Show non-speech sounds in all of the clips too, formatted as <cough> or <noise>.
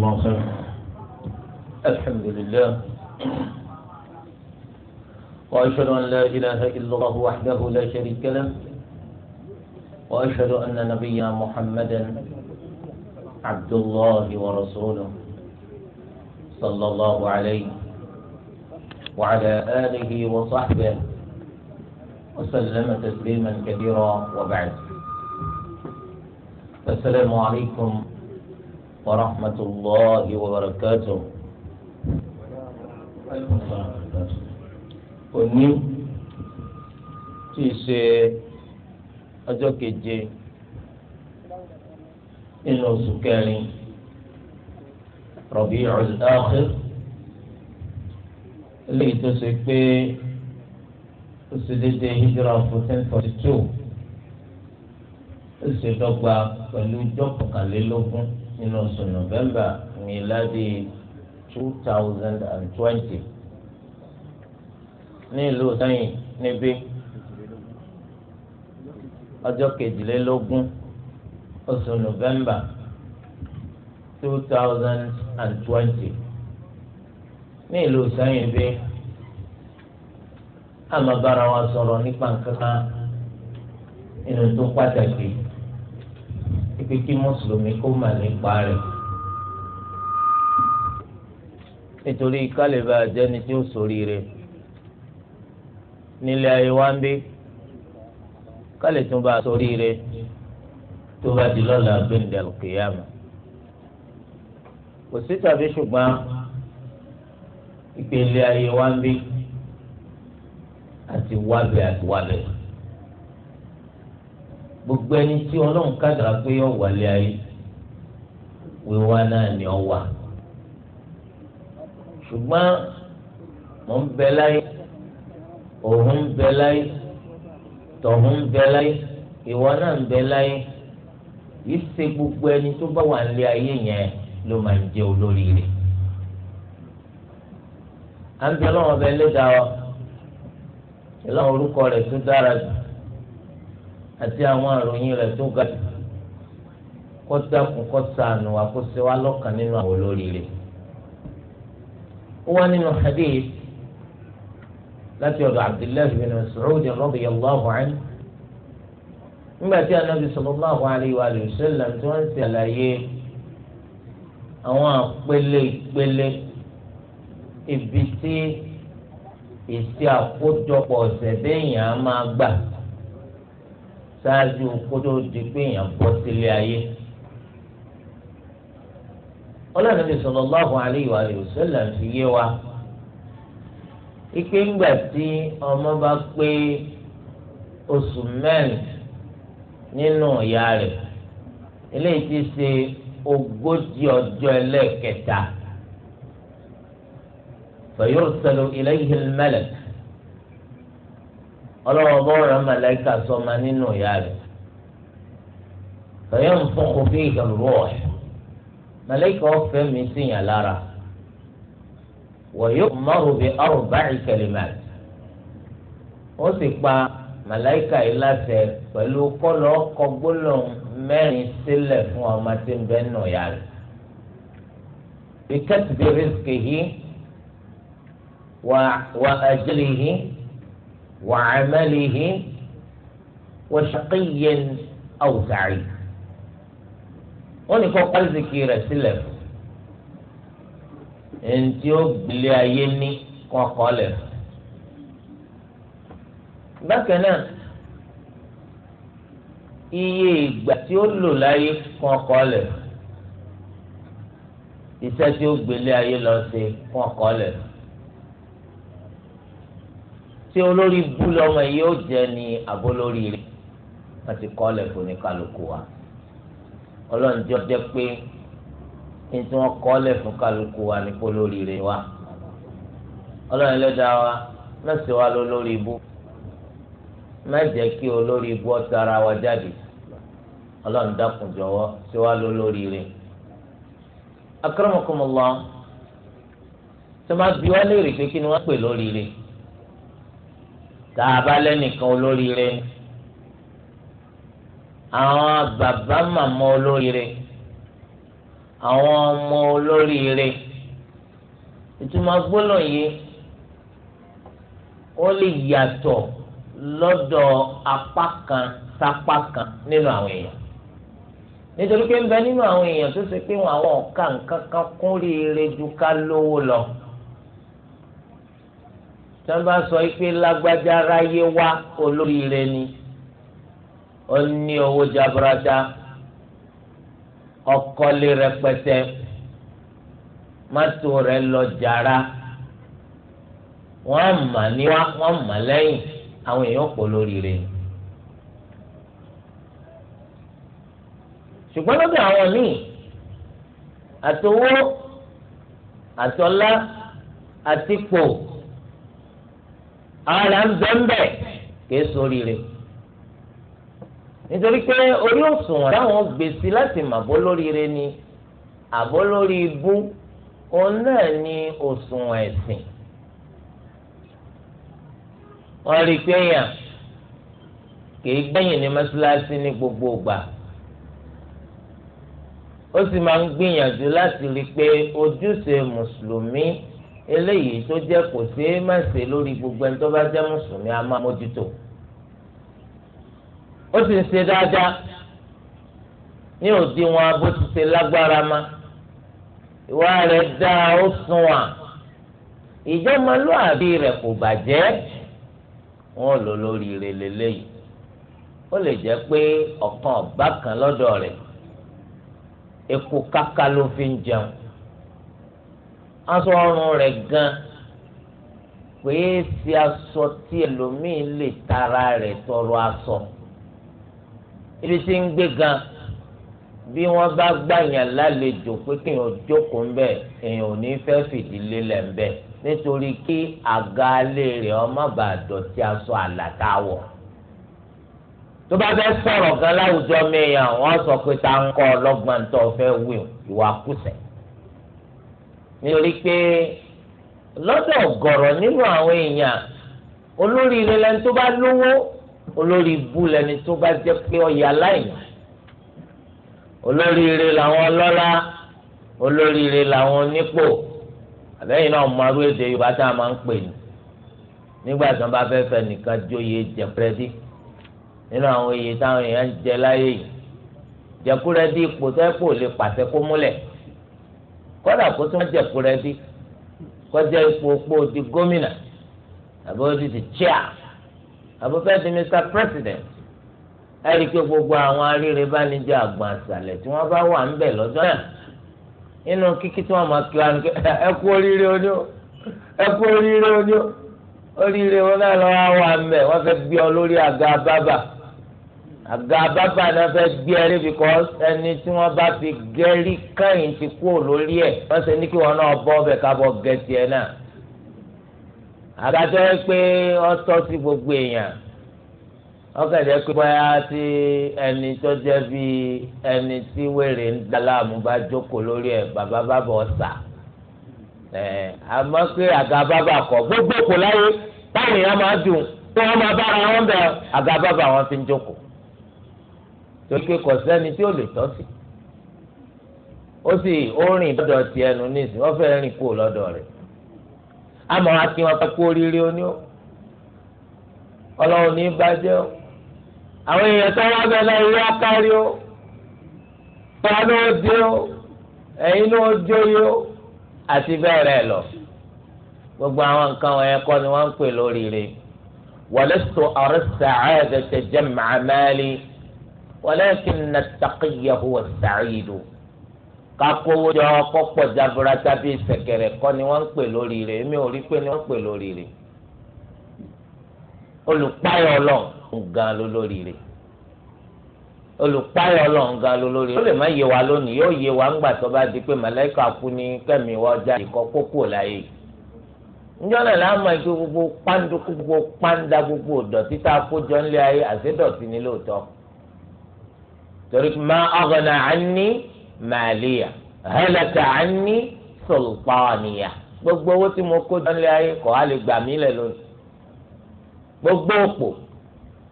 الله خير الحمد لله وأشهد أن لا إله إلا الله وحده لا شريك له وأشهد أن نبينا محمدا عبد الله ورسوله صلى الله عليه وعلى آله وصحبه وسلم تسليما كثيرا وبعد السلام عليكم ورحمة الله وبركاته òní tí í ṣe ọjọ́ keje nínú oṣù kẹrin Rabi'ul Akhir eléyìí tó ṣe pé ó ṣe déédéé hijra fourteen forty two ó ṣe dọ́gba pẹ̀lú ọjọ́ nínú oṣù nọ́vẹ́mbà miladi two thousand and twenty ní ìlú sẹ́yìn níbí ọjọ́ kejìlélógún oṣù nọ́vẹ́mbà two thousand and twenty ní ìlú sẹ́yìn bí àmọ́ bára wa sọ̀rọ̀ nípa nǹkan kan nínú tó pàtàkì pé kí mùsùlùmí kó mà nípa rẹ̀ nítorí kálíbà jẹ́ni tí ó ṣoríire nílé ayé wa ń bí kálí tún bá ṣoríire tó bá di lọ́la gbẹ̀ndẹ̀ òkèèyàmù kò sí tàbí ṣùgbọ́n ìpele ayé wa ń bí àti wábẹ̀ àti wábẹ̀ gbogbo ẹni tí ọlọ́run kádàrá pé yọ wálé ayé wíwá náà ni ọ wà ṣùgbọ́n mò ń bẹ láyé òun ń bẹ láyé tọ̀hún ń bẹ láyé ìwọ náà ń bẹ láyé yìí gbogbo ẹni tó bá wà lé ayé yẹn ló máa ń jẹ olóríire à ń bẹ ọlọ́run ọbẹ̀ lé dáa wa ìlànà orúkọ rẹ̀ tó dára jù àti àwọn àròyìn rẹ̀ tó ga jù kó dákun kó ṣàánú wa kó ṣe wá lọ́kàn nínú àwọn olóríire. ó wá nínú hadith láti ọ̀dọ̀ abdullahi bin Mas'ud radiyallahu anhu nígbà tí anabi sallallahu alayhi wa sallam tí wọ́n ń àlàyé àwọn àpele ìpele ibi tí ìsí àkójọpọ̀ ọ̀sẹ̀ bẹ́ẹ̀ yẹn á máa gbà ṣáájú kótó di pé èèyàn bọ́ sílé ayé. ọlọ́run ní sallallahu alaihi wa sallam fi yé wa ike ńgbà tí ọmọ bá pé oṣù mẹ́rin nínú ìyá rẹ̀ eléyìí ti ṣe ogójì ọjọ́ ẹlẹ́ẹ̀kẹta fa yursalu ilayhi al-malak ọlọ́wọ́ bọ́ọ̀rọ̀ màláìka sọma nínú ìyá rẹ̀ fẹ̀yẹ́ nfọ̀kọ̀ bí ìgbàlúwọ̀ ẹ̀ màláìka ọ̀fẹ́ mi sì yàn lára wọ̀nyí mọ́rù bí ọ̀rùn báyìí kẹlẹ́mẹ̀t ó sì pa màláìka yìí láṣẹ pẹ̀lú kọ́lọ́ ọkọ̀ gbólóhùn mẹ́rin sílẹ̀ fún ọmọ tí ń bẹ nù ìyá rẹ̀ bí kẹ́tìbí rìsíkì yìí wà ẹ̀jẹ̀lì وعمله وشقي أو سعيد wọ́n قل kó kọ́lìsìkì rẹ̀ sílẹ̀ fún ẹni tí ó gbélé ayé ní kọ́kọ́ lẹ̀ fún. iye ìgbà tí ó lò láyé kọ́kọ́ lẹ̀ iṣẹ́ tí ó gbélé ayé lọ ṣe kọ́kọ́ lẹ̀ ṣé olórí ibú lọmọ yìí ó jẹ ní abolórí rẹ wọn ti kọ́ lẹ́kọ̀ọ́ ní kálukú wa ọlọ́njọ́ jẹ́ pé ní tí wọ́n kọ́ lẹ́fún kálukú wa ní polórí rẹ wa ọlọ́run ẹlẹ́dàá wa mẹ́sẹ̀ wa ló lórí ibú kí olórí ibú ọ̀tá ara wa jáde ọlọ́run dákun jọ̀wọ́ ṣe wa ló lórí rẹ. akramakumullah tó máa bí wá léèrè pé kí ni wọ́n pè lórí rẹ tá a bá lẹ́nìkan olóríire ni àwọn bàbá màmá olóríire àwọn ọmọ olóríire ìtumọ̀ gbólóhùn yìí ó lè yàtọ̀ lọ́dọ̀ apá kan sápá kan nínú àwọn èèyàn nítorí pé ń bẹ nínú àwọn èèyàn tó ṣe pé àwọn ọ̀ka nǹkan kan kún rí ire ju ká lówó lọ tí wọ́n bá sọ pé lágbájá ráyé wá olóríire ni ó ní owó jaburata ọkọlé rẹpẹtẹ mọ́tò rẹ̀ lọ jàrá wọ́n mà níwá wọ́n mà lẹ́yìn àwọn èèyàn pọ̀ lóríire ni. ṣùgbọ́n lọ́dọ̀ àwọn míì àtowó àtọ́lá àtipò àwọn là ń bẹ́ ń bẹ́ kìí sóríire nítorí pé orí òṣùwọ̀n táwọn gbèsè láti mà bó lóríire ni àbó lórí ibú òun náà ni òṣùwọ̀n ẹ̀sìn wọ́n rí i pé èèyàn kìí gbẹ̀yìn ní mọ́ṣáláṣí ní gbogbo ìgbà ó sì máa ń gbìyànjú láti rí i pé ojúṣe mùsùlùmí eléyìí tó jẹ́ kò ṣeé má ṣe lórí gbogbo ẹni tó bá jẹ́ mùsùlùmí a máa mójútó ó sì ń ṣe dáadáa ní òdiwọ̀n bó ti ṣe lágbára ma ìwà rẹ̀ dáa ó sunwọ̀n ìjọmọlúàbí rẹ̀ kò bàjẹ́ wọn lò lórí ìrèlè lẹ́yìn ó lè jẹ́ pé ọ̀kan ọ̀bá kan lọ́dọ̀ rẹ̀ eku kaka ló fi ń jẹun aṣọ ọrùn rẹ̀ gan pé é ṣe aṣọ tí ẹlòmíín lè tara rẹ̀ tọrọ aṣọ ibi tí ń gbé gan bí wọ́n bá gbàyàn lálejò pé kí èèyàn jókòó ńbẹ èèyàn ò ní fẹ́ fìdí lélẹ̀ ńbẹ nítorí kí àga alẹ́ rẹ̀ ọmọ bá dọ̀tí aṣọ àlàtàwọ̀ tó bá fẹ́ sọ̀rọ̀ gan láwùjọ mi yàn wọ́n sọ pé ta ń kọ́ ọlọ́gbọ́n tó fẹ́ wí ìwà kùsẹ̀ nítorí pé lọ́dọ̀ ọ̀gọ̀rọ̀ nínú àwọn èèyàn olórí ilé lẹni tó bá lówó olórí ibú lẹni tó bá jẹ́ pé ọ̀yà aláìní olórí ilé làwọn ọlọ́lá olórí ilé làwọn onípò àbẹ́yìn náà mọ arú èdè Yorùbá tá a máa ń pè ní nígbà tí wọ́n bá fẹ́ fẹ́ nìkan jóye jẹ pẹ́ẹ́dì nínú àwọn oyè táwọn èèyàn jẹ láyé yìí jẹkúrẹ́dì ipò tẹ́pọ̀ lè pàṣẹ kó múlẹ̀ kọ́dà kó tó ń jẹ̀kú rẹ bí ipò opó di gómìnà àbí ó di di chair àbí ó fẹ́ di mr president ẹ̀rí pé gbogbo àwọn aríire bá ní jẹ́ tí bá wà ń náà kíkí tí wa ẹ kú oríire o ẹ kú oríire o oríire wọn náà wà ń gbé ọ lórí àga bábà. àga bàbà náà fẹ́ gbé ẹ lébi kọ́ ẹni tí wọ́n bá fi gẹ́rí káyìn ti kú lórí ẹ̀ wọ́n ṣe ní kí wọn náà bọ́ ọbẹ̀ kábọ̀ gẹ̀ẹ́sì ẹ̀ náà. àgbàjọ yẹ pé ọ tọ́ sí gbogbo èèyàn ọkàdé pé bóyá tí ẹni tó jẹ́ bí ẹni tí wèrè ń dàlámù bá jókòó lórí ẹ̀ bàbá bàbá ọ̀sà ẹ̀ àmọ́ pé àga bàbà kọ̀ gbogbo kò láyé táwọn èèyàn máa dùn tí wọ́n máa bára wọn bẹ̀ àga bàbà wọn fi ń jókòó torí pé kò sẹ́ni tí ó lè tọ́ sí ó sì ó rìn lọ́dọ̀ tiẹ̀ nù nísìnyí wọ́n fẹ́ẹ́ rìn kúrò lọ́dọ̀ rẹ̀ àmọ́ akin wọn kú oríire oní o ọlọ́run ní bàjẹ́ o àwọn èèyàn tó wá bẹ́ẹ̀ náà ìwé akárí o tọ́ ló dé o ẹ̀yin ló jóyè o àti bẹ́ẹ̀ rẹ̀ lọ gbogbo àwọn nǹkan wọ̀nyẹn kọ́ ni wọ́n ń pè lóríire walastu ara as-sa'adata jam'a ولكن at هو huwa as-sa'idu kakowó jọ kọ́pọ̀ jaburata bíi sẹ̀kẹ̀rẹ̀ kọ́ ni wọ́n ń pè lórí rẹ̀ èmi ò rí pé ni wọ́n ń pè lórí rẹ̀ olùpáyọ̀ ọlọ́run gan ló lórí rẹ̀ olùpáyọ̀ ọlọ́run gan ló lórí rẹ̀ ó lè má yé wa lónìí yóò yé wa ńgbà tó bá di pé màláìka kú ní kẹ́mi wọ́n já ìkọ́ kókó láyé níjọ́ láàmú ẹgbẹ́ gbogbo pàǹdà gbogbo pàǹdà gbogbo dọ̀tí tá a kó jọ ńlẹ̀ ayé àṣẹ dọ̀tí ni lóòótọ́ torí ma aghna anni màlíya halaka anni sultaniya gbogbo owó tí mo kó dánilé ayé kọ́ á lè gbà mí lẹ̀ lónìí gbogbo òpò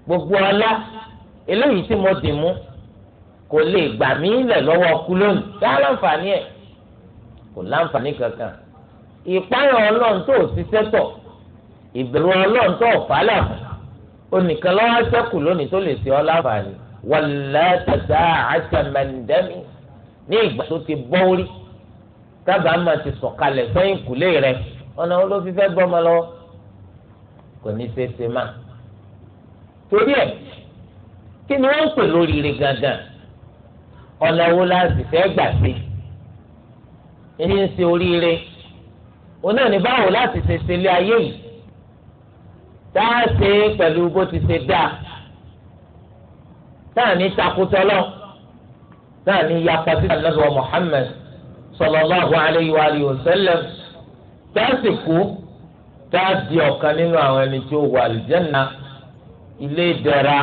gbogbo ọlá eléyìí tí mo dì mú kò lè gbà mí lẹ̀ lọ́wọ́ ọkú lónìí dá láǹfààní ẹ̀ kò láǹfààní kankan ìpáyọ̀ ọlọ́run tó ṣiṣẹ́ tọ̀ ìbẹ̀rù ọlọ́run tó ọ̀fà làkùn onìkan lọ́wọ́ sẹ́kù lónìí tó lè ṣe ọ láǹfààní wàlá tàtà àtàmàndàmì ní ìgbà tó ti bọ́ orí tábà máa ti sọ̀kalẹ̀ sẹ́yìn kùlé rẹ̀ ọ̀nà wọn ló fi fẹ́ bọ́mọ lọ́wọ́ kò ní ṣe ṣe máa. torí ẹ̀ kí ni wọ́n ń pè lóríire gangan ọ̀nà wo la sì fẹ́ gbà sí ẹni ń ṣe oríire òun náà ní báwo láti ṣe ṣe ilé ayé yìí tá a ṣe pẹ̀lú bó ti ṣe dáa táàní takùtọ̀lọ́ táàní yapa sí ànábì wa Muhammad sallallahu alayhi wa alihi wa sallam táàsì kú táàsì ọ̀kan nínú àwọn ẹni tí ó wà àlùjẹ́nà ilé ìdẹ̀ra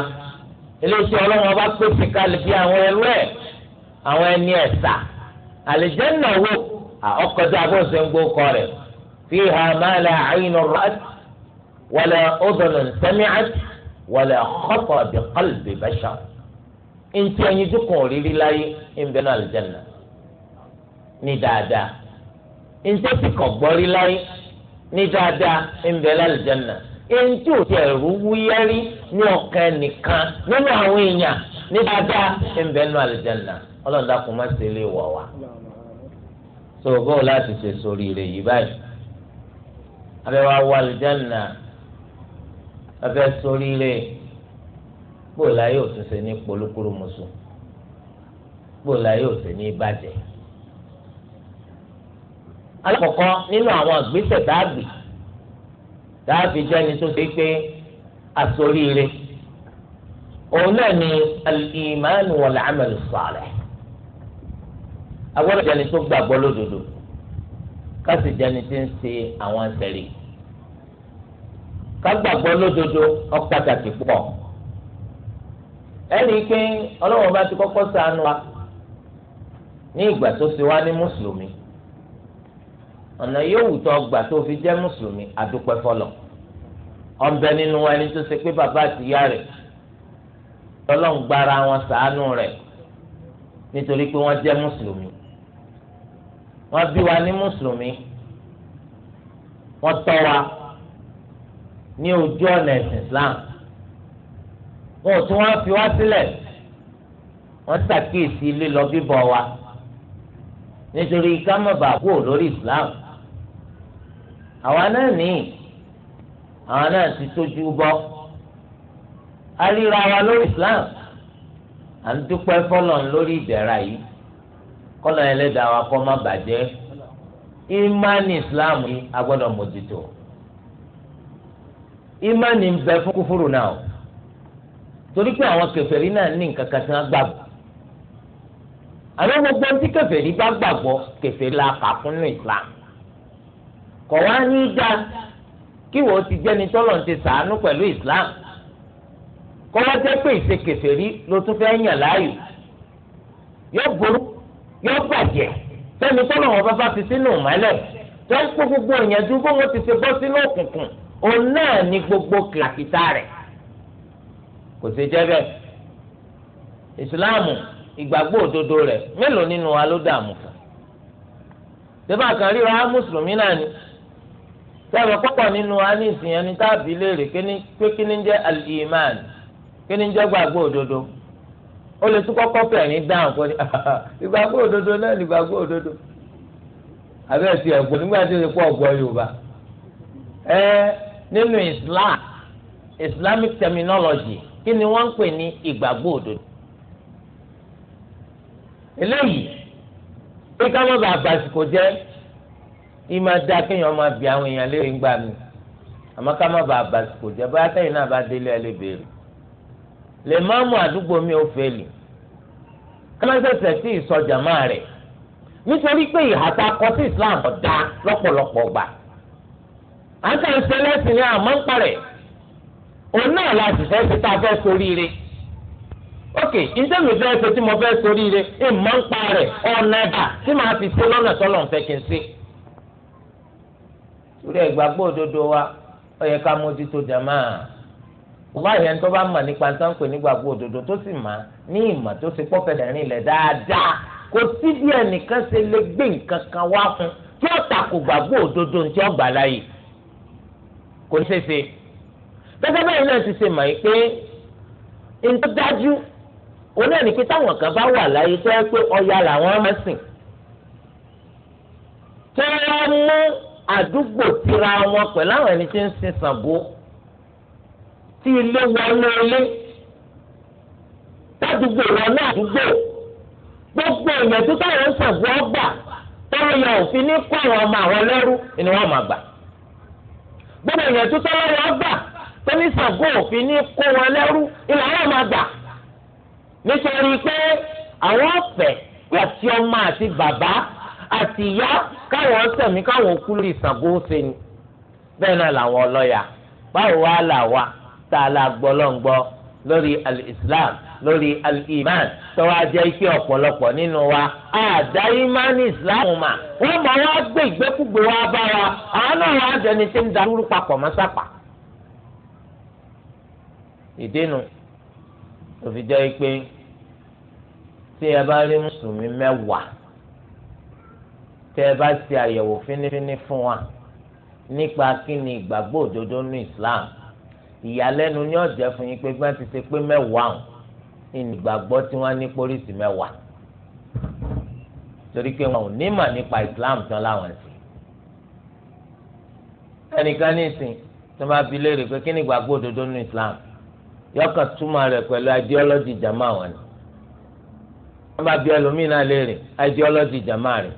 ilé tí ọlọ́wọ́n bá pèsè kalẹ̀ bí àwọn ẹrú ẹ̀ àwọn ẹni ẹ̀sà àlùjẹ́nà wo ọkọ̀dé abọ́sẹ̀ ń gbó kọ́ rẹ̀ fiha ma la aynu wala udhunun sami'at wala khata bi qalbi bashar ntí ẹyin tó kàn rírí láyé ńbẹ náà àlùjánnà ní dáadáa ntí ó ti kàn gbọ́rí láyé ní dáadáa ńbẹ náà àlùjánnà ntí ò tẹ ẹrú wúyẹrí ní ọkàn nìkan nínú àwọn èèyàn ní dáadáa ńbẹ náà àlùjánnà ọlọ́run dákun má ṣe lè wọ̀ wá. so bóun láti ṣe sórí rẹ̀ yìí báyìí abẹ́ wa wọ àlùjánnà abẹ́ sórí rẹ̀ bó láyé ò tún ṣe ní polúkúrú mùsù bó láyé ò ṣe ní ìbàjẹ́. alákọ̀ọ́kọ́ nínú àwọn ìgbésẹ̀ dáàbì dáàbì jẹ́ ẹni tó ṣe pé asoríire òun náà ni al-iman wal-amal salih agbọ́dọ̀ jẹ́ni tó gbàgbọ́ lódodo kásì jẹ́ni tí ń ṣe àwọn àṣẹrí ká gbàgbọ́ lódodo ó pàtàkì púpọ̀ ẹnì pé ọlọ́wọ́n bá ti kọ́kọ́ ṣàánú wa ní ìgbà tó ṣe wá ní mùsùlùmí ọ̀nà yóò wù tó ọgbà tó fi jẹ́ mùsùlùmí àdúpẹ́ fọlọ́ ọ̀nbẹ nínú ẹni tó ṣe pé bàbá àti ìyá rẹ̀ ọlọ́run gbára wọn ṣàánú rẹ̀ nítorí pé wọ́n jẹ́ mùsùlùmí wọ́n bí wa ní mùsùlùmí wọ́n tọ́ wa ní ojú ọ̀nà ẹ̀sìn Islam wọn ò tún wá fi wá sílẹ̀ wọ́n ṣàkíyèsí lílọ bíbọ̀ wa nítorí ká má bàa lórí Islam àwa náà ní àwa náà ti tójú bọ́ a ríra wa lórí Islam à ń dúpẹ́ fọlọ́n lórí ìdẹ̀ra yìí kọ́lọ̀ ẹlẹ́dàá wa kọ́ má bàjẹ́ ìmánì Islam yìí a gbọ́dọ̀ mójútó ìmánì ń bẹ fún kúfúrú náà torí pé àwọn kèfèrí náà ní nǹkan kan tí wọ́n gbàgbọ́ àwọn gbogbo tí kèfèrí bá gbàgbọ́ kèfèrí la kà fún ní Islam kọ̀ wá ní í dá kí wọ́n ti jẹ́ni tọ́lọ̀ ti sàánú pẹ̀lú Islam kọ́ wá jẹ́ pé ìṣe kèfèrí ló tún fẹ́ yàn láàyò yóò burú yóò bàjẹ́ sẹ́ni tọ́lọ̀ wọn bá bá fi sínú ìmọ́lẹ̀ tó ń kó gbogbo ìyànjú bó wọn ti ṣe bọ́ sínú òkùnkùn òun náà ni gbogbo kìlàkìtà rẹ̀ kò sí jẹ́ bẹ́ẹ̀ ìsìláàmù ìgbàgbọ́ òdodo rẹ̀ mélòó nínú wa ló dààmú kan débà kan mùsùlùmí náà ni sẹ́wọ̀n pọ̀pọ̀ nínú wa ní ìsìn ẹni léèrè pé kí ni jẹ́ al kí ni jẹ́ gbàgbọ́ òdodo ó lè tún kọ́kọ́ fẹ̀rín dáhùn kó ní <laughs> ìgbàgbọ́ òdodo náà ní ìgbàgbọ́ òdodo ẹ̀sìn ẹ̀gbọ́n nígbà tí ó pọ̀ Yorùbá Islamic terminology kí ni wọ́n ń pè ní ìgbàgbọ́ òdodo eléyìí pé ká má bàa bàsìkò jẹ́ yìí máa dá kéèyàn máa àwọn èèyàn léèrè ń gbà mí àmọ́ ká má bàa bàsìkò jẹ́ bóyá sẹ́yìn náà bá délé ẹ lè béèrè lè má mú àdúgbò mi ò fẹ́lì ká má sẹ̀sẹ̀ sí ìsọjà pé kọ sí Islam ọ̀dà lọ́pọ̀lọpọ̀ gbà ń òun náà la sì fẹ́ ṣe tá a fẹ́ soríire ok njẹ́ mi fẹ́ ṣe tí mo fẹ́ soríire ẹ̀ máa ń pa rẹ̀ ọ̀nà ẹ̀dá tí màá fi ṣe lọ́nà tọ́lọ̀ ń fẹ́ kí n ṣe. torí ẹ̀gbàgbọ́ òdodo wa ó yẹ ká mójútó jàmáà wọ́n àyẹ̀ ń tó bá mọ̀ nípa tó ń pè nígbàgbọ́ òdodo tó sì mà ní ìmọ̀ tó ṣe pọ́ fẹ́lẹ̀ rìn lẹ̀ dáadáa kò sí bí ẹnìkan ṣe lè gbé nǹkan kan wá fún tí ó takò gbàgbọ́ òdodo ní tí ó gbà kò ní ṣeé ṣe gẹ́gẹ́ bẹ́ẹ̀ náà ti ṣe mọ̀ pé nǹkan dájú òun náà ní pé táwọn kan bá wà láyé tó yẹ pé ọya làwọn máa sìn tó wọ́n mú àdúgbò tira wọn pẹ̀lú àwọn ẹni tí ń sin Ṣàngó tí ilé wọnú ilé tádùgbò wọnú àdúgbò gbogbo èèyàn tó táwọn ń Ṣàngó ọgbà táwọn yẹn òfin ní kó àwọn ọmọ àwọn lẹ́rú ni wọ́n máa gbà gbogbo èèyàn tó táwọn ọgbà tóní Ṣàngó òfin ní kó wọn lẹ́rú ilẹ̀ àwọn máa gbà nítorí pé àwọn ọ̀fẹ́ àti ọmọ àti bàbá àti ìyá káwọn sẹ̀mí káwọn kú lè Ṣàngó ṣe ni bẹ́ẹ̀ náà làwọn ọlọ́yà báwo wá là wá tá a la gbọ́ lọ́ngbọ́ lórí al-Islam lórí al-iman tọ́wọ́ ajẹ́ ike ọ̀pọ̀lọpọ̀ nínú wa àdá imani islam mà wọ́n mọ̀ wá gbé ìgbékúgbé wa bá wa àwọn náà wá jẹni tí ń darúrú papọ̀ mọ́sápàá ìdínú òfin jẹ́ pé tí ẹ bá rí mùsùlùmí mẹ́wàá tẹ́ ẹ bá ṣe àyẹ̀wò fínífíní fún wa nípa kí ni ìgbàgbọ́ òdodo ní Islam ìyàlẹ́nu ni ó jẹ́ fún yín pé gbọ́n ti ṣe pé mẹ́wàá ọ̀hún ní ìgbàgbọ́ tí wọ́n ní pólísì mẹ́wàá torí pé wọn ò ní mà nípa Islam tán láwọn sí ẹnìkan ní ìsìn tó bá bi léèrè pé kí ni ìgbàgbọ́ òdodo ní Islam yọkàn túmọ̀ rẹ̀ pẹ̀lú ideology jama wọn ni wọ́n bí ideology jama rẹ̀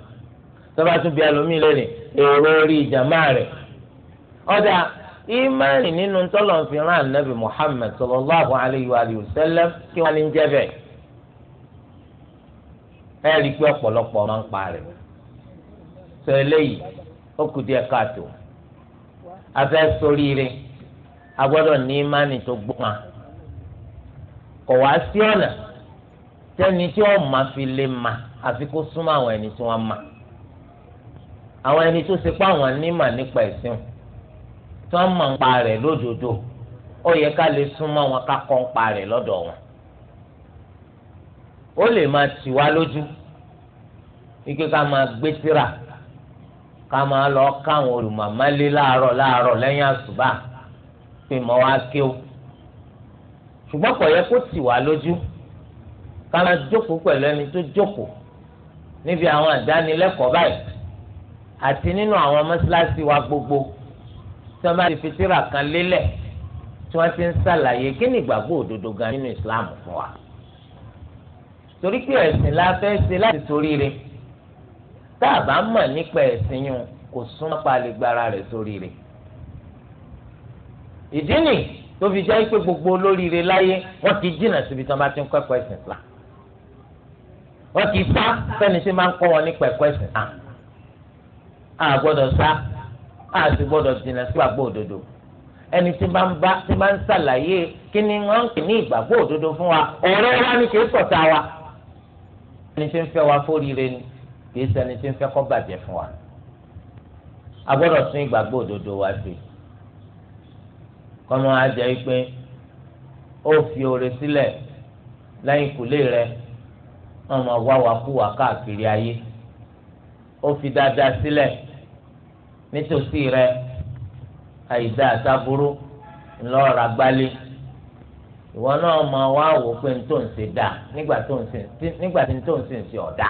tó tún bí erori léèrè èrò orí jama rẹ̀ ọ̀dà ìmánì nínú tọ́lọ̀ fi rán sallallahu alayhi wa sallam kí wọ́n ní jẹ́ bẹ́ẹ̀ ẹ pé ọ̀pọ̀lọpọ̀ máa ń pa sọ eléyìí kọ̀ wá sí ọ̀nà tẹ́ni tí wọ́n máa fi lè mà àfi kó súnmọ́ àwọn ẹni tí wọ́n mà àwọn ẹni tó ṣe pé àwọn nímà nípa ẹ̀sìn tí wọ́n mọ̀ nípa rẹ̀ lódodo ó yẹ ká lè súnmọ́ wọn ká kọ́ nípa rẹ̀ lọ́dọ̀ wọn ó lè máa tì wá lójú ike ká máa gbé tírà ká máa lọ káwọn olùmọ̀mọ́lé láàárọ̀ láàárọ̀ lẹ́yìn àṣùbà pé mọ́ wá kéwù ṣùgbọ́n kò yẹ kó tì wá lójú ká máa jókòó pẹ̀lú ẹni tó jókòó níbi àwọn àdánilẹ́kọ̀ọ́ báyìí àti nínú àwọn mọ́ṣáláṣí wa gbogbo tí wọ́n bá ti fi tírà kan lélẹ̀ tí wọ́n ti ń ṣàlàyé kí ni ìgbàgbọ́ òdodo gan nínú ìsìláàmù fún wa torí pé ẹ̀sìn la fẹ́ ṣe láti torí rẹ̀ tá a bá mọ̀ nípa ẹ̀sìn yẹn kò súnmọ́ pa lè rẹ̀ sórí rẹ̀ ìdí nìyí tó fi jẹ́ pé gbogbo olóríire láyé wọ́n ti jìnnà síbi tí wọ́n bá ti ń kọ́ ẹ̀kọ́ ẹ̀sìn Islam wọ́n ti sá sẹ́ni tí máa ń kọ́ wọn nípa ẹ̀kọ́ ẹ̀sìn Islam a gbọ́dọ̀ sá a sì gbọ́dọ̀ jìnnà sí àgbọ̀ òdodo ẹni tí máa ń bá tí máa ń ṣàlàyé kí ni wọ́n ń pè ní ìgbàgbọ́ òdodo fún wa ọ̀rẹ́ wa ni kì í sọ̀tà wa ẹni tí ń fẹ́ wa fóríire ni kì í ṣẹni tí ń fẹ́ kó bàjẹ́ fún wa a gbọ́dọ̀ tún ìgbàgbọ́ òdodo wa sí kọ́mọ ajẹ́ pé ó fi oore sílẹ̀ lẹ́yìn kùlé rẹ wọ́n máa wá wàkúwà káàkiri ayé ó fi dáadáa sílẹ̀ nítòsí rẹ àìdá àtàbúrú ńlọ́ọ̀rọ̀ agbálẹ̀ ìwọ náà máa wá wò pé ní tó ń ṣe dáa nígbà tó ń ṣe nígbà tí ní tó ń ṣe ń ṣe ọ̀dà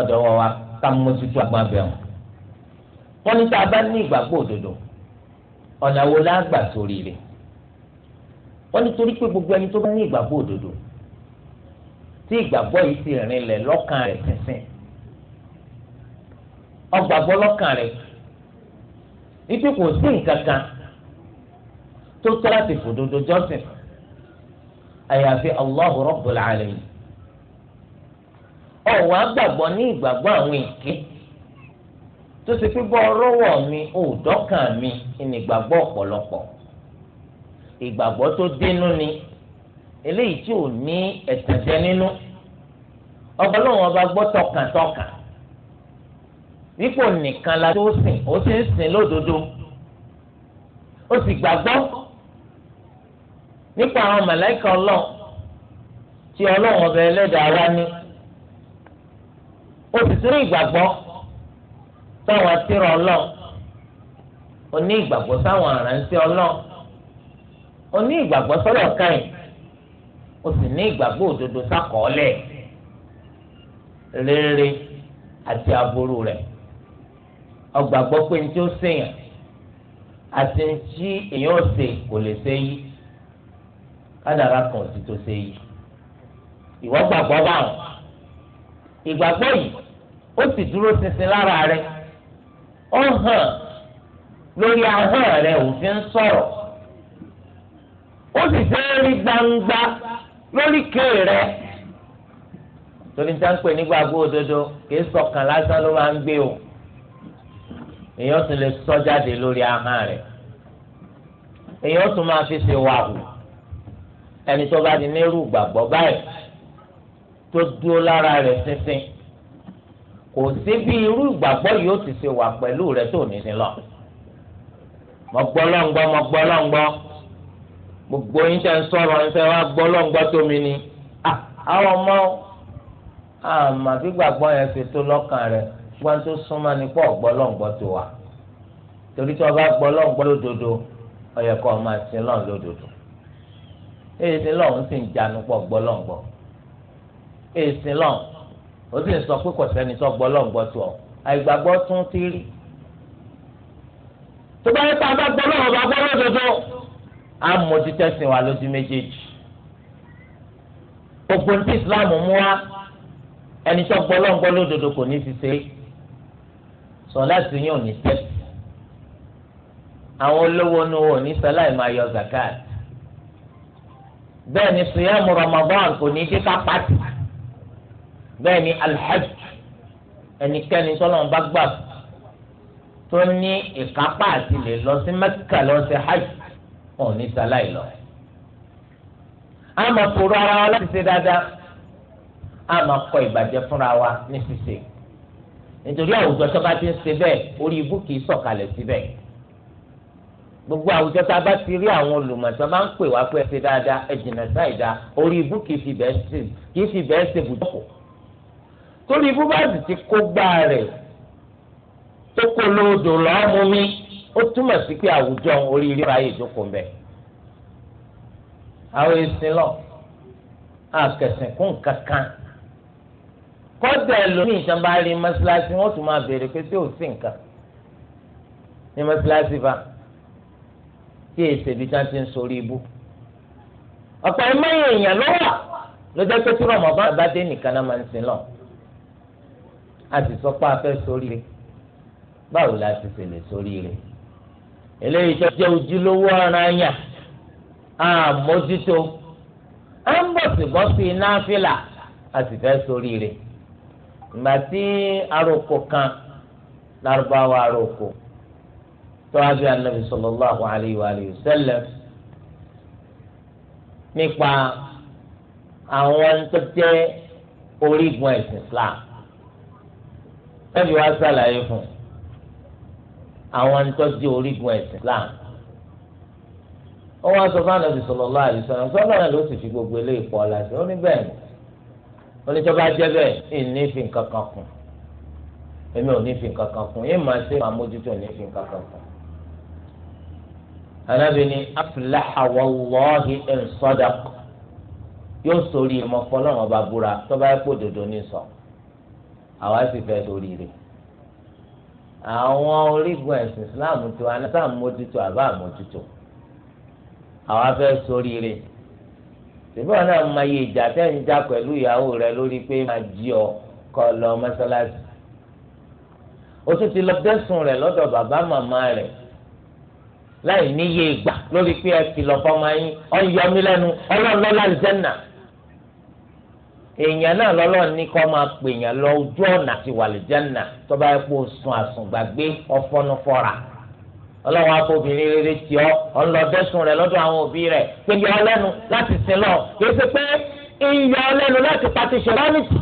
ọ̀dọ̀ wọ wa ká mójútó agbábẹ́ wọn. wọ́n ní tá a bá ní ìgbàgbọ́ òdodo ọ̀nà wo lágbà sórí rẹ̀ wọ́n nítorí pé gbogbo ẹni tó bá ní ìgbàgbọ́ òdodo tí ìgbàgbọ́ yìí ti rinlẹ̀ lọ́kàn rẹ̀ sínsìn ọgbàgbọ́ lọ́kàn rẹ̀ wípé kò sí nǹkan kan tó tọ́ láti fòdodo jọ́sìn àyàfi àgbàgbọ́ ní ìgbàgbọ́ àwọn tó ṣe pé bọ́ ọrọ́wọ́ mi ò dọ́kàn mi ní ìgbàgbọ́ ọ̀pọ̀lọpọ̀ ìgbàgbọ́ tó dénú ni eléyìí tí ò ní ẹ̀sìn jẹ nínú ọgbọ́lọ́wọ́n ọba gbọ́ tọkàntọkàn wípò nìkan la tó sìn ó sì ń sìn lódodo ó sì gbàgbọ́ nípa àwọn màláìka ọlọ́ọ̀ tí ọlọ́wọ́n ọba ẹlẹ́dàá wá ní ó sì tún ní ìgbàgbọ́. sáwọn tírà ọlọ oní ní ìgbàgbọ́ sáwọn àrántí ọlọ́run ó ní ìgbàgbọ́ sọ́lọ̀ káyìn ó sì ní ìgbàgbọ́ òdodo sákọọ́lẹ̀ rere àti aburú rẹ ọgbàgbọ́ pé ní tí ó ṣèyàn àti ní tí èèyàn ṣe kò lè ṣe yí kádàrá kan ò sì tó ṣe yí ìwọ gbàgbọ́ báwọn ìgbàgbọ́ yìí ó sì dúró lára ó hàn lórí ahọ́n rẹ̀ òfin sọ̀rọ̀ ó sì fẹ́ rí gbangba lórí kéè rẹ̀ torí ní sáńpẹ̀ nígbàgbọ́ òdodo kì í sọkàn lásán ló máa ń gbé o èèyàn tún lè sọ jáde lórí ahọ́n rẹ̀ èèyàn fi ṣe wàhù ẹni tó bá di nírú gbàgbọ́ báyìí tó dúró lára rẹ̀ kò sí bí irú ìgbàgbọ́ yìí ó ti ṣe wà pẹ̀lú rẹ tó ní nílọ. mo gbọ́ lọ́ngbọ́ mo gbọ́ lọ́ngbọ́ gbogbo yín tẹ́ ń sọ̀rọ̀ ń fẹ́ wá gbọ́ lọ́ngbọ́ tó mi ni. àwọn ọmọ àmà gbígbàgbọ́ yẹn fi tó lọ́kàn rẹ̀ wọ́n tó súnmọ́ ní pọ̀ gbọ́ lọ́ngbọ́ tó wà. torí tí wọ́n bá gbọ́ lọ́ngbọ́ lódodo ó yẹ kó máa lódodo. èyí sin sì ń janu ó sì ń sọ pé kò sẹ́ni tó gbọ́ lọ́ngbọ́ tó ọ àìgbàgbọ́ tún ti rí tó bá yẹ kó a bá gbọ́ lọ́wọ́ bá gbọ́ lọ́dọọdọ á mọ títẹ́ sìn wá lójú méjèèjì gbogbo ní Islam mú wa ẹni tó gbọ́ lọ́ngbọ́ lódodo kò ní ṣiṣẹ́ sọlá sí yóò ní tẹ́sí àwọn olówó ní wọn ò ní sọlá ẹ̀ máa yọ zakat bẹ́ẹ̀ ni sùyàmù Ramadan kò ní kíkà pàtì bẹ́ẹ̀ ni alhaj ẹnikẹ́ni tọ́lọ́run bá gbà tó ní ìkápá àti lè lọ sí mẹ́kà lọ sí hajj ọ̀ ní sáláì lọ. àmọ́ kúrò ara wa láti ṣe dáadáa àmọ́ kọ ìbàjẹ́ fúnra wa ní ṣíṣe nítorí àwùjọ tó bá ti ń ṣe bẹ́ẹ̀ orí ibú kìí sọ̀kalẹ̀ síbẹ̀ gbogbo àwùjọ tá bá ti rí àwọn olùmọ̀tọ́ máa ń pè wá pé ẹ ṣe dáadáa ẹ jìnnà sáì dáa orí ibú kìí fi bẹ́ẹ̀ ṣe bùdókòó torí bó bá sì ti kó gbá rẹ̀ tó kó lóòdò lọ́mú mi ó túmọ̀ sí pé àwùjọ oríire ayé ìjókòó mbẹ. àwọn èsì lọ àkẹsìn kún kankan kọ́dà lónìí ìjọba rí mọ́ṣáláṣí wọ́n tún máa béèrè pé tí ò sí nǹkan ní mọ́ṣáláṣí bá tí èsì ibi tí wọ́n ti ń sori ibú. ọ̀pọ̀ ẹ̀mọ́ èèyàn ló ló jẹ́ pé tí rọ̀mọ́ bá bá dé nìkan náà máa ń sin lọ́wọ́ a sì sọ pé a fẹ́ sóríire báwo la ti fèlè sóríire eléyìí tó jẹ́ ojúlówó ara yàn àmójútó à ń bọ̀sibọ́sì náfìlà a sì fẹ́ sóríire ìgbà tí aroko kan lárúbáwá aroko tó a bí anabi sallallahu alayhi wa sallam nípa àwọn tó jẹ́ orígun ẹ̀sìn Islam. Nábì wa ṣàlàyé fún àwọn àǹtọ́jú orígun ẹ̀sìn Islam wọ́n wá sọ fún Ànábì sallallahu alaihi wasallam sọ́nà náà ló sì fi gbogbo eléyìí pọ̀ láti ó ní bẹ́ẹ̀ ni oníjọba jẹ́ bẹ́ẹ̀ ẹ̀ ní fi nǹkan kan kùn èmi ò ní fi nǹkan kan kùn yín máa ṣe àmójútó ní fi nǹkan kan kùn. Ànábì ni aflaha wallahi in sadaq yóò sórí ìmọ̀fọ́ náà wọn bá búra tó bá yẹ kó ní sọ̀rọ̀ àwa sì fẹ́ sórí rẹ̀ àwọn orígun ẹ̀sìn islam tó anásà mójútó àbá àmójútó àwa fẹ́ sórí rẹ̀ ṣùgbọ́n náà máa yẹ ìjà tẹ́ já pẹ̀lú ìyàwó rẹ lórí pé máa jí ọ kọ́ lọ mọ́sálásí o tún ti lọ dẹ́sùn rẹ̀ lọ́dọ̀ bàbá màmá rẹ̀ láì níye ìgbà lórí pé ẹ kìlọ̀ fọmọ yín ọ̀ ń ìjẹ́nà èèyàn náà lọ́lọ́run ní kọ́ máa pè yàn lọ ojú ọ̀nà ti wà lìjánà tó bá yẹ kó sun àsùngbàgbé ọfọ́nufọ́ra ọlọ́run akóbìnrin rere tí ọ ọlọ́dẹ́sùn rẹ lọ́dọ̀ àwọn òbí rẹ pé yọ ọlẹ́nu láti sin lọ kì í ṣe pé ìyọ ọlẹ́nu láti pàtí ṣèlánìtì.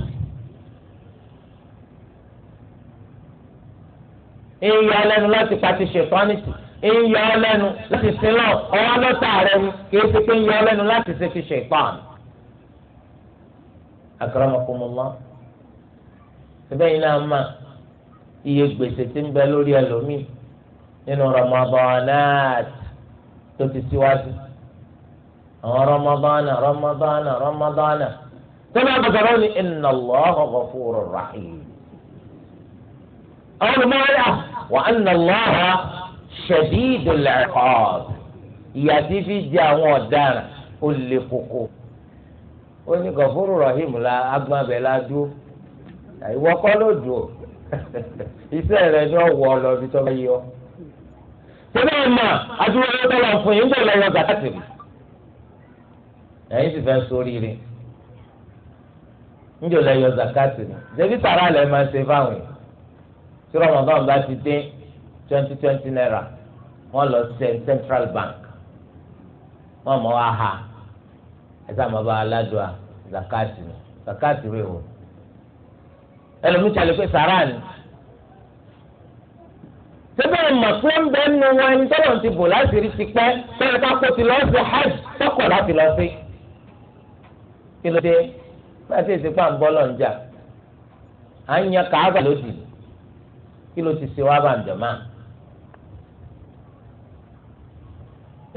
ìyọ ọlẹ́nu láti pàtí ṣèlánìtì ìyọ ọlẹ́nu láti sin lọ ọwọ́ lọ́tà rẹ kì í ṣe pé ìyọ ọlẹ́nu láti ṣe fi ṣèpáàmù akramakumullah síbẹ̀ yìí náà mà iye gbèsè tí ń bẹ lórí ẹlòmíì nínú Ramadanat tó ti síwájú àwọn Ramadana Ramadana Ramadana tẹ́lẹ̀ àbùsọ̀rọ̀ ni inna Allaha ghafurur rahim àwọn wa anna Allaha shadidul iqab ìyà fi jẹ àwọn ọ̀daràn ó koko. ó ní gọfúrú rahim la agbábẹ la dúró ìwọ kọ́ ló dùn <laughs> iṣẹ́ rẹ ni ọwọ́ lọ ibi tó bá yọ. tẹ́lẹ̀ ìmọ̀ adúlọ́ ló tọ́lọ̀ fún yín bẹ́ẹ̀ lọ́wọ́ gàdáàtì mi. ẹ̀yin sì fẹ́ sórí rẹ̀ ń jòlẹ̀ yọ zakati ni ṣebí sàrà lẹ̀ máa ṣe fáwọn yìí tí naira wọ́n lọ sí central bank wọ́n wá ha ẹsẹ àmọ́ bá aládùá zakati ni zakati rẹ o ẹlòmíì tẹlẹ pé sàrà ni síbẹ̀ mọ̀tún ń bẹ́ẹ̀ nu wọn ẹni tọ́lọ̀ ti bò láti rí ti pẹ́ tẹ́lẹ̀ ká kó ti lọ sí hajj tọkọ̀ láti lọ sí. kí ló dé bá ti pa ń bọ́ lọ à ń yan kàába lódì kí ló ti ṣe wá bàǹdọ̀ máa.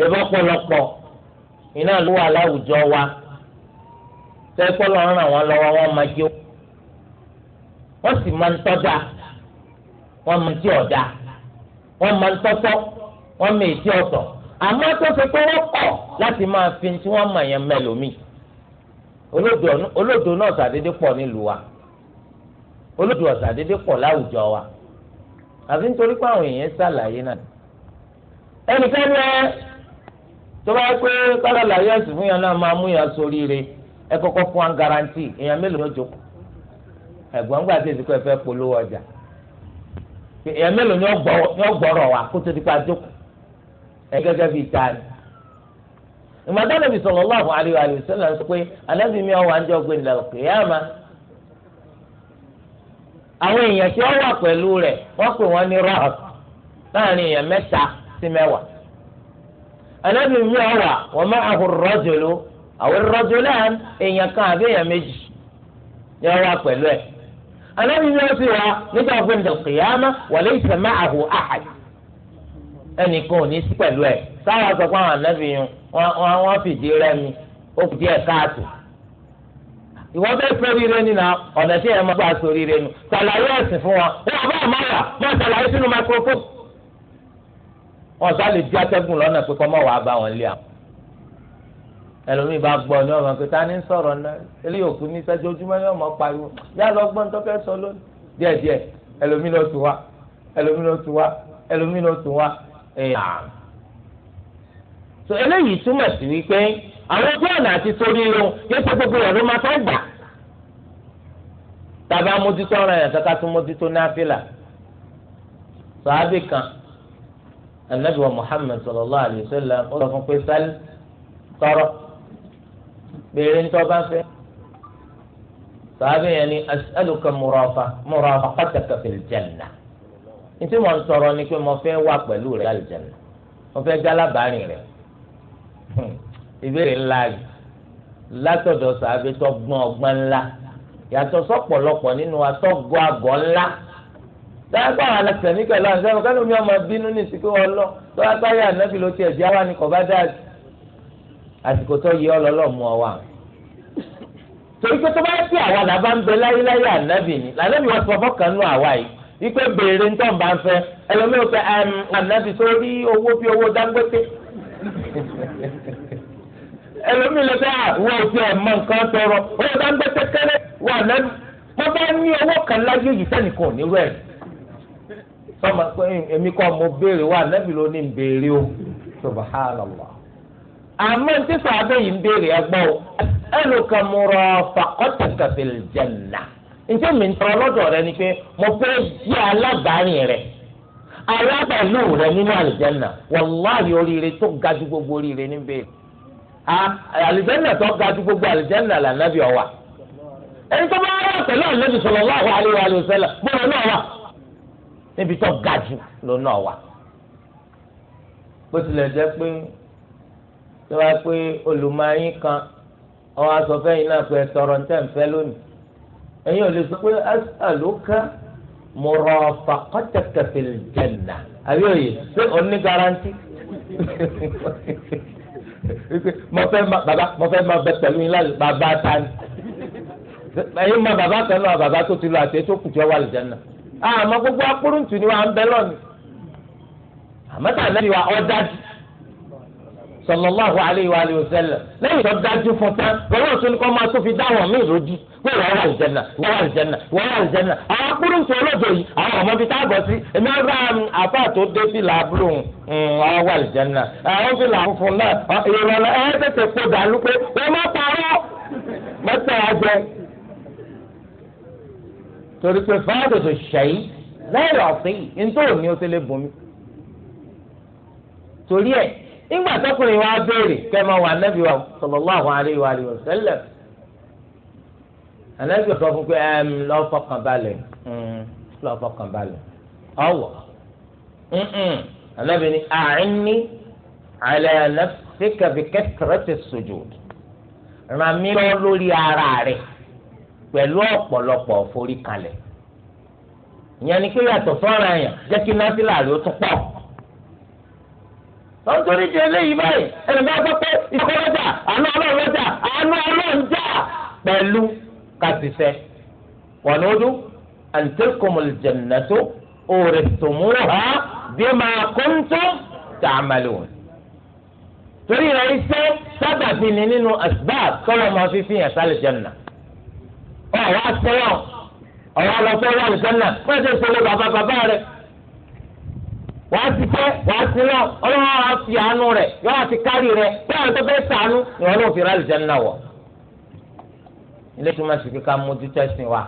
ìbọn pọ̀lọpọ̀ iná ló wà láwùjọ wa tẹ́kọ́ lọ́rùn ràn wọ́n lọ́wọ́ wọ́n máa jó wọ́n sì máa ń tọ́jà wọ́n máa ń tí ọ̀dà wọ́n máa ń tọ́tọ́ wọ́n máa ń tí ọ̀tọ̀ àmọ́ tó ṣe pé wọ́n kọ̀ láti máa fi tí wọ́n mọ̀ yẹn mẹ́lòmíì olódo náà ṣàdédé pọ̀ nílùú wa olódo ọ̀ṣàdédé pọ̀ láwùjọ wa àfi nítorí pé àwọn èèyàn ṣàlàyé náà ẹnikẹ́ni ẹ tó bá pé kára làyé ẹ̀sìn fún yàn náà máa mú yàn sórí ẹ kọ́kọ́ fún wa garanti èèyàn mélòó ni ó jókòó ẹ̀gbọ́n gbà tí ọjà èèyàn mélòó ni ó gbọ́rọ̀ wa kó tó pa jókòó ẹ gẹ́gẹ́ bíi ìmọ̀tá nàbì sọ pé mi ọ̀wà ń jọ gbé nílẹ̀ àwọn èèyàn tí wọ́n wà pẹ̀lú rẹ̀ wọ́n pè wọ́n ní láàrin èèyàn mẹ́ta anabi mi ọwà wọn èèyàn kan àbí èèyàn méjì ni wọn wà ẹ anabi mi si wa nígbà ọgbẹni dọkìyàmá wọlé ìsẹmá ahùn àhàd ẹnìkan ò ní sí pẹ̀lú ẹ sáwọn sọ pé àwọn anabi yìí wọn wọn fìdí rẹmi ó kù díẹ̀ káàtó ìwọ rire ni na ọ̀nà tí ẹ̀ máa gbà sọ rire nu ṣàlàyé ẹ̀sìn fún wọn àbá àmàlà sínú wọn sá lè di atẹ́gùn lọ́nà pé kọ́ mọ́ wàá bá wọn lé àwọn ẹlòmíì bá gbọ́ ní ọmọ pé ta ni ń sọ̀rọ̀ náà eléyìí òkú ní sẹ́jọ́ ojúmọ́ ní ọmọ pariwo yá lọ gbọ́n tó fẹ́ sọ lónìí díẹ̀ díẹ̀ ẹlòmíì ló tù wá ẹlòmíì ló tù wá ẹlòmíì ló tù wá so eléyìí túmọ̀ sí wípé àwọn ojú ọ̀nà àti sórí irun yóò ṣe gbogbo ẹ̀rọ máa fẹ́ gbà. tàbá mójútó ọ̀ràn yàtọ̀ ká tún mójútó náfìlà sàábì kan anabi wa muhammed sallallahu alayhi wa sallam ó sọ fún pé sálí tọrọ béèrè ń tọ́ bá fẹ́ sàbẹ̀ yẹn ni as'aluka murafa murafaqataka fil janna ntí mo ń tọrọ ni pé mo fẹ́ wà pẹ̀lú rẹ̀ aljanna mo fẹ́ gálábàárin rẹ̀ ìbéèrè ńlá yìí látọ̀dọ̀ sàbẹ̀ tó gbọ́n ọgbọ́n ńlá yàtọ̀ sọ́pọ̀lọpọ̀ nínú atọ́gọ́ àgọ́ ńlá. dáhùn báwọn alẹ́sẹ̀ ní pẹ̀lú àwọn sẹ́wọ̀n kálí omi ọmọ bínú ní ìsìnkú wọn lọ tọ́lá táyà ànábì ló tiẹ̀ jáwá ni kò bá dáàbì àsìkò tó yẹ ọlọ́lọ́ mú ọ wá. torí pé tó bá ti àwa là bá ń bẹ láyéláyé ànábì ni wọn nù àwa yìí wípé béèrè ńtọ́ bá ń fẹ́ ànábì tó rí owó bí owó <laughs> wọ́n tọ́mọ pé èmi kọ́ mo béèrè wá nẹ́bí ló ní béèrè o subhanallah. àmọ́ tí sàbẹ̀ yìí ń béèrè ẹgbọ́ o ẹnu kan mo rọ faqataka fil janna njẹ́ mi ń tọrọ lọ́dọ̀ rẹ ni pé mo fẹ́ jẹ́ alábàárìn rẹ alábàálù rẹ nínú àlùjẹ́nà wàláhì oríire tó ga ju gbogbo oríire ní béèrè àlùjẹ́nà tó ga ju gbogbo àlùjẹ́nà lànàbì ọ̀wà ẹni tó bá rà pẹ̀lú àlùjẹ́nà sallallahu alaihi wa sallam bọ́ọ̀lù náà wà níbi tó ga jù ló náà wà bó tilẹ̀ jẹ́ pé tó bá pé olùmọ̀ọ́yìn kan ọwọ́ aṣọ fẹ́yìn náà pé tọrọ ní tẹ̀ǹfẹ́ lónìí ẹ̀yin ò lè sọ pé asàlùkà murafaqataka fil janna àbí òye ṣé òun ní garanti <laughs> mo fẹ́ ma bàbá mo fẹ́ ma bẹ pẹ̀lú yín láti bàbá tani ẹ̀yin ma bàbá kan náà bàbá tó ti lọ àti ètò kùtù ọwọ́ àlùjánnà náà àmọ́ gbogbo akúrúntù ni wà ń bẹ lọ́nìí àmọ́ tà lẹ́yìn wa ọ́ dájú sallallahu alayhi wa alihi wa sallam lẹ́yìn tó dájú fún tán lọ́wọ́ tó ní kọ́ máa tó fi dáhùn mí lójú pé wọ́n wà lìjẹ́nà wọ́n wà lìjẹ́nà wọ́n wà lìjẹ́nà àwọn akúrúntù ọlọ́dọ̀ yìí àwọn ọmọ bíi táàbọ̀ sí ẹ̀mí ọ̀rá àbá tó dé fìlà àbúrò wọn hmm, wà lìjẹ́nà àwọn fìlà funfun náà ìrọ̀lẹ́ ẹ̀ tẹ̀sẹ̀ kó dàlú pé wọ́n má torí pé fáwọn tó ṣẹ̀yìn lẹ́yìn ọ̀sìn yìí nítorí òní ó ti lè bomi. torí ẹ̀ nígbà tọkùnrin wa béèrè kẹ́mọ wà nẹ́bí wa sallallahu alaihi wa alihi wa sallam ànẹ́bí ọ̀sọ́ fún pé ẹ̀m lọ́ fọkàn balẹ̀ lọ́ fọkàn balẹ̀ ọ̀wọ̀ ànẹ́bí ni a'inni ala nafsika bi kathrati sujud ràn mí lọ lórí ara rẹ̀ pẹ̀lú ọ̀pọ̀lọpọ̀ forí kalẹ̀ ìyẹn ni pé yàtọ̀ sọ́ra yẹn jẹ́ kí násìlà rẹ̀ ó tún pọ̀ lọ́sọ̀rí di eléyìí báyìí ẹnì bá gbọ́ pé ìkọ́lọ́jà àánú ọlọ́ọ̀lọ́jà àánú ọlọ́ọ̀jà pẹ̀lú kàtìfẹ́ wọn ló dún àǹtẹ̀kùnmùlù jẹ̀nàtó òòrè tòmúrò ha bí máa kóńtó tààmàlì wọn. torí rẹ̀ iṣẹ́ sábàbí ni nínú asbáà tọ́lọ́ máa fi fi hàn sálẹ̀ jẹ̀nà ọ̀rọ̀ asẹ́yọ̀ ọ̀rọ̀ alọ́fẹ́ wà lùsẹ́nà wọ́n ti sọ bàbá bàbá rẹ̀ wàá ti fẹ́ wàá ti lọ ọlọ́wọ́ wa fi àánú rẹ̀ yọ̀wá ti kárì rẹ̀ bẹ́ẹ̀ tó fẹ́ sànú ìwọ́n ló fi rà lùsẹ́nà wọ̀. ilé tó máa sìkì ká mójútó ẹ̀sìn wa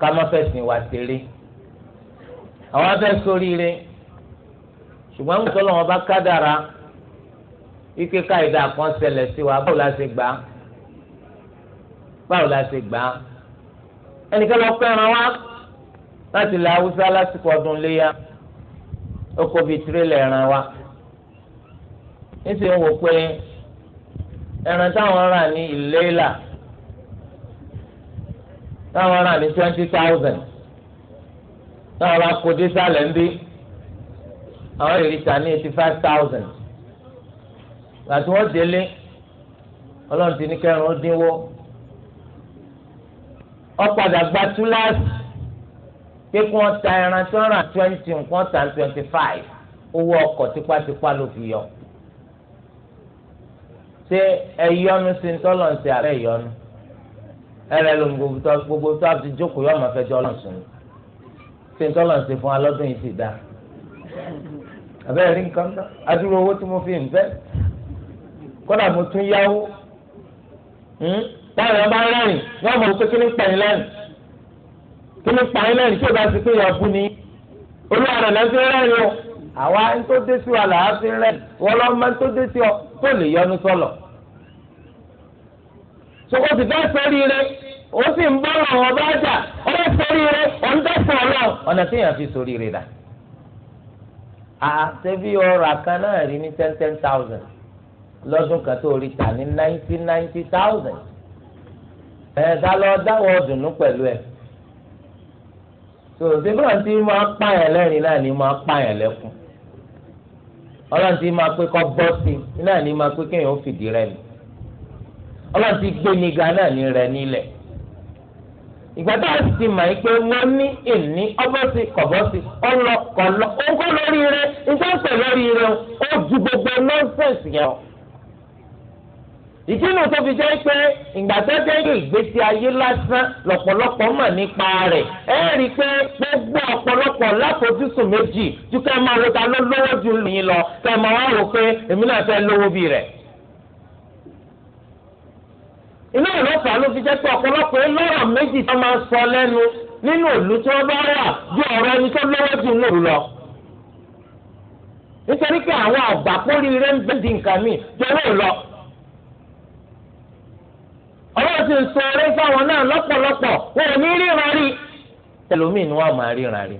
ká má fẹ́ sìn wa tèrè àwọn abẹ́ sóríire ṣùgbọ́n ń tọ́lọ́ wọn bá kádàrá ike ká ìdá kan ṣẹlẹ̀ sí wa bó la ṣe gbà á báwo la ṣe gbà á ẹnìkan lọ pẹ́ran wá láti ilẹ̀ haúsá lásìkò ọdún léyà ó kó bíi tirẹ̀lẹ̀ ẹran wá níṣẹ́ ń wò pé ẹran táwọn rà ní ìlélà táwọn rà ní twenty thousand táwọn bá kó dé sálẹ̀ ń bí àwọn èrè ta ní eighty five thousand gbàtí wọ́n délé ọlọ́run ti ní kẹrin ó dínwó ọ̀padà gba túláàsì pé kí wọ́n ta ẹran tí wọ́n rà twenty nǹkan tà twenty five owó ọkọ̀ tipátipá ló fi yọ. ṣé ẹ̀yọ́nu sí tọ́lọ̀ ń ṣe àárẹ̀ ẹ̀yọ́nu ẹ̀rẹ́ ló ń gbogbo tó a ti jókòó yọ ọmọ fẹ́ jọ ọlọ́run sùn ṣé tọ́lọ̀ ń ṣe fún alọ́dún yìí ti dá àbẹ́rẹ́ rí nǹkan dá adúrò owó tí mo fi ń fẹ́ kódà mo tún yáwó. Hmm? báyọ̀ bá rẹ́rìn yóò mọ̀ pé kí ni pààyàn lẹ́rìn kí ni pààyàn lẹ́rìn tí o bá ti pé yọ̀ bú ni olúwa rẹ̀ lẹ́sí rẹ́rìn o àwa ń tó dé sí wa là á fi rẹ́rìn wọ́n lọ́ máa ń tó dé sí ọ tó lè yọnu sọ̀lọ̀ sọ́kò ti fẹ́ sẹ́rí rẹ̀ ó sì ń bọ́ ọ̀rọ̀ ọba àjà ó fẹ́ sẹ́rí rẹ̀ ó ń dẹ́sẹ̀ ọlọ́ ọ̀nà tí èèyàn fi sórí rẹ̀ dà àtẹ́bí ọ̀rọ̀ àkan náà rí ní ten ten thousand lọ́dún kan tó rí ta ní ninety ninety thousand ẹ̀ẹ́dá lọ dáwọ́ dùnú pẹ̀lú ẹ̀ tòsí bọ́lá tí máa pààyàn lẹ́rìn náà ni máa pààyàn lẹ́kùn ọlọ́run tí máa pé kọ́ bọ́ sí náà ni máa pé kéèyàn ó fìdí rẹ̀ nù ọlọ́run ma gbé níga ni rẹ̀ nílẹ̀ ìgbà a sì mà yí pé wọ́n ní ìní ọbọ̀sí kọ̀bọ̀sí ọlọ́kọ̀ọ́lọ́ gbogbo ìdí nu tó fi jẹ́ pé ìgbà tó jẹ́ ìgbésí ayé lásán lọ́pọ̀lọpọ̀ mọ̀ nípa rẹ̀ ẹ rí i pé gbogbo ọ̀pọ̀lọpọ̀ láfojúsùn méjì ju ká máa ro ta ló lówó ju yín lọ ká máa wá rò pé èmi náà fẹ́ lówó bí rẹ̀. iná ìlọ́fà ló fi jẹ́ pé ọ̀pọ̀lọpọ̀ lọ́rọ̀ méjì tó máa ń sọ lẹ́nu nínú ìlú tí wọ́n bá wà ju ọ̀rọ̀ ẹni tó lówó ju nínú lọ nítorí pé àwọn àgbà kórìíre ń bẹ́ẹ̀ di nǹkan míì jọ̀wọ́ lọ ọlọ́run ti ń sọ orí fáwọn náà lọ́pọ̀lọpọ̀ wọn ò ní ríran rí tẹlomi ni wọn máa ríran rí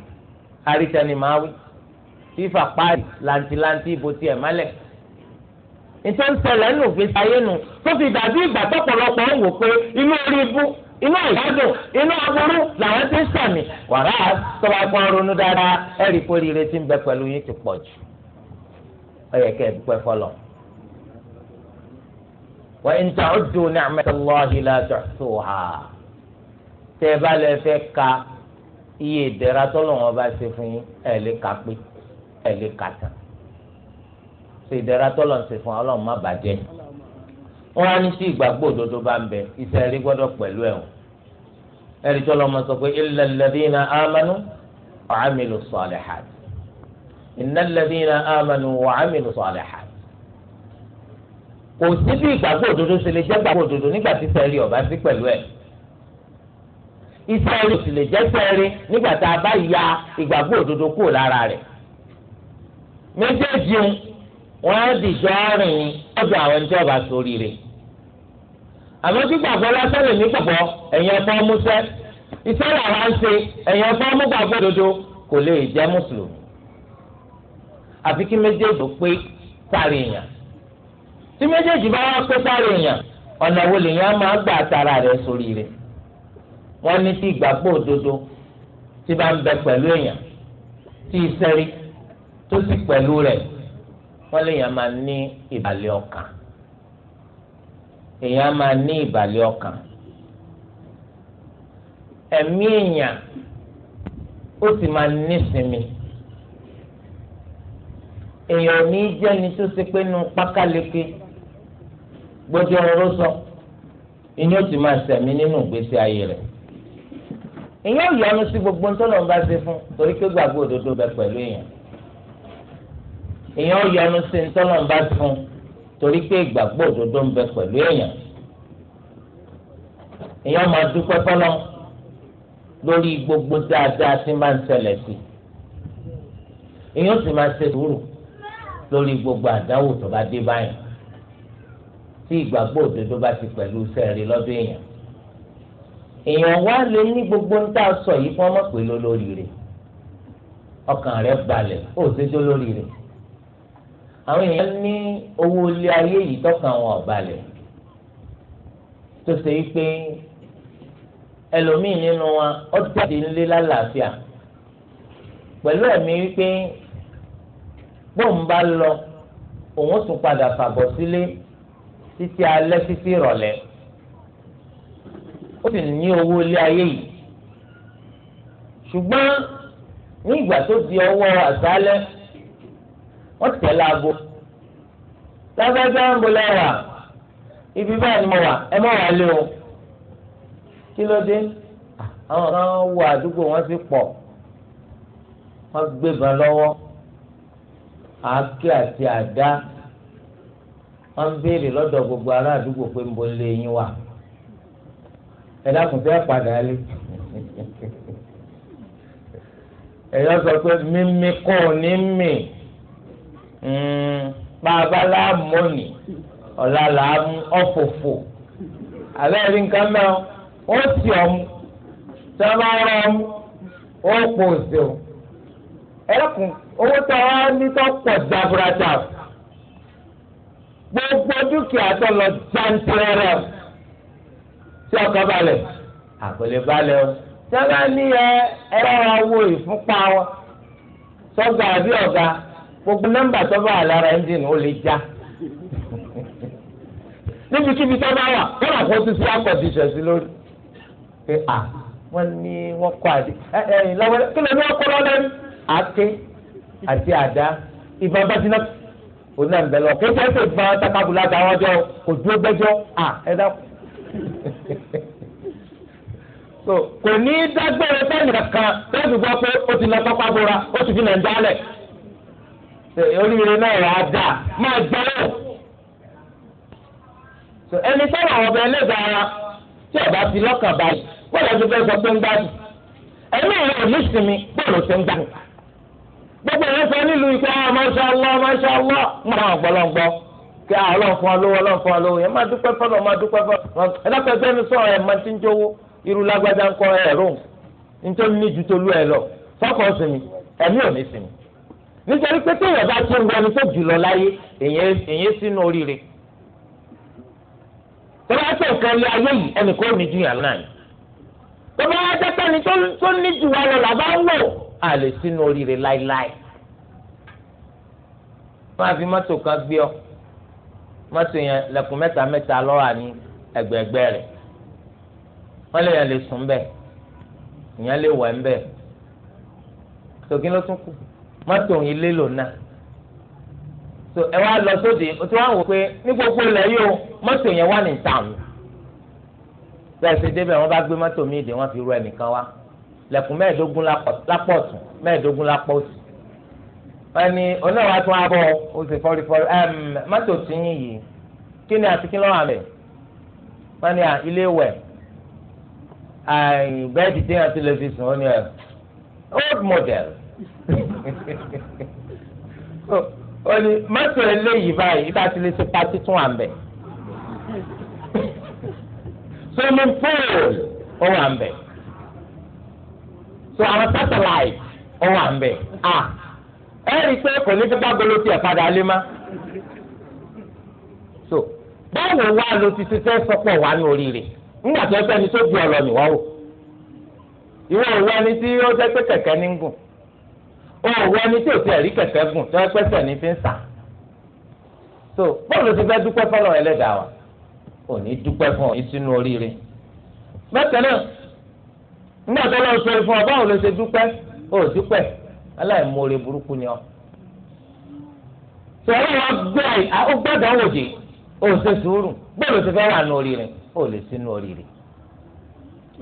arítẹni máa wí fífà páàdì làǹtìlàǹtì ibo tiẹ̀ mọ́lẹ̀ nítorí ṣẹlẹ̀ nù gbèsè ayé tó fi dàbí ìgbà tọ́pọ̀lọpọ̀ ń wò pé inú orí ibú inú ìgbádùn inú aburú làwọn ti ń sàmì wàrà tọ́ba kan ronú dáadáa ẹ̀rí pé ti ń bẹ pẹ̀lú yín ti pọ̀ jù wa in ta'uddu ni'matallahi la tuhsuha tẹ́ ẹ bá lè fẹ́ ka iye ìdẹ̀ra tọ́lọ́wọ́n bá ṣe fún yín ẹ̀ lè ka pé ẹ̀ lè ka tán ṣe ìdẹ̀ra tọ́lọ́wọ́n ṣe fún ọlọ́run má bàjẹ́ wọn á ní sí ìgbàgbọ́ òdodo bá ń bẹ iṣẹ́ rí gbọ́dọ̀ pẹ̀lú ẹ̀wọ̀n ẹ̀rí tọ́lọ́wọ́n máa sọ pé illa alladhina amanu wa amilu salihati inna alladhina amanu wa amilu salihati kò sí bí ìgbàgbọ́ òdodo ṣe lè jẹ́ ìgbàgbọ́ òdodo nígbà tí sẹ́ẹ̀rì ọ̀bá sí pẹ̀lú ẹ̀ ìsẹ́ẹ̀rì sì lè jẹ́ sẹ́ẹ̀rì nígbà tá a bá ya ìgbàgbọ́ òdodo kúrò lára rẹ̀ méjèèjì wọn á dìjọ́ rìn ọ̀dọ̀ àwọn ẹni tí ọba sórí rẹ̀ àmọ́ tí gbàgbọ́ lásán lè ní gbàgbọ́ ẹ̀yin ẹ̀fọ́ músẹ́ iṣẹ́ làwọn ń ṣe ẹ̀yin ẹ̀fọ́ mú gbàgbọ́ òdodo kò lè jẹ́ mùsùlùmí àfi kí méjèèjì pé sáré èèyàn tí méjèèjì bá wá pé sáré èèyàn ọ̀nà wo lèèyàn máa gbà tara rẹ̀ sórí rẹ̀ wọ́n ní tí ìgbàgbọ́ òdodo tí bá ń bẹ pẹ̀lú èèyàn tí ìṣẹ́rí tó sì pẹ̀lú rẹ̀ wọ́n lèèyàn máa ní ìbàlẹ̀ ọkàn èèyàn máa ní ìbàlẹ̀ ọkàn ẹ̀mí èèyàn ó sì máa nísinmi èèyàn ò ní jẹ́ni tó ṣe pé nu pákáleke gbójú ọ̀rọ̀ sọ ìní ó ti máa sẹ̀mí nínú ìgbésí ayé rẹ̀ ìyẹn ò yọnu sí gbogbo ń tọ́lọ̀ ń bá ṣe fún torí pé gbàgbọ́ òdodo bẹ pẹ̀lú èèyàn ìyẹn ò yọnu sí ń tọ́lọ̀ ń bá ṣe fún torí pé ìgbàgbọ́ òdodo ń bẹ pẹ̀lú èèyàn ìyẹn máa dúpẹ́ fọlọ́ lórí gbogbo dáadáa tí máa ń ṣẹlẹ̀ sí ìyẹn ó sì máa ṣe sùúrù lórí gbogbo àdáwò tó bá dé báyìí tí ìgbàgbọ́ òdodo bá ti pẹ̀lú sẹ́ẹ̀rí lọ́dún èèyàn èèyàn wá lè ní gbogbo ń tà sọ yìí fún ọmọ pẹ̀lú lórí rẹ̀ ọkàn rẹ̀ balẹ̀ ó ṣèjọ lórí rẹ̀ àwọn èèyàn ní owó ilé ayé yìí tọkàn wọn balẹ̀ tó ṣe é ẹlòmíì nínú wa ó jáde nílé lálàáfíà pẹ̀lú ẹ̀mí wípé bóun bá lọ òun tún padà fàbọ̀ sílé títí alẹ́ títí ìrọ̀lẹ́ ó sì ní owó ilé ayé yìí ṣùgbọ́n ní ìgbà tó di ọwọ́ àṣálẹ́ wọ́n tẹ̀ láago lágbájá ń bolẹ̀ wà ibi báyìí ni mo wà ẹ mọ̀ wà lé o kí ló dé àwọn kan wọ àdúgbò wọn sì pọ̀ wọ́n gbébọn lọ́wọ́ àáké àti àdá wọ́n ń béèrè lọ́dọ̀ gbogbo ará àdúgbò pé ń bo lé yín wà ẹ dákun tẹ́ padà lé <laughs> ẹ̀yọ́ sọ pé mímí kò ní mì hmm, bàbá láàmúnì ọ̀la làámú ọ̀fọ̀fọ̀ àbẹ́rẹ́ nǹkan mẹ́rin ó tì ọ́ mu tí wọ́n bá rọ ọ́ mu ó pò sí o ẹ̀kún owó tó wá ní tó pọ̀ jaburata gbogbo dúkìá tó lọ jantirẹrẹ o tí ọkọ balẹ̀ àkọlé balẹ̀ o tí wọn bá ní ẹ ẹrọ awo ìfúnpá wọn sọgbà àbí ọ̀gá gbogbo nọ́mbà tó bá wà lára ẹnjìnì ó lè já <laughs> níbikíbi tó bá wà wọn àpò tó ti akọ ìdíṣẹ sí lórí pé à wọn ní wọn kọ àdé ẹ ẹ lọ́wọ́ kí ló ní wọn kọ lọ lẹ́nu àáké àti àdá ìbọn bá ti náà òun náà ń bẹ lọ kéjọ tó gba takabula da wọn jọ kò dúró gbẹ́jọ́ à ẹ dákun <laughs> so kò ní í dágbére sẹ́yìn kankan lẹ́sùn gbọ́ pé ó ti lọ tọ́pá bora ó ti fi nà ń dálẹ̀ oríire náà rà á dà máa gbẹ́wò so ẹni sọ́wọ́ àwọn ọbẹ̀ ẹlẹ́gbẹ̀ẹ́ ara tí ọba fi lọ́kàn báyìí bọ́ọ̀lù ẹ̀dùn fẹ́ sọ pé ń gbádùn ẹ̀mí ìrìn òní sinmi bọ́ọ̀lù ti ń gbádùn. gbogbo ẹ̀ sọ nílùú ìgbà ah, masha Allah masha Allah mọ̀ ọ̀gbọ̀lọ̀gbọ̀ kí ọlọ́fun ọlọ́fun yẹn máa dúpẹ́ fọlọ́ máa dúpẹ́ fọlọ́ sọ ẹ̀ máa ti ń irú lágbájá ń kọ́ nítorí ní ju tolú lọ sinmi ẹ̀mí ò ní sinmi nítorí pé téèyàn bá tún tó jùlọ láyé sínú oríire tó bá tẹ̀ a lè sínú oríire láéláé máa fi mọ́tò kan gbé ọ mọ́tò yẹn lẹ́kùn mẹ́ta mẹ́ta lọ́wọ́ àní ẹgbẹ̀ẹ̀gbẹ́ rẹ̀ wọ́n lè yàn lè sùn bẹ́ẹ̀ ìyẹn lè wẹ̀ ń bẹ́ẹ̀ tòkí ló tún kù mọ́tò yìí lélo náà so ẹ wá lọ sóde o ti wá wò pé ní gbogbo ilẹ̀ yìí o mọ́tò yẹn wà ní ìtàn bẹ́ẹ̀ ṣe débẹ̀ wọ́n bá gbé mọ́tò míì dé wọ́n fi rú ẹnìkan wá lẹ̀kùn mẹ́ẹ̀ẹ́dógún lápọ̀ ọ̀tún mẹ́ẹ̀ẹ́dógún lápọ̀ òsì. wọ́n ní oníwà tún abọ́ ó sì fọ́rí fọ́rí mọ́tò tí ń yìí kí ni àti kí ló wà mẹ́ wọ́n ní ilé wẹ̀ bẹ́ẹ̀dì tí wọ́n ti lè fi sùn ó ní ẹ̀ old model ó ní mọ́tò eléyìí báyìí ibà ti lè ṣe pati tún wà mẹ́ swimming pool ó wà mẹ́ so àwọn satellite ó wà ń bẹ̀ à ẹ rí i pé kò ní fipá gbolo tiẹ̀ padà lé má so báwo wá ló ti ti fẹ́ sọ́pọ̀ wá ní oríire nígbà tó ẹgbẹ́ ni tó di ọ̀lọ́ nìwọ́ o ìwọ òwò ẹni tí ó jẹ́ pé kẹ̀kẹ́ ní gùn òwò ẹni tí ò ti ẹ̀rí kẹ̀kẹ́ gùn tó ẹgbẹ́ sẹ̀ ní fi ń sà so bọ́ọ̀lù ti fẹ́ dúpẹ́ fọlọ́ ẹlẹ́dàá wa ò ní dúpẹ́ fún ọ ní sínú oríire bẹ́ẹ̀ náà nígbà tó lọ sọ ìfún ọ báwo ló ṣe dúpẹ́ ó dúpẹ́ aláìmoore burúkú ni ọ. sọ̀rọ̀ wọn gbé ó gbọ́dọ̀ òde ó ṣe sùúrù bóòlù ti fẹ́ wà ní oríire ó lè sínú oríire.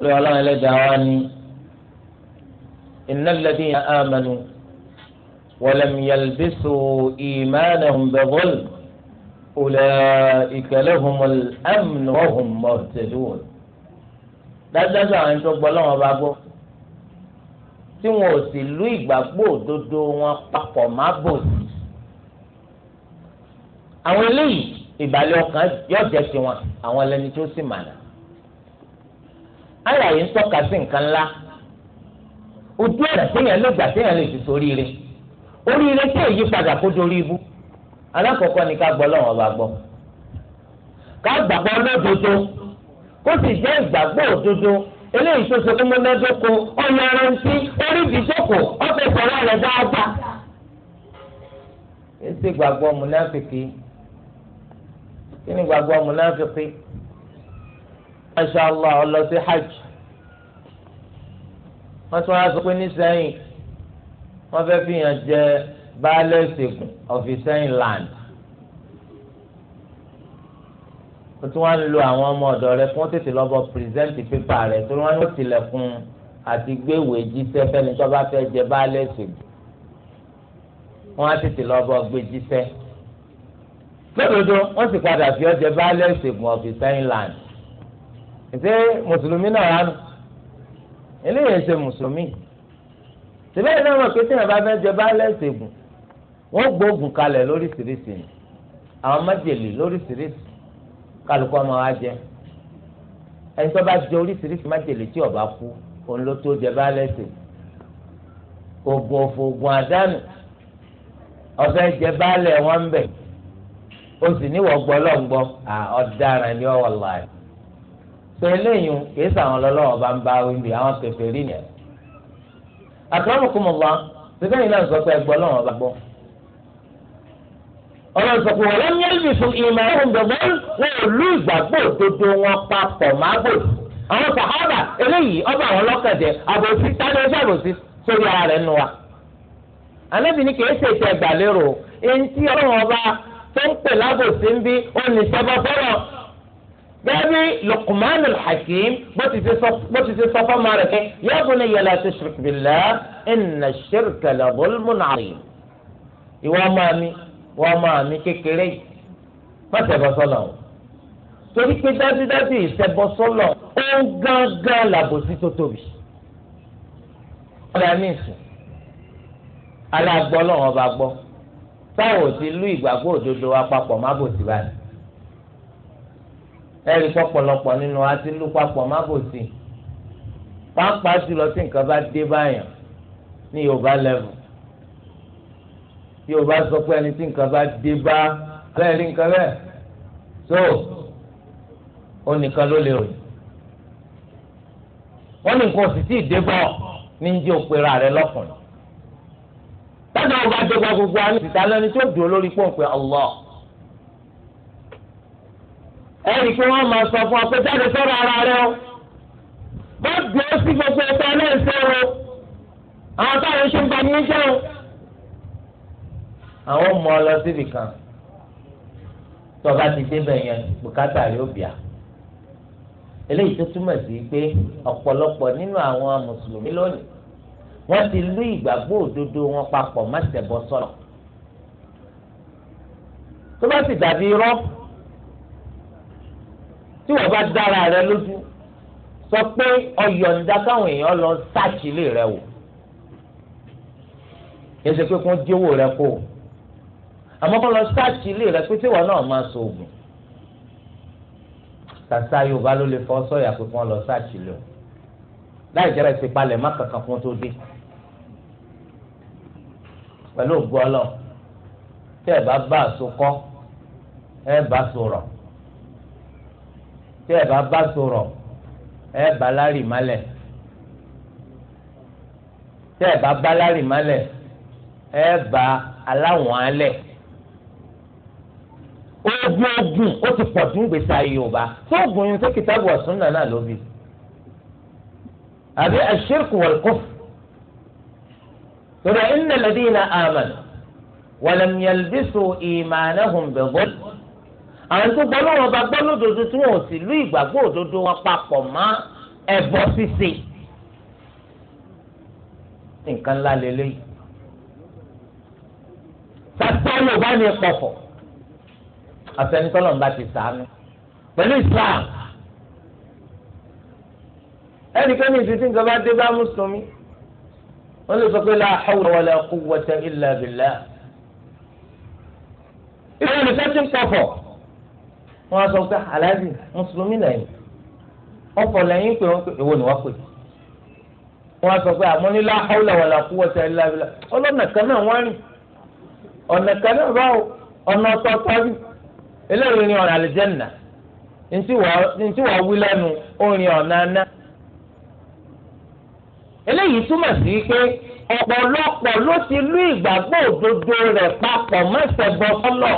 lórí ọlọ́run ẹlẹ́dàá wa ní innal ladina amanu walam yalbisu imanahum bi-zulm ulaika lahumul amnu wa hum muhtadun dájúdájú àwọn ẹni tó gbọ́ lọ́wọ́ bá gbọ́ tí wọn ò sì lú ìgbàgbọ́ òdodo wọn papọ̀ má bò sí. àwọn eléyìí ìbàlẹ̀ ọkàn yóò jẹ́ tiwọn àwọn ẹlẹ́ni tó sì mànà. àyàyé ń tọ́ka sí nǹkan ńlá ojú ọ̀nà téèyàn lè gbà téèyàn lè fi sórí rẹ̀ oríire tí èyí padà kó dorí ibú alákọ̀ọ́kọ́ ni ká gbọ́ lọ́wọ́ bá gbọ́ ká gbàgbọ́ lódodo ó sì jẹ́ ìgbàgbọ́ òdodo eléyìí tó ṣe kúmọ́ lẹ́dọ́kọ ọ̀nà ẹrẹ́ntì orí ìdíjọ́kọ ọ̀fẹ́ sọ̀rọ̀ rẹ̀ dáadáa. èsì gbàgbọ́ múnáfìkì kí ni gbàgbọ́ múnáfìkì aṣáálá ọlọ́sí hajj wọ́n tún wá sọ pé nísẹ́yìn wọ́n fẹ́ fi hàn jẹ baálé ṣègùn ọ̀fìsẹ́yìn land o tún wá ń lo àwọn ọmọ ọ̀dọ̀ rẹ fún tètè lọ́bọ̀ pírẹsẹ́ǹtì pépà rẹ tó wọ́n ní tìlẹ̀kùn àti gbéwèé jíṣẹ́ fẹ́ni tó bá fẹ́ jẹ báálẹ̀ ṣègùn wọ́n á tètè lọ́bọ̀ gbé jíṣẹ́ lódodo wọ́n sì padà fi ọjẹ báálẹ̀ ṣègùn ọ̀fìsẹ́ inland ṣé mùsùlùmí náà ránu eléyìí ṣe mùsùlùmí tìbẹ́ẹ̀ náà wọ́n pété yẹn bá fẹ́ jẹ báálẹ̀ ṣègùn wọ́n gbóògùn kalẹ̀ lóríṣiríṣi àwọn májèlé lóríṣiríṣi kálukú ọmọ wa jẹ ẹni tó bá jẹ oríṣiríṣi májèlé tí ọba kú òun ló tó jẹ bá lẹsẹ oògùn òfò oògùn àdánù ọfẹ jẹ baálé wọn bẹ o sì níwọ gbọlọ gbọ à ọ̀daràn ni ọwọ láàyè sọ eléyìí kìí sàwọn lọlọrọ bá ń bá wíńdì àwọn kẹfẹ rí nìyẹn àtúrọ̀mùkùmù wa síbẹ̀ náà sọ pé ẹgbọ́ lọ́wọ́ bá gbọ́ ọlọ́run sọ pé wọ́n lọ́n yẹ́rì mi fún ìmọ̀ ẹ̀hún gbọ̀ngàn wọn ò lù ìgbàgbọ́ òdodo wọn papọ̀ má bò àwọn sàhábà eléyìí ọba àwọn ọlọ́kẹ̀dẹ̀ àbòsí tani ọjọ́ àbòsí sórí ara rẹ̀ nu wa. anábì ní kìí ṣètò ẹ̀gbà lérò ẹni tí ọlọ́run ọba tó ń pè lábòsí ń bí oníṣẹ́bọ fọ́lọ̀ gẹ́gẹ́ Luqman al bó ti ṣe sọ fọ́ọ̀mù wọ́n máa mi kékeré yìí má ṣẹbọ sọ́lọ̀ o torí pé dájúdájú ìṣẹbọ sọ́lọ̀ ó ń gángan làbòsí tó tóbi ọ̀dà mi sùn alágbọ́ lọ́wọ́ bá gbọ́ táwọn ò ti lú ìgbàgbọ́ òdodo wa papọ̀ má bòsí báyìí ẹ̀rí pọ̀pọ̀lọpọ̀ nínú wa ti lú papọ̀ má bòsí pápá jùlọ tí nǹkan bá dé báyàn ní Yorùbá lẹ́vù tí o bá sọ pé ẹni tí nǹkan bá dé bá bẹ́ẹ̀ rí nǹkan bẹ́ẹ̀ so ó nìkan ló lè rìn wọ́n ní nǹkan sì tí ì dé bọ̀ ní jẹ́ òpèrà rẹ lọ́kùnrin tọ́jú àwọn bá dé bọ̀ gbogbo àwọn ìsìta lẹ́ni tó dùn lórí pọ̀npẹ́ Allah ẹnì kí wọ́n máa sọ fún ọ pé jáde sọ́rọ̀ ara rẹ o bá dùn ó sí gbogbo ẹ̀tọ́ ẹlẹ́sẹ̀ o àwọn táwọn ẹ̀ṣẹ̀ ń bá ní jẹun àwọn mọ ọ lọ síbi kan tọba ti débẹ̀ yẹn bùkátà rẹ ó bìà eléyìí tó túmọ̀ sí pé ọ̀pọ̀lọpọ̀ nínú àwọn mùsùlùmí lónìí wọ́n ti lú ìgbàgbọ́ òdodo wọn papọ̀ má tẹ̀bọ sọ̀rọ̀ tó bá sì dàbí irọ́ tí wọ́n bá dára rẹ lójú sọ pé ọ̀yọ̀ǹda káwọn èèyàn lọ sáàkì ilé rẹ wò kí ṣe pé kó jẹ́wọ́ rẹ kó o àmọ́ kọ́ lọ sáàkì ilé rẹ pé tí wọn náà máa so oògùn sàṣà yorùbá ló lè fọ sọyà pé kí wọn lọ sáàkì ilé o láì jẹ́rẹ̀ sí palẹ̀ má kankan fún tó dé pẹ̀lú ògbó ọlọ́ tẹ́ ẹ bá bá aṣọ ẹ bá sọ̀rọ̀ tẹ́ ẹ bá bá sọ̀rọ̀ ẹ bá lárì malẹ̀ tẹ́ ẹ bá bá lárì malẹ̀ ẹ bá aláwọ̀n alẹ̀ ogun ogun ó ti pọ̀ ju gbèsè ayé yorùbá tó ogun yìí tó kìtàbù ọ̀sùn náà náà ló bí àbí àṣírkù wọ̀lkọ́ torí ẹ̀ńnà lẹ́dínà àmàlà wàlẹ́mìyàlbísù ìmàlẹ́hùn bẹ̀bọ́lù àwọn tó gbọ́ lọ́wọ́ bá gbọ́ lódodo tí wọn ò sì lú ìgbàgbọ́ òdodo wọn papọ̀ mọ́ ẹbọ ṣíṣe nǹkan ńlá lélẹ́yìí sàtọ́ yorùbá ni pọ̀fọ̀ àfẹnitọ́lọ̀ ń bá ti sàánú pẹ̀lú Islam ẹnikẹ́ni ìsìtì nǹkan bá dé bá mùsùlùmí wọ́n lè sọ pé la hawla wala quwwata illa billah ìwé olùkọ́ ti ń pọ̀fọ̀ wọ́n sọ pé aláàbì mùsùlùmí lẹ́yìn ọ̀pọ̀ lẹ́yìn pé wọ́n pé èwo ni wọ́n pè wọ́n sọ pé àmọ́ ní la hawla wala quwwata illa billah ọlọ́nà kan náà wọ́n rìn ọ̀nà kan náà báwo ọ̀nà ọ̀tọ̀ọ̀tọ̀ rìn eléyìí ni ọ̀nà àlìjẹ́nà ntí wọ́n wí lẹ́nu orin ọ̀nà aná. eléyìí túmọ̀ sí pé ọ̀pọ̀lọpọ̀ ló ti lú ìgbàgbọ́ òdodo rẹ̀ papọ̀ mẹ́sẹ̀gbọ́ sọ́lọ̀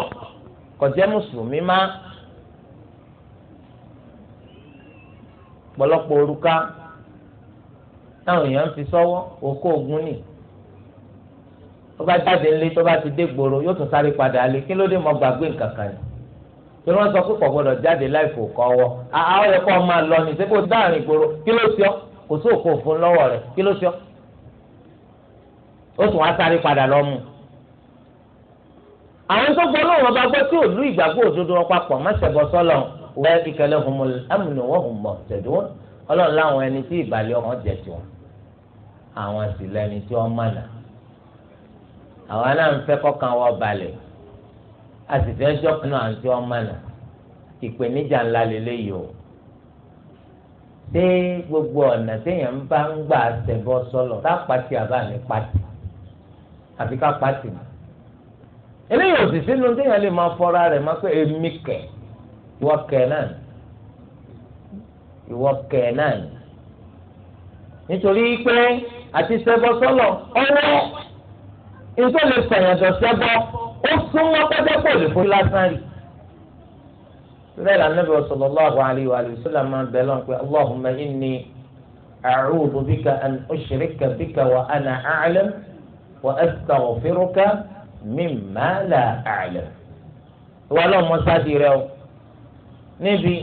kò jẹ́ mùsùlùmí má. ọ̀pọ̀lọpọ̀ òrùka táwọn èèyàn ń fi sọ́wọ́ òkú ogun nì tó bá jáde ńlé tó bá ti dé gbòòrò yóò tún sáré padà lé kí ló dé mọ́ gbàgbé nǹkan kan yìí tí wọ́n sọ pé kò gbọ́dọ̀ jáde láìfò kọ́wọ́ àwọn yẹ kó máa lọ ní sẹ́kó dáàrin ìgboro kí ló sọ kò sí òkò òfin lọ́wọ́ rẹ̀ kí ló sọ ó tún wá sáré padà lọ mú àwọn tó gbọ́ lóun ọba gbọ́ tí òlú ìgbàgbọ́ òdodo wọn papọ̀ mọ́sẹ̀bọ sọ́lọ̀ wẹ́ ìkẹlẹ́ humul amnu wa hum muhtadun ọlọ́run láwọn ẹni tí ìbàlẹ̀ ọkàn jẹ tiwọn àwọn sì lẹni tí wọ́n mọ̀nà àwọn náà ń fẹ́ kọ́kàn wọ́n balẹ̀ àtìfẹ́ ṣọ́ọ̀kì náà àti ọmọ nà ìpèníjà ńlá lélẹ́yìí o ṣé gbogbo ọ̀nà téèyàn bá ń gbà ṣẹ̀bọ sọlọ ká pàtì àbá ní pàtì àfi ká pàtì ní. eléyìí ò sì sínú téèyàn lè máa fọra rẹ̀ máa pé èmi kẹ̀ ìwọ kẹ̀ náà ìwọ kẹ̀ náà nítorí pé àti ṣẹ̀bọ sọlọ ọwọ́ nítorí lè sọ̀yàn ó súnmọ́ pẹ́pẹ́ pọ̀ lè fún lásán rí bẹ́ẹ̀ la Nabi sallallahu alayhi wa sallam máa bẹ̀ lọ́n pé Allahumma inni a'udhu bika an ushrika bika wa ana a'lam wa astaghfiruka mimma la a'lam. ìwà lọ́n mọ sáàdì rẹ o níbi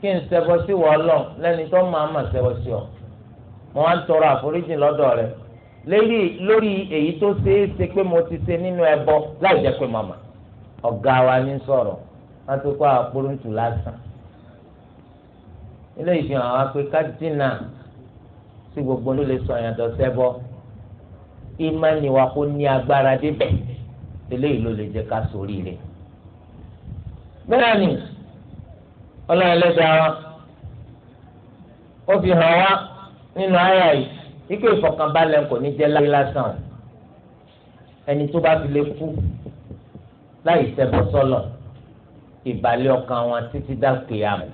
kí n ṣẹbọ sí wọ́ lọ́n lẹ́ni tó máa mà ṣẹbọ sí ọ mo wá ń tọrọ àforíjì lọ́dọ̀ rẹ̀ lórí èyí tó ṣeé ṣe pé mo ti ṣe nínú ẹbọ láì jẹ́ pé màmá ọ̀gá wa ní sọ̀rọ̀ wọ́n ti kọ́ àpòrúntù lásán ilé ìfihàn wa pé ká dínà sí gbogbo ló lè sọ ìyàtọ̀ sẹ́bọ̀ ìmánì wa kó ní agbára débẹ̀ eléyìí ló lè jẹ́ ká sórí rẹ̀ bẹ́ẹ̀ ni ọlọ́run ẹlẹ́dàá wa ó fi hàn wá nínú àyà yìí ikú ìfọkànbalẹ̀ kò ní jẹ́ láyé lásán ẹni tó bá fi lè kú láì ṣẹbọ sọ́lọ̀ ìbàlẹ̀ ọkàn wọn títí dákìyàmù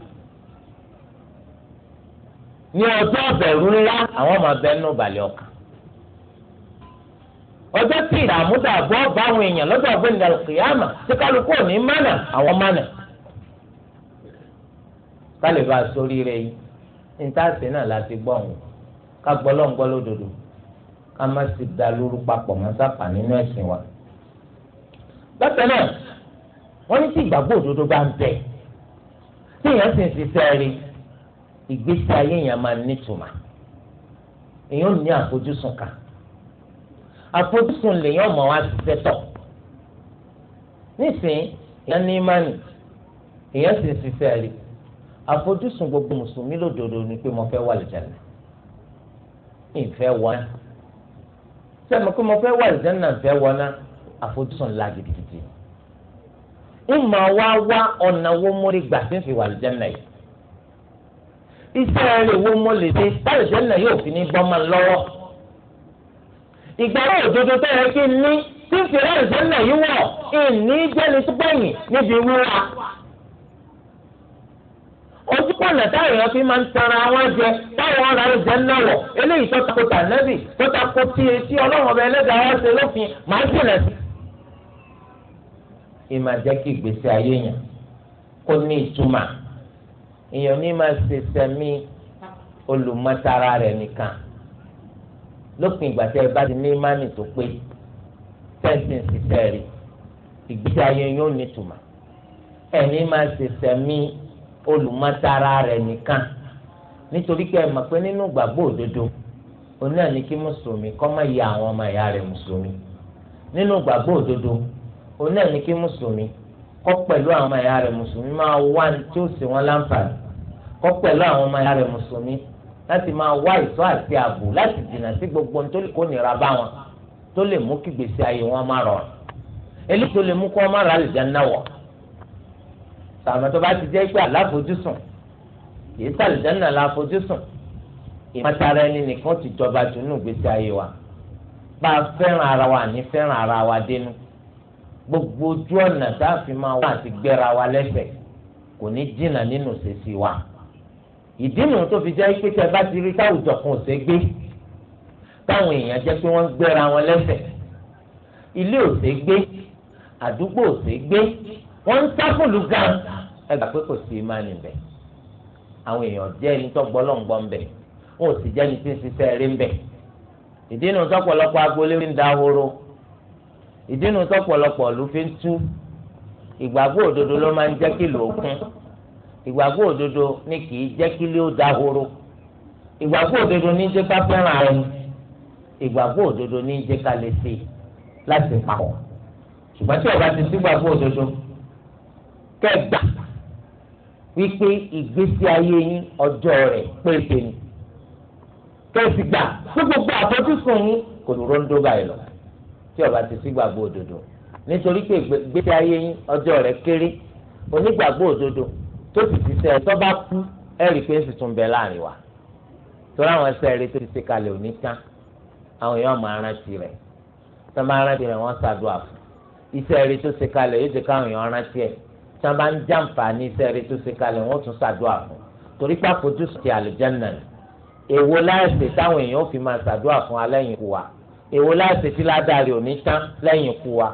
ní ọjọ́ ọ̀bẹ̀rù ńlá àwọn ọmọ abẹ nù balẹ̀ ọkàn ọjọ́ tí ìdààmú dàgbọ́ bá àwọn èèyàn lọ́dọ̀ ọ̀gbìn ní alùkìyàmà tí kálukú ò ní mánà àwọn mánà kálíbà sórí rẹ̀ yìí ní táàsì náà láti gbọ́ ọ̀hún ká gbọ́ lọ́n gbọ́ lódodo ká má sì da lóru papọ̀ mọ́ sápà nínú ẹ̀sìn wa. bákan náà wọ́n ní tí ìgbàgbọ́ òdodo bá ń bẹ tí èèyàn sì ń ṣiṣẹ́ rí ìgbésí ayé èèyàn máa nítumà èèyàn ò ní àfojúsùn kan àfojúsùn lèèyàn mọ̀ wá ṣiṣẹ́ tọ̀ nísìnyí èèyàn ní ìmánì èèyàn sì ń ṣiṣẹ́ rí àfojúsùn gbogbo mùsùlùmí lódodo ni pé mo fẹ́ wà lìjànà ìfẹ́ wọná sẹ́mi pé mo fẹ́ wà ìjẹ́nà ìfẹ́ wọná àfojúsùn ńlá gidigidi ìmọ̀ wá wá ọ̀nà wo mo rí gbà tí ń fi wà ìjẹ́nà yìí iṣẹ́ rẹ̀ wo mo lè ṣe táyọ̀ ìjẹ́nà yóò fi ní bọ́ lọ́wọ́ ìgbà yóò dodo tó yẹ kí ní tí ń fi rẹ̀ ìjẹ́nà yìí wọ̀ ìní jẹ́ni tó gbẹ̀yìn níbi wíwá ọ̀nà táwọn èèyàn fi máa ń tara wọn jẹ táwọn ọ̀rọ̀ àwọn jẹ náà wọ̀ eléyìí tó takò tànẹ́bì tó takò tí etí ọlọ́run ọba ẹlẹ́dàá wá ṣe lófin máa ń jìnà sí. ìmà jẹ́ kí ìgbésí ayé yẹn kó ní ìtumà èèyàn ní máa ṣe sẹ́mi olùmọ̀tara rẹ̀ nìkan lópin ìgbà tẹ́ ẹ bá ti ní mánì tó pé tẹ́ǹtì ń ṣiṣẹ́ rí ìgbésí ayé yóò ní ìtumà ẹni máa ṣe sẹ́mi olùmọ̀tara rẹ̀ nìkan nítorí pé ẹ pe pé nínú ododo òdodo òun náà kí mùsùlùmí kọ́ máa ya àwọn ọmọ ìyá rẹ̀ mùsùlùmí nínú gbàgbọ́ òdodo òun náà kí mùsùlùmí kọ́ pẹ̀lú àwọn ọmọ ìyá rẹ̀ mùsùlùmí máa wá tí ó sì wọ́n láǹfààní kọ́ pẹ̀lú àwọn ọmọ ìyá rẹ̀ mùsùlùmí láti máa wá àti gbogbo tó lè kó nira bá wọn tó lè mú kí sàmọ́ tó bá ti jẹ́ pé àláfojúsùn yìí sàlùjánà àláfojúsùn ìmọ̀tara ẹni nìkan ti jọba dùnú gbèsè ayé wa bá a fẹ́ràn ara wa ní fẹ́ràn ara wa dénú gbogbo ojú ọ̀nà tá a fi máa wá àti gbẹ́ra wa lẹ́sẹ̀ kò ní jìnnà nínú ṣèṣì wa ìdí nu tó fi jẹ́ pé tẹ́ bá ti rí táwùjọ kan ò gbé táwọn èèyàn jẹ́ pé wọ́n gbẹ́ra wọn lẹ́sẹ̀ ilé ò gbé àdúgbò ò gbé wọ́n ń sáfòlù gan ẹ gbà pé kò sí ìmánì bẹ̀ àwọn èèyàn jẹ́ ẹni tó gbọ́ lọ́ngbọ́ ń bẹ̀ wọn ò sì jẹ́ ẹni tí ń ṣiṣẹ́ rí ń bẹ̀ ìdí inú tọ́pọ̀lọpọ̀ agboolé ń da horo ìdí inú tọ́pọ̀lọpọ̀ ló fi ń tú ìgbàgbọ́ òdodo ló máa ń jẹ́ kí lò ó kún ìgbàgbọ́ òdodo ni kì í jẹ́ kí lè ó da horo ìgbàgbọ́ òdodo ní jẹ́ ká fẹ́ràn ara ìgbàgbọ́ òdodo ní jẹ́ ká lè ṣe láti papọ̀ ṣùgbọ́n tí ọba ti sí ìgbàgbọ́ òdodo kẹgbà wípé ìgbésí ayé yín ọjọ́ rẹ̀ péréte ni kẹsì gbà tó gbogbo àfojúsùn yín kò lóró ń dóbà ẹ lọ tí ọba ti sí gbàgbọ́ òdodo nítorí pé ìgbésí ayé yín ọjọ́ rẹ̀ kéré onígbàgbọ́ òdodo tó sì ti sẹ tó bá kú ẹ̀rí pé sì tún bẹ láàrin wa torí àwọn ẹsẹ̀ rẹ̀ tó ti ṣe kalẹ̀ òní tán àwọn èèyàn máa rántí rẹ̀ tó máa rántí rẹ̀ wọ́n ṣàdúrà fún iṣẹ́ rẹ̀ tó ṣe kalẹ̀ yóò jẹ́ káwọn èèyàn rántí ẹ̀ tí wọ́n bá ń jàǹfààní sẹ́ẹ̀rì tó ṣe kalẹ̀ wọ́n tún ṣàdúrà fún torí pé àfojúsùn ti àlùjànnà ni èwo láìsè táwọn èèyàn fi máa ṣàdúrà fún wa lẹ́yìn ikú wa èwo láìsè tí ládàrí òní tán lẹ́yìn ikú wa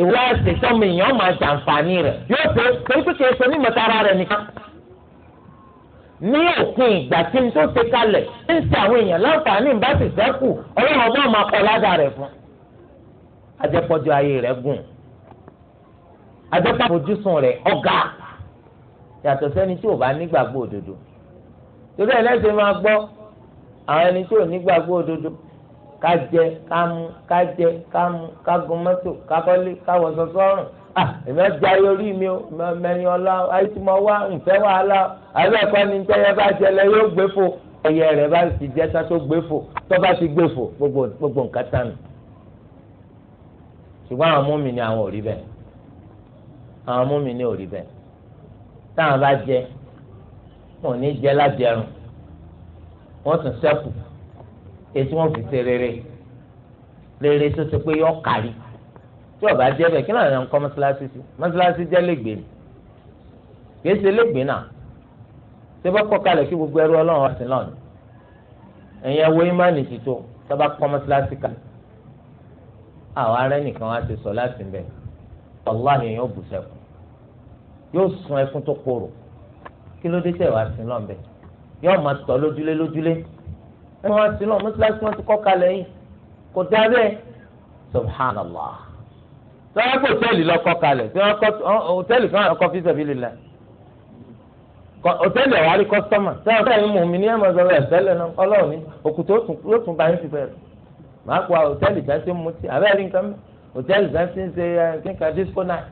èwo láìsè tọ́mọ èèyàn máa jàǹfààní rẹ̀ yóò ṣe torí pé kìí ṣe onímọ̀tara rẹ̀ nìkan ní òpin ìgbà tí n tó ṣe kalẹ̀ ń ṣe àwọn èèyàn láǹfààní ìbá sì sẹ́kù ọlọ́run ọgbọ́n máa kọ ládàá rẹ̀ àjọpọ̀ àfojúsùn rẹ̀ ọ̀gá yàtọ̀ sẹ́ni tí ò bá nígbàgbọ́ òdodo torí ẹlẹ́sìn máa gbọ́ àwọn ẹni tí ò nígbàgbọ́ òdodo ká jẹ ká mu ká jẹ ká mu ká gun mọ́tò ká kọ́lé ká wọṣọ sọ́rùn ah, èmi ọjà yorí mi o mẹ́rin ọlá ayé tí mo wá nfẹ́ wàhálà àbẹ ẹkọ ni ntẹyẹ bá jẹlẹ yóò gbé fò ẹyẹ rẹ bá ti jẹ sá tó gbé fò tó bá ti gbé fò gbogbo gbogbo nǹkan tán ṣùgbọ́n àwọn mú mi ni àwọn ò rí bẹ́ẹ̀ àwọn mú mi ní òrí bẹ́ẹ̀ táwọn bá jẹ wọn ò ní jẹ lájẹrun wọn tún sẹ́kù èyí tí wọn fi ṣe rere rere tó ṣe pé yọ kárí tí ọba jẹ bẹ́ẹ̀ kí náà ní nǹkan mọ́ṣáláṣí sí mọ́ṣáláṣí jẹ́ lẹ́gbẹ̀ẹ́ ni kìí ṣe lẹ́gbẹ̀ẹ́ náà ṣé bá kọ́ kalẹ̀ kí gbogbo ẹrú ọlọ́run ọ̀sìn náà ni ẹ̀yin ẹ̀wọ́ ìmánì ti tó sábà kọ́ mọ́ṣáláṣí kalẹ̀ àwọn arẹ́ nìkan wá ti sọ láti bẹ̀rẹ̀ wàláhì yẹn yóò bù sẹ́kù yóò sun ẹkún tó korò kí ló dé tẹ̀ wá sí lọ́nbẹ̀ yóò máa tọ̀ lójúlé lójúlé ẹ máa sí lọ́n mọ́sálásí wọn ti kọ́ kalẹ̀ yìí kò dá bẹ́ẹ̀ subhanallah lọ́wọ́ pé òtẹ́ẹ̀lì lọ kọ́ kalẹ̀ tí wọ́n kọ́ òtẹ́ẹ̀lì kan àwọn kọfí sẹ́bílì la òtẹ́ẹ̀lì ọ̀wá rí kọ́sítọ́mà sẹ́wọ́n tẹ̀lé mú mi ní ẹ̀mọ́ sọ̀rọ̀ ẹ̀sẹ̀lẹ̀ náà ọlọ́run ní òkùtò yóò tún bá yín ti bẹ̀rẹ̀ màá kó òtẹ́ẹ̀lì jáde mú ti àbẹ́rẹ́ nǹkan mẹ́rin hòtẹ́ẹ̀lì fẹ́ ti ń ṣe kíkà disco night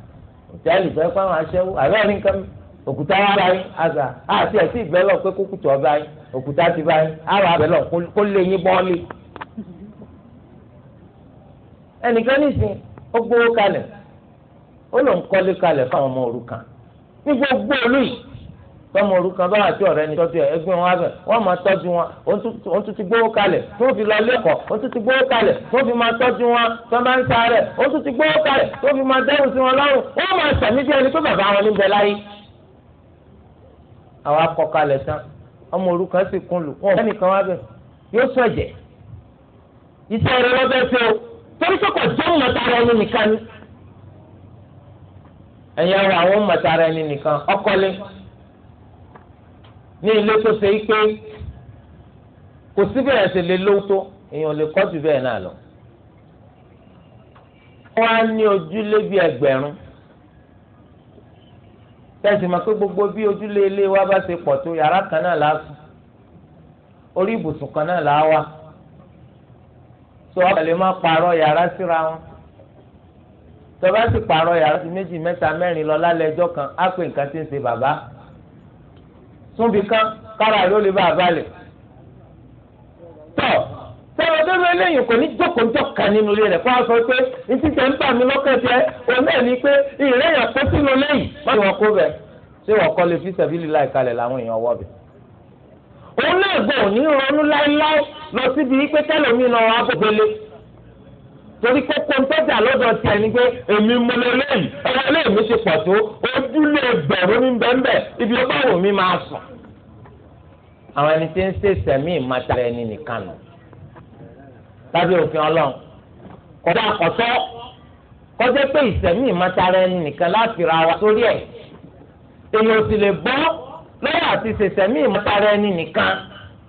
hòtẹ́ẹ̀lì fẹ́ kó àwọn aṣẹ́wó àbẹ́ ní nǹkan òkúta wà bá yín àzà àti ẹ̀sìn ìgbẹ́ lọ pé kókùtù ọba yín òkúta ti bá yín àwọn abẹ lọ kó lé yín bọ́ọ̀lì. ẹnìkan nìsín ó gbowó kalẹ̀ ó lòún kọ́lé kalẹ̀ fáwọn ọmọ òrukàn ní gbogbo olóyìí tọmọ orúkọ bá àti ọ̀rẹ́ ni tọ́jú ẹ ẹgbẹ́ wọn abẹ wọn máa tọ́jú wọn ó tún ti gbówó kalẹ̀ tó fi lọ lẹ́kọ̀ọ́ ó tún ti gbówó kalẹ̀ tó fi máa tọ́jú wọn tó bá ń sa rẹ ó tún ti gbówó kalẹ̀ tó fi máa dẹrù sí wọn lọ́rùn wọn máa sàmì bí ẹni tó bàbá wọn níbẹ̀ láyé. àwọn akọ kalẹ̀ tán ọmọ orúkọ sì kún lù wọn bẹ́ẹ̀ nìkan wá bẹ yóò sọ ẹ̀jẹ̀ iṣẹ́ rẹ lọ ni ẹ̀yin ara ní ilé tó ṣe pé kò sí bẹ́ẹ̀ ṣe lè lówó tó èèyàn lè kọ́ ju bẹ́ẹ̀ náà lọ. wọ́n á ní ojúlé bíi ẹgbẹ̀rún tẹ̀sí ma pé gbogbo bí ojúlé ilé wa bá ṣe pọ̀ tó yàrá kan náà la sùn orí ibùsùn kan náà la wà tó wọ́n kàn má pààrọ̀ yàrá síra wọn tó bá sì pààrọ̀ yàrá sí méjì mẹ́ta mẹ́rin lọ lálẹ́ ẹjọ́ kan á pè nǹkan tí ń ṣe bàbá súnbi kan kára ló lè bá a balẹ̀. tọ́ sọ̀rọ̀ lórí eléyìí kò ní jókòó jọ̀ka nínú ilé rẹ̀ kó a sọ pé etí tẹ̀ ń bà mí lọ́kàn jẹ́ òun náà ni pé ìrẹ́yìn kó sínú lẹ́yìn má wọn kó bẹ̀ ṣé wọn kọ́ lè fi sẹ̀bílì láì làwọn èèyàn wọ́ bẹ̀. òun náà gbọ́ òní ronú láéláé lọ síbi pé tẹ́lẹ̀ mi torí kókó ń tọ́jà lọ́dọ̀ tiẹ̀ ni pé èmi mo lè léyìí ọwọ́ ilé mi ṣe pọ̀ tó ojúlé ẹgbẹ̀rún ní bẹ́ẹ̀nbẹ́ẹ̀ ibi ó bá wù mí máa sùn. àwọn ẹni tí ń ṣe sẹ́mi ìmọ̀tara ẹni nìkan nù lábẹ́ òfin ọlọ́run kọjá àkọ́tọ́ kọjá pé ìsẹ̀mí ìmọ̀tara ẹni nìkan láti ra wa sórí ẹ̀ èèyàn sì lè bọ́ lọ́wọ́ àti ṣèṣẹ̀mí ìmọ̀tara ẹni nìkan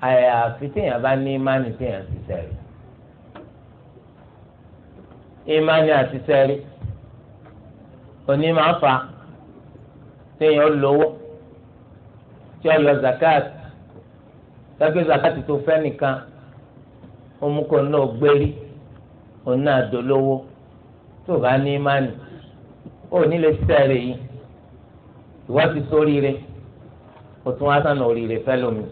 àyàfi téèyàn bá ní mánì téèyàn ti sẹ̀rẹ̀ Imani àti sẹ́rí òní máa fa téèyàn lówó tí ó yọ zakat gbàgbé zakat tó fẹ́ nìkan omukọ náà gbérí òun náà dolówó tó bá ní ìmánì ó nílé sẹ́rí yìí ìwọ́n ti sóríire ó tún wá sànà oríire fẹ́ lómi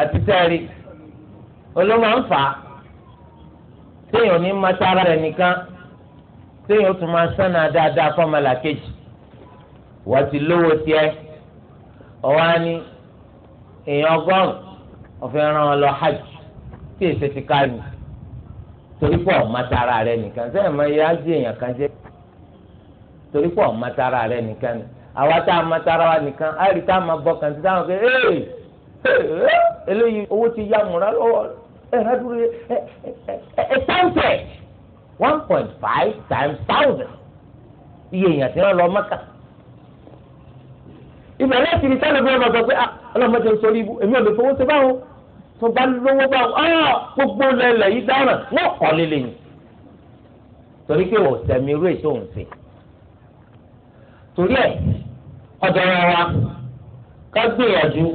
àti sẹ́rí olóma ń fà téèyàn ní mọ́tara rẹ̀ nìkan téèyàn tún máa sánà dáadáa fọ́mọlà kejì wọ́n ti lówó tiẹ̀ ọ̀wá ni èèyàn ọgọ́rùn ọ̀fẹ́ ràn án lọ hajj tí èsì ti ká mi torí pọ̀ mọ́tara rẹ̀ nìkan sẹ́yìn máa yá jí èèyàn kan jẹ́ torí pọ̀ mọ́tara rẹ̀ nìkan ni àwa tá a mọ́tara wa nìkan á tá a máa bọ̀ kàn sí táwọn pé ee eléyìí owó ti yá múra lọ́wọ́ rẹ̀ ẹ̀rọ dúró ẹ̀ ẹ̀ táǹtẹ̀ one point five times thousand iye èèyàn tí wọ́n lọ mọ́kà ibẹ̀ láti rí sálẹ̀ bẹ́ẹ̀ lọ́dọ̀ pé ah, ọlọ́mọdé ń sọrí ibú èmi ò lè fowó ṣe báwọn tó bá lówó báwọn ọ̀ ah, gbogbo lẹ́lẹ̀ yìí dáràn wọ́n kọ́ lélẹ̀ yìí torí pé wọ́n sẹ̀mí irú èso òun torí ẹ̀ ọ̀dọ̀ wa ká gbìyànjú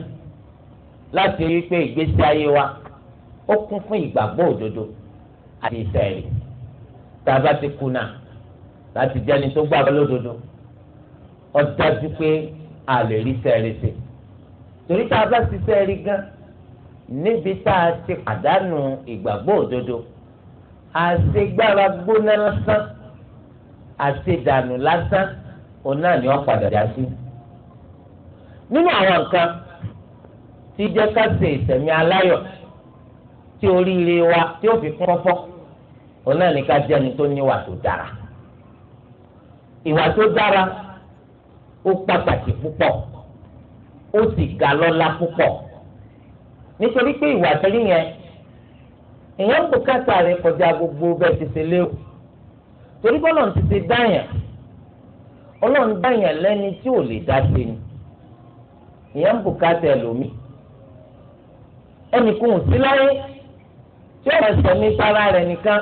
láti rí pé ìgbésí ayé wa ó kún fún ìgbàgbọ́ òdodo àti ìtẹ̀lé tá a bá ti kùnà láti jẹ́ni tó gbàgbọ́ lódodo ó dájú pé a lè rí sẹ́ẹ̀rì sí torí tá a bá ti sẹ́ẹ̀rì gan níbi tá a ti pàdánù ìgbàgbọ́ òdodo àṣegbára gbóná lásán àṣedànù lásán òun náà ni wọ́n padà dá sí nínú àwọn nǹkan tí jẹ́ ká ṣe ìsẹ̀mí aláyọ̀ tí oríire wa tí ó fi kún fọ́fọ́ òun náà ní ká jẹ́ ẹni tó níwà tó dára ìwà tó dára ó pàtàkì púpọ̀ ó sì ga lọ́lá púpọ̀ nítorí pé ìwà tẹ́lẹ̀ yẹn èèyàn kò kẹta rẹ kọjá gbogbo bẹ́ẹ̀ ti ṣe léwu torí bọ́lọ̀ ti ti dáyàn ọlọ́run dáyàn lẹ́ni tí ò lè dá sí ni èèyàn kò kẹta ẹlòmíì ẹnì kò sí láyé tí ó máa sẹ̀mí sára rẹ̀ nìkan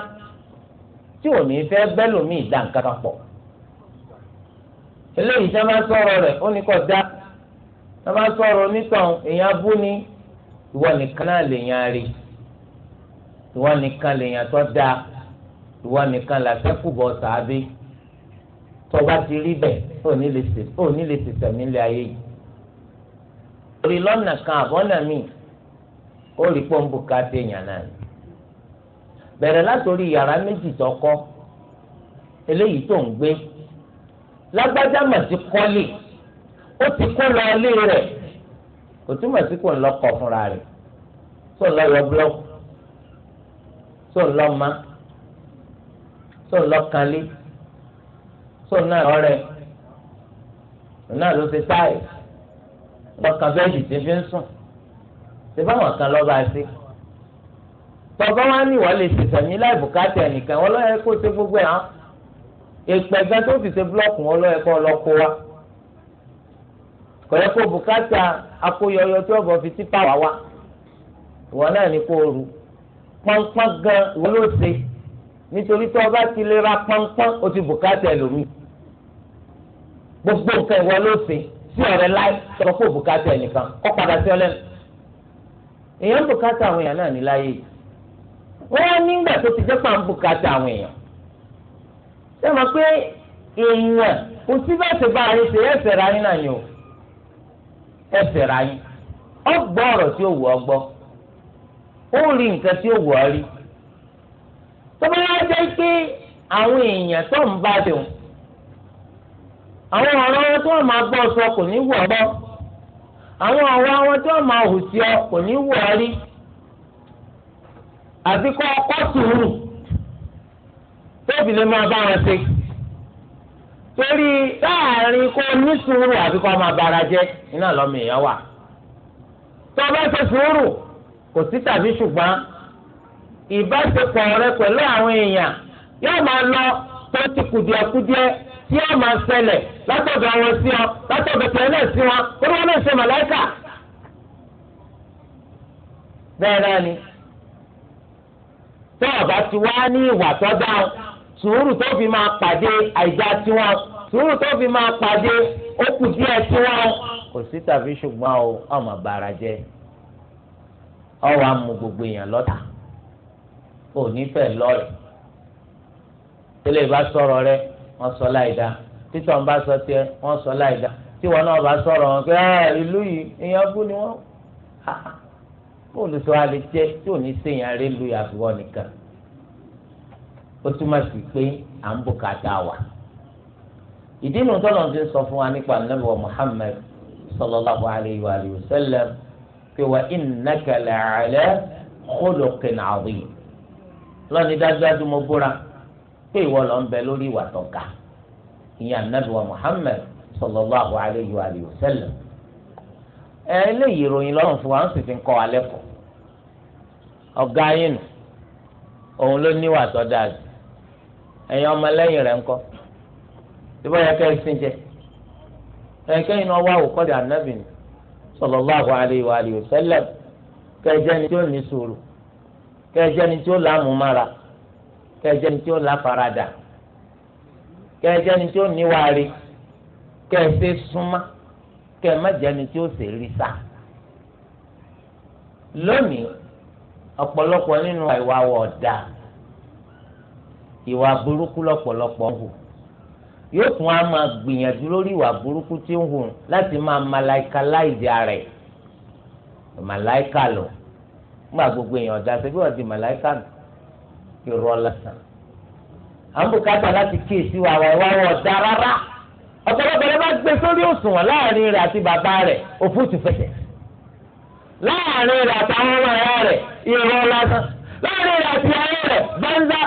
tí ò ní fẹ́ bẹ́lòmíì dá nǹkan kan pọ̀ eléyìí sẹ́ máa sọ̀rọ̀ rẹ̀ ó ní kọ́ dá sẹ́ máa sọ̀rọ̀ onítàn èèyàn bú ni ìwọ nìkan náà lèèyàn rí ìwọ nìkan lèèyàn tó dá ìwọ nìkan làṣẹ́kùbọ̀ sàábé tó bá ti rí bẹ́ẹ̀ ó ní lè tètè nílé ayé yìí orí lọ́nà kan àbọ̀nà míì ó rí pọ́ńbù ká téèyàn náà ni bẹ̀rẹ̀ látòrí yàrá méjì tọkọ eléyìí tó ń gbé lágbájá mà ti kọ́lé ó ti kó lọ ilé rẹ̀ kò túmọ̀ sí kò ń lọ kọ̀ fúnra rẹ̀ tó ń lọ yọ búlọ́ọ̀kù tó ń lọ ma tó ń lọ kanlé tó ń náà ọ̀rẹ́ náà ló ti táyì lọ kàn bẹ́ẹ̀dì tí fi ń sùn ṣe báwọn kan lọ́ba sí i tọ́gbọ́ wá ní ìwà lè ṣẹ̀ṣẹ̀ mí láì bùkátà ẹnìkan wọn lọ́yẹ kó ṣe gbogbo ẹ̀ hàn èpè gan tó fi ṣe búlọ́ọ̀kù wọn lọ́yẹ kó lọ kó wa kọ̀yẹ́ kó bùkátà akóyọyọ tí ọ̀bọ̀ fi tipa wà wá ìwọ náà ní kó ru pọ́npọ́n gan ìwọ ló ṣe nítorí tó o bá ti lè pọ́npọ́n o ti bùkátà ẹlòmí gbogbo nǹkan ìwọ ló ṣe sí ọ̀rẹ́ láì tọ́ kó bùkátà ẹnìkan kọ́ padà sí ọlẹ́nu wọ́n nígbà tó ti jẹ́ pàǹbù kàtà àwọn èèyàn ṣé mo pé èèyàn kò sí bẹ́ẹ̀ bá a ṣe ẹsẹ̀ ra yín náà ni o ẹsẹ̀ ra yín ọgbọ́ ọ̀rọ̀ tí ó wù ọ gbọ́ ó rí nǹkan tí ó wù ọ rí tó bá yá jẹ́ pé àwọn èèyàn tó ń bá dùn àwọn ọ̀rọ̀ wọn tó máa gbọ́ sọ kò ní wù ọ gbọ́ àwọn ọ̀rọ̀ wọn tó máa hù sí ọ kò ní wù ọ àti kọ́ ọkọ́ sùúrù tóbi lè máa bá wọn ṣe torí láàrin kó ní sùúrù àbí máa bara jẹ iná lọ́mọ èèyàn wà tó bá ṣe sùúrù kò sí tàbí ṣùgbọ́n ìbáṣepọ̀ rẹ pẹ̀lú àwọn èèyàn yóò máa lọ tó ti kùdìẹ̀kudiẹ tí yóò máa ṣẹlẹ̀ látọ̀dọ̀ àwọn sí ọ látọ̀dọ̀ tẹ̀ náà sí wọn kó ní wọn náà tó ọba ti wá ní ìwà tó dáhùn sùúrù tó fi máa pàdé àìjá tiwọn sùúrù tó fi máa pàdé ó kù díẹ̀ tiwọn kò sí tàbí ṣùgbọ́n o ọmọ bàrà jẹ ọwọ́ amú gbogbo èèyàn lọ́tà ò nífẹ̀ẹ́ lọ́ọ̀rẹ́ tẹ́lẹ̀ bá sọ̀rọ̀ rẹ wọ́n sọ láìda títọ̀ ń bá sọ tiẹ̀ wọ́n sọ láìda tíwọ́n náà bá sọ̀rọ̀ wọn pé ìlú yìí èèyàn bú ni wọ́n olùsọ alẹ jẹ tí ò ní sèyàn rẹ lu àfiwọ nìkan ó túmọ̀ sí pé à ń bùkátà wà ìdí nu tọ́lọ̀ ti sọ fún wa nípa nàbẹ̀ wa Muhammad sallallahu alayhi wa sallam pé wa innaka la'ala khuluqin azim lọ́ni dájúdájú mo búra pé ìwọ lọ ń bẹ lórí ìwà tọ́ka ìyẹn nàbẹ̀ wa Muhammad sallallahu alayhi wa sallam ẹ eléyìí ìròyìn lọ́rùn fún wa ń sì fi ń kọ́ alẹ́ kọ́ ọ̀gá yín nù òun ló níwà tó dáa jù ẹ̀yin ọmọlẹ́yìn rẹ̀ ńkọ́ síbẹ̀ yẹ kẹ́ ẹ sin jẹ ẹ̀yin kẹ́yìn náà wá òkọ́dé ànábì ni sallallahu alaihi wa alihi wasallam kẹ́ẹ̀jẹ́ ni tí ó ní sùúrù kẹ́ẹ̀jẹ́ ni tí ó láàmú mára kẹ́ẹ̀jẹ́ ni tí ó láfaradà kẹ́ẹ̀jẹ́ ni tí ó níwárí kẹ́ẹ̀fẹ́ súnmá kẹ́ẹ̀májẹ́ ni tí ó sì lónìí ọ̀pọ̀lọpọ̀ nínú ìwà wọ̀ọ̀dà ìwà burúkú lọ́pọ̀lọpọ̀ ń hù yóò tún á máa gbìyànjú lórí ìwà burúkú tí ń hù láti máa malaika láìdí rẹ̀ malaika lọ nígbà gbogbo èèyàn ọ̀dà ṣe bí wọ́n di malaika irọ́ lásán àwọn bùkátà láti kíyèsí wa wà wá wọ̀ ọ̀dà rárá ọ̀pọ̀lọpọ̀ ló bá gbé sórí òṣùwọ̀n láàrin rẹ̀ àti bàbá rẹ̀ òfútù fẹsẹ̀ láàrin rẹ̀ àtàwọn ọmọ ẹ̀yà rẹ̀ irọ́ lásán láàrin rẹ̀ àti ayé rẹ̀ bánzá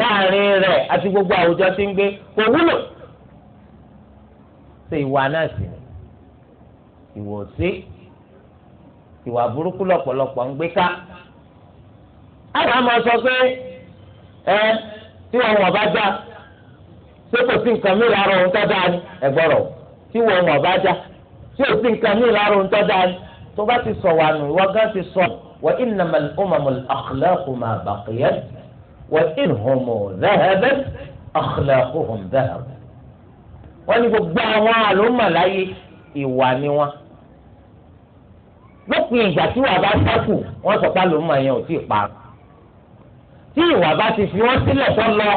láàrin rẹ̀ àti gbogbo àwùjọ tí ń gbé kò wúlò ṣe ìwà náà sì ni ìwò sí ìwà burúkú lọ́pọ̀lọpọ̀ ń gbé ká àwọn máa sọ pé ẹ tí wọn wọn bá dá ṣé kò sí nǹkan mìíràn ara òun tó dáa ni ẹ gbọ́rọ̀ tí wọn wọn bá dá tí o sì ń kan ní ìlànà òǹtọ́ dání tó bá ti sọ wà nù ìwọ gán ti sọ wà ìnàmà ọmọọmọ àkùlẹ́kù mà bàkìyẹ wà ìhùmù dẹ́hẹ́bẹ́ àkùlẹ́kù hùm dẹ́hẹ́bẹ́. wọ́n ní gbogbo àwọn àlùmọ̀láyé ìwà ni wọ́n. lópin ìgbà tí wàá bá sẹ́kù wọ́n sọ pé àlùmọ̀ yẹn ò tíì pa. tí ìwà bá ti fi wọ́n sílẹ̀ tó lọ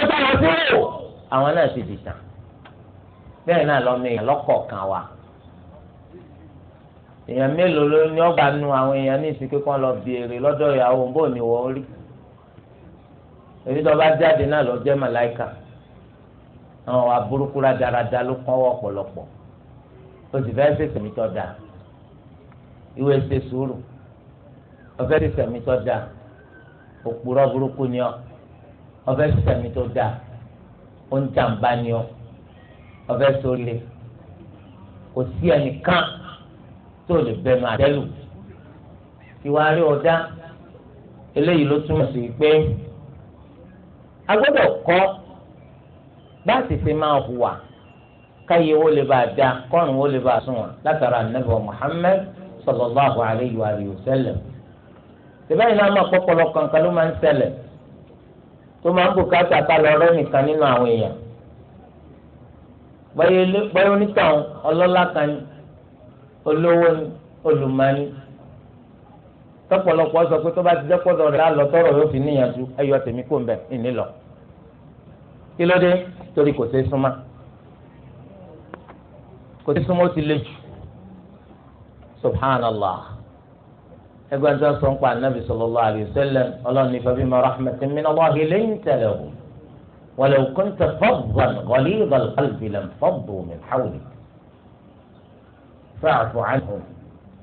ó bá wọn sí wò àwọn náà ti dìtàn èèyàn mélòó ló ní ọgbà nu àwọn èèyàn ní ìsìnkú kan lọ béèrè lọ́dọ̀ ìyàwó ń bò ní wọ́n rí èyí tó bá jáde náà lọ jẹ́ màláìka àwọn aburúkú rádaràda ló kọ́ ọ̀pọ̀lọpọ̀ ó sì fẹ́ẹ́ sèse mi tọ́ da ìwé ṣe sùúrù ọ̀fẹ́ sèse mi tọ́ òpùrọ̀ burúkú ni ọ ọ̀fẹ́ sèse mi tọ́ da oúnjàmbá ni ọ ọ̀fẹ́ sórí kò sí ẹnìkan tó lè bẹnu àtẹ́lù ìwà rí ọ̀dá eléyìí ló túmọ̀ sí pé a gbọ́dọ̀ kọ́ bá a sì ṣe máa hùwà káyé wo lè bá a da kọ́run wo lè bá a sunwọ̀n látara ànábì Muhammad sallallahu alayhi wa sallam tìbẹ́yìn náà máa kọ́kọ́lọ́ kankan ló máa ń ṣẹlẹ̀ tó máa ń bùkátà ká lọ rẹ́ nìkan nínú àwọn èèyàn báyọ̀ onítàn ọlọ́lá kan ni olówó ni olùmọ̀ni tọpọlọpọ sọ pé tó bá ti jẹ́ pọ́dọ̀ rẹ̀ lálọ́ tọrọ yóò fi níyànjú ẹ̀yọ́ tèmi kò ń bẹ̀ ìní lọ kí ló dé torí kò sí súnmọ́ kò sí súnmọ́ ó ti le jù subhanallah ẹgbẹ́ tó sọ ń pa anabi sallallahu alayhi wa sallam ọlọ́run ní fabi ma rahmatin min Allahi linta lahu walau kunta faddan ghalidha al-qalbi lam faddu min hawlik. فاعف عنهم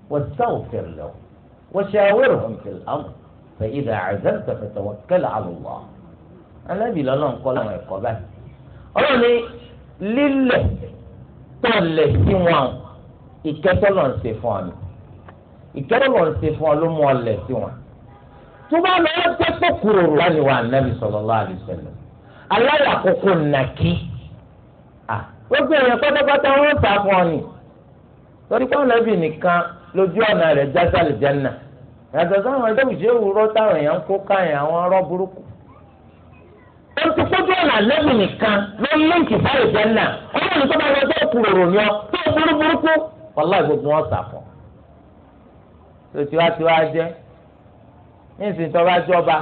واستغفر لهم وشاورهم في الأمر فإذا عزمت فتوكل على الله alábì lọ́nà ń kọ́ láwọn ẹ̀kọ́ báyìí ọlọ́run ní lílẹ̀ tọ̀lẹ̀ sí wọn ìkẹ́tọ́lọ̀ ń ṣe fún ọ ni ìkẹ́tọ́lọ̀ ń ṣe fún ọ ló mú ọ lẹ̀ sí wọn tó bá lọ jẹ́ pé kúròrò wá ní wa ànábì sallallahu alaihi wasallam aláyà kókó nàkí gbogbo èèyàn pátápátá wọn ń ta fún ọ ni torí pé ànábì nìkan lójú ọ̀nà rẹ̀ jáde àlùjánnà yàtọ̀ sáwọn ẹjọ́ ìṣe òwúrọ̀ táwọn èèyàn ń kó káyìn àwọn ọ̀rọ̀ burúkú. wọ́n ti kójú ọ̀nà ànábì nìkan ló ń líǹkì sáyẹ̀ jánnà ọlọ́run tó bá wọn tó kúròrò ní ọ tó burú burúkú wàláì gbogbo wọn sàfọ̀. tó tiwa tiwa jẹ́ ní ìsìn tó bá jọba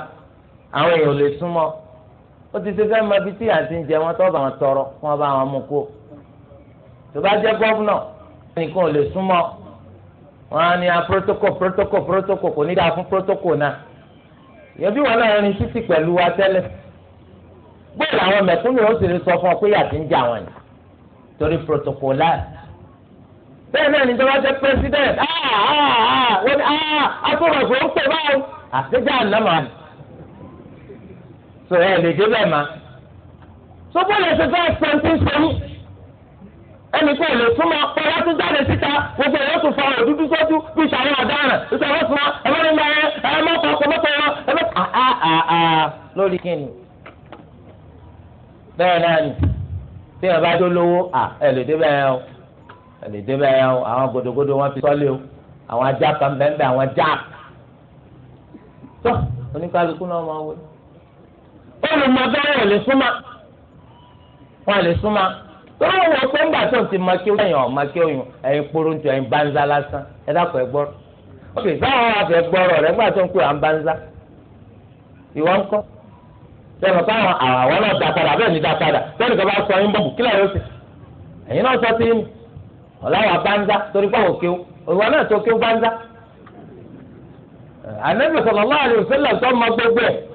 àwọn èèyàn lè súnmọ́ ó ti ṣe fẹ́ẹ́ mọ ibi tí àti nìkan ò lè súnmọ́ wọn á ní a ah, protocol protocol protocol kò ní dáa fún protocol náà yẹbi wọn náà rin títì pẹ̀lú wa tẹ́lẹ̀ bóyá àwọn mẹ̀kúnnù ó sì lè sọ fún ọ pé yàtí ń jà wọn ni torí protocol láì bẹ́ẹ̀ náà ní ìjọba jẹ́ president ah, ah, wọ́n ní atúrọ̀sọ ó pè báwo àtẹ́jà ànámà ni sọ ẹ̀ lè dé bẹ́ẹ̀ ma sọ bóyá ṣe fẹ́ sọ ti ń sọ yín ẹnì kan ò lè súnmọ́ pọ̀ wọ́n tún jáde síta gbogbo èèyàn tún fa òdúdú sójú bí sàwọn ọ̀daràn ìṣe wọ́n fún wọn ẹ̀rọ nígbà yẹn ẹ̀rọ mọ́kọ ọkọ mọ́kọ a, ẹ̀rọ lórí kíni. bẹ́ẹ̀ náà ni tí ẹ bá dó lówó ẹ lè dé bẹ́ẹ̀ o ẹ lè dé bẹ́ẹ̀ o àwọn gòdògòdò wọn fi sọ́lé o àwọn ajá kan bẹ́ẹ̀ àwọn já tó oníkálukú náà máa wọlé. ó bẹ́ẹ̀ lè súnmọ́ wọn lè súnmọ́ tọ́lá wọ pé ńgbà tó ti máa kí ó yàn máa kí ó yàn ẹ̀yin kporontu ẹ̀yin banza lásán ẹ dákọ̀ ẹ gbọ́rọ̀ ok sáwọn afẹ́ gbọ́rọ̀ rẹ̀ ńgbà tó ń pè à ń banza ìwọ ńkọ́ sọ̀rọ̀ káwọn àwọn náà da padà bẹ́ẹ̀ ni da padà tọ́lá ìjọba sọ yín bọ́ọ̀bù kílẹ̀ yóò sì ẹ̀yin náà sọ sí yín ọ̀làwà banza torí pé òkè òwò náà tó kéw banza ànábì sallallahu alaihi wasallam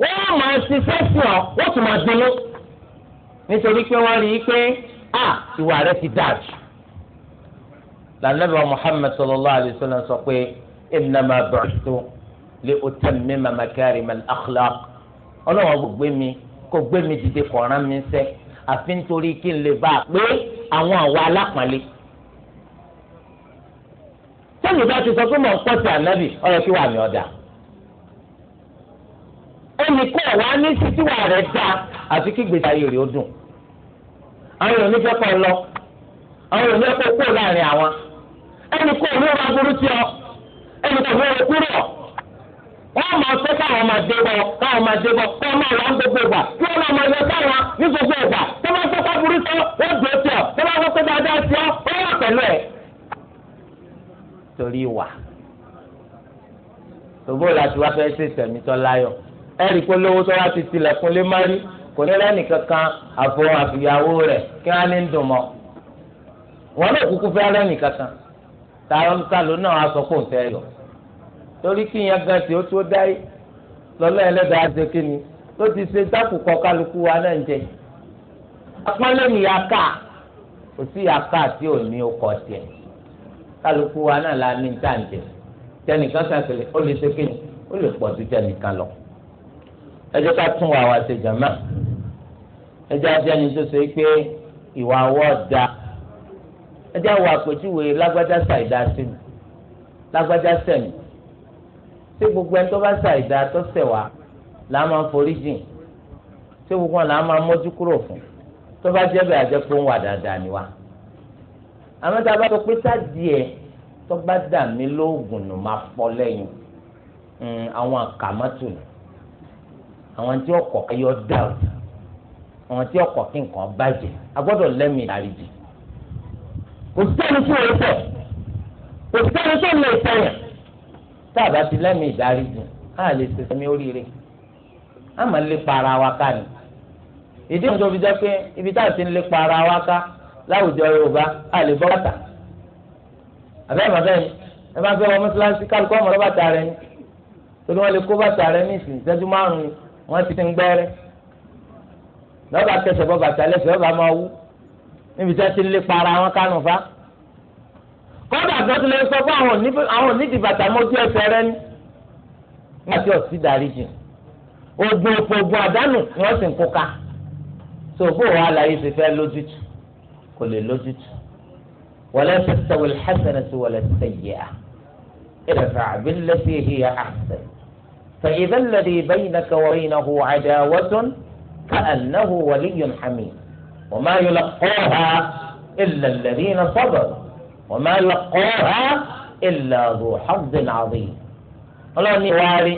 wọ́n máa ṣiṣẹ́ sí ọ wọ́n tún máa dunú nítorí pé wọ́n rí i pé a ìwà rẹ ti dáa jù lànàbà Muhammad sallallahu alayhi wa sallam sọ pé innama bu'ithtu li utammima makarim al-akhlaq ọlọ́wọ́ kò gbé mi kò gbé mi dìde kọ̀ọ̀rán mi sẹ́ àfi nítorí kí n lè bá a pé àwọn àwa alápọ̀nlé sẹ́yìn bá ti sọ pé mò ń pọ̀ sí ànábì ọ̀rọ̀ kí wàá mi ọ̀dà ẹnì kọ́ wa ní títí wà rẹ̀ dá àfi kí gbèsè ayé rẹ̀ ó dùn àwọn èèyàn nífẹ̀ẹ́ kọ́ lọ àwọn èèyàn nífẹ̀ẹ́ kó láàrin àwọn ẹnì kọ́ ló wá burú sí ọ ẹnì kọ́ ló wá kúrò wọ́n máa fẹ́ káwọn máa dé bọ́ káwọn máa dé bọ́ kọ́ máa wá gbogbo ìgbà kí wọ́n máa yọ sáwọn ní gbogbo ìgbà tó bá fẹ́ kọ́ burú sí ọ wọ́n dùn sí ọ tó bá fẹ́ kọ́ dáadáa sí ọ wọ́n ẹ̀rí pé lówó tó wá ti tilẹ̀kùn lé má rí kò ní lẹ́nì kankan àfọ àfìyàwó rẹ̀ kí wọ́n ní dùn mọ́ wọn náà kúkú fẹ́ lẹ́nì kankan táwọn kálò náà aṣọ pò ń fẹ́ yọ torí kí yẹn gan sí ó tó dáyé lọ́lọ́ ẹlẹ́dàá ṣe kí ni ló ti ṣe dákùkọ kálukú wa náà ń jẹ apọ́nlé ni yàká kò sí yàká tí ò ní ọkọ̀ tiẹ̀ kálukú wa náà la ní tàǹjẹ̀ tẹnìkan sàkèlè ó lè ṣe kí ni ó lè pọ̀ ju tẹnìkan lọ ẹ jẹ́ ká tún wà wá ṣe jàmá ẹ jẹ́ abẹ́ni tó ṣe pé ìwà wọ́ da ẹ jẹ́ àwọn àpèjúwe lágbájá ṣàìdá sí mi lágbájá sẹ̀mí ṣé gbogbo ẹni tó bá ṣàìdá tó ṣẹ̀ wá là á máa forí jìn ṣé gbogbo wọn là á máa mójú kúrò fún tó bá jẹ́ bẹ́ẹ̀ àjẹpọ̀ ń wà dáadáa ni wá àmọ́ tá a bá sọ pé sádìẹ tó bá dà mí lóògùn nù máa fọ́ lẹ́yìn hmm, àwọn àkàmọ́tò nù àwọn tí ọkọ̀ ayọ̀ doubt àwọn tí ọkọ̀ kí nǹkan bàjẹ́ agbọ́dọ̀ lẹ́mìí àríjì kò sẹ́ni tí o tẹ̀ kò sẹ́ni tó lè tẹ̀yàn tá a bá ti lẹ́mìí ìdáríjì á lè ṣẹṣẹ mi oríire á máa lépa ara wa ká ni ìdí òun tó fi jẹ́ pé ibi tá a ti ń lépa ara wa ká láwùjọ Yorùbá á lè bọ́ bàtà àbẹ́rẹ́ bàbẹ́rẹ́ ni ẹ bá fẹ́ wọ mọ́ṣáláṣí kálukọ́ ọmọ rẹ rẹ ni torí wọ́n lè kó bàtà rẹ ní ìsìn ìṣẹ́jú márùn-ún wọ́n ti ti ń gbẹ́rẹ́ lọ́ba tẹsẹ̀ bọ́ bàtà lẹ́sẹ̀ lọ́ba máa wú níbi tí wọ́n ti lé para wọn kánú fa kọ́dà tó ti lè sọ fún àwọn onídìí bàtà mọ́tí ẹsẹ̀ rẹ ní wọ́n ti ọ̀sí dáríjì ogun òpó ogun àdánù ni wọ́n sì ń kóka tó bó wa láyé ṣe fẹ́ lójútù kò lè lójútù wala tastawi al-hasanatu wala as-sayyi'atu idfa' billati hiya ahsan. فإذا الذي بينك وبينه عداوة كأنه ولي حميم وما يلقاها إلا الذين صبروا وما يلقاها إلا ذو حظ عظيم ọlọ́run ní ìwà rí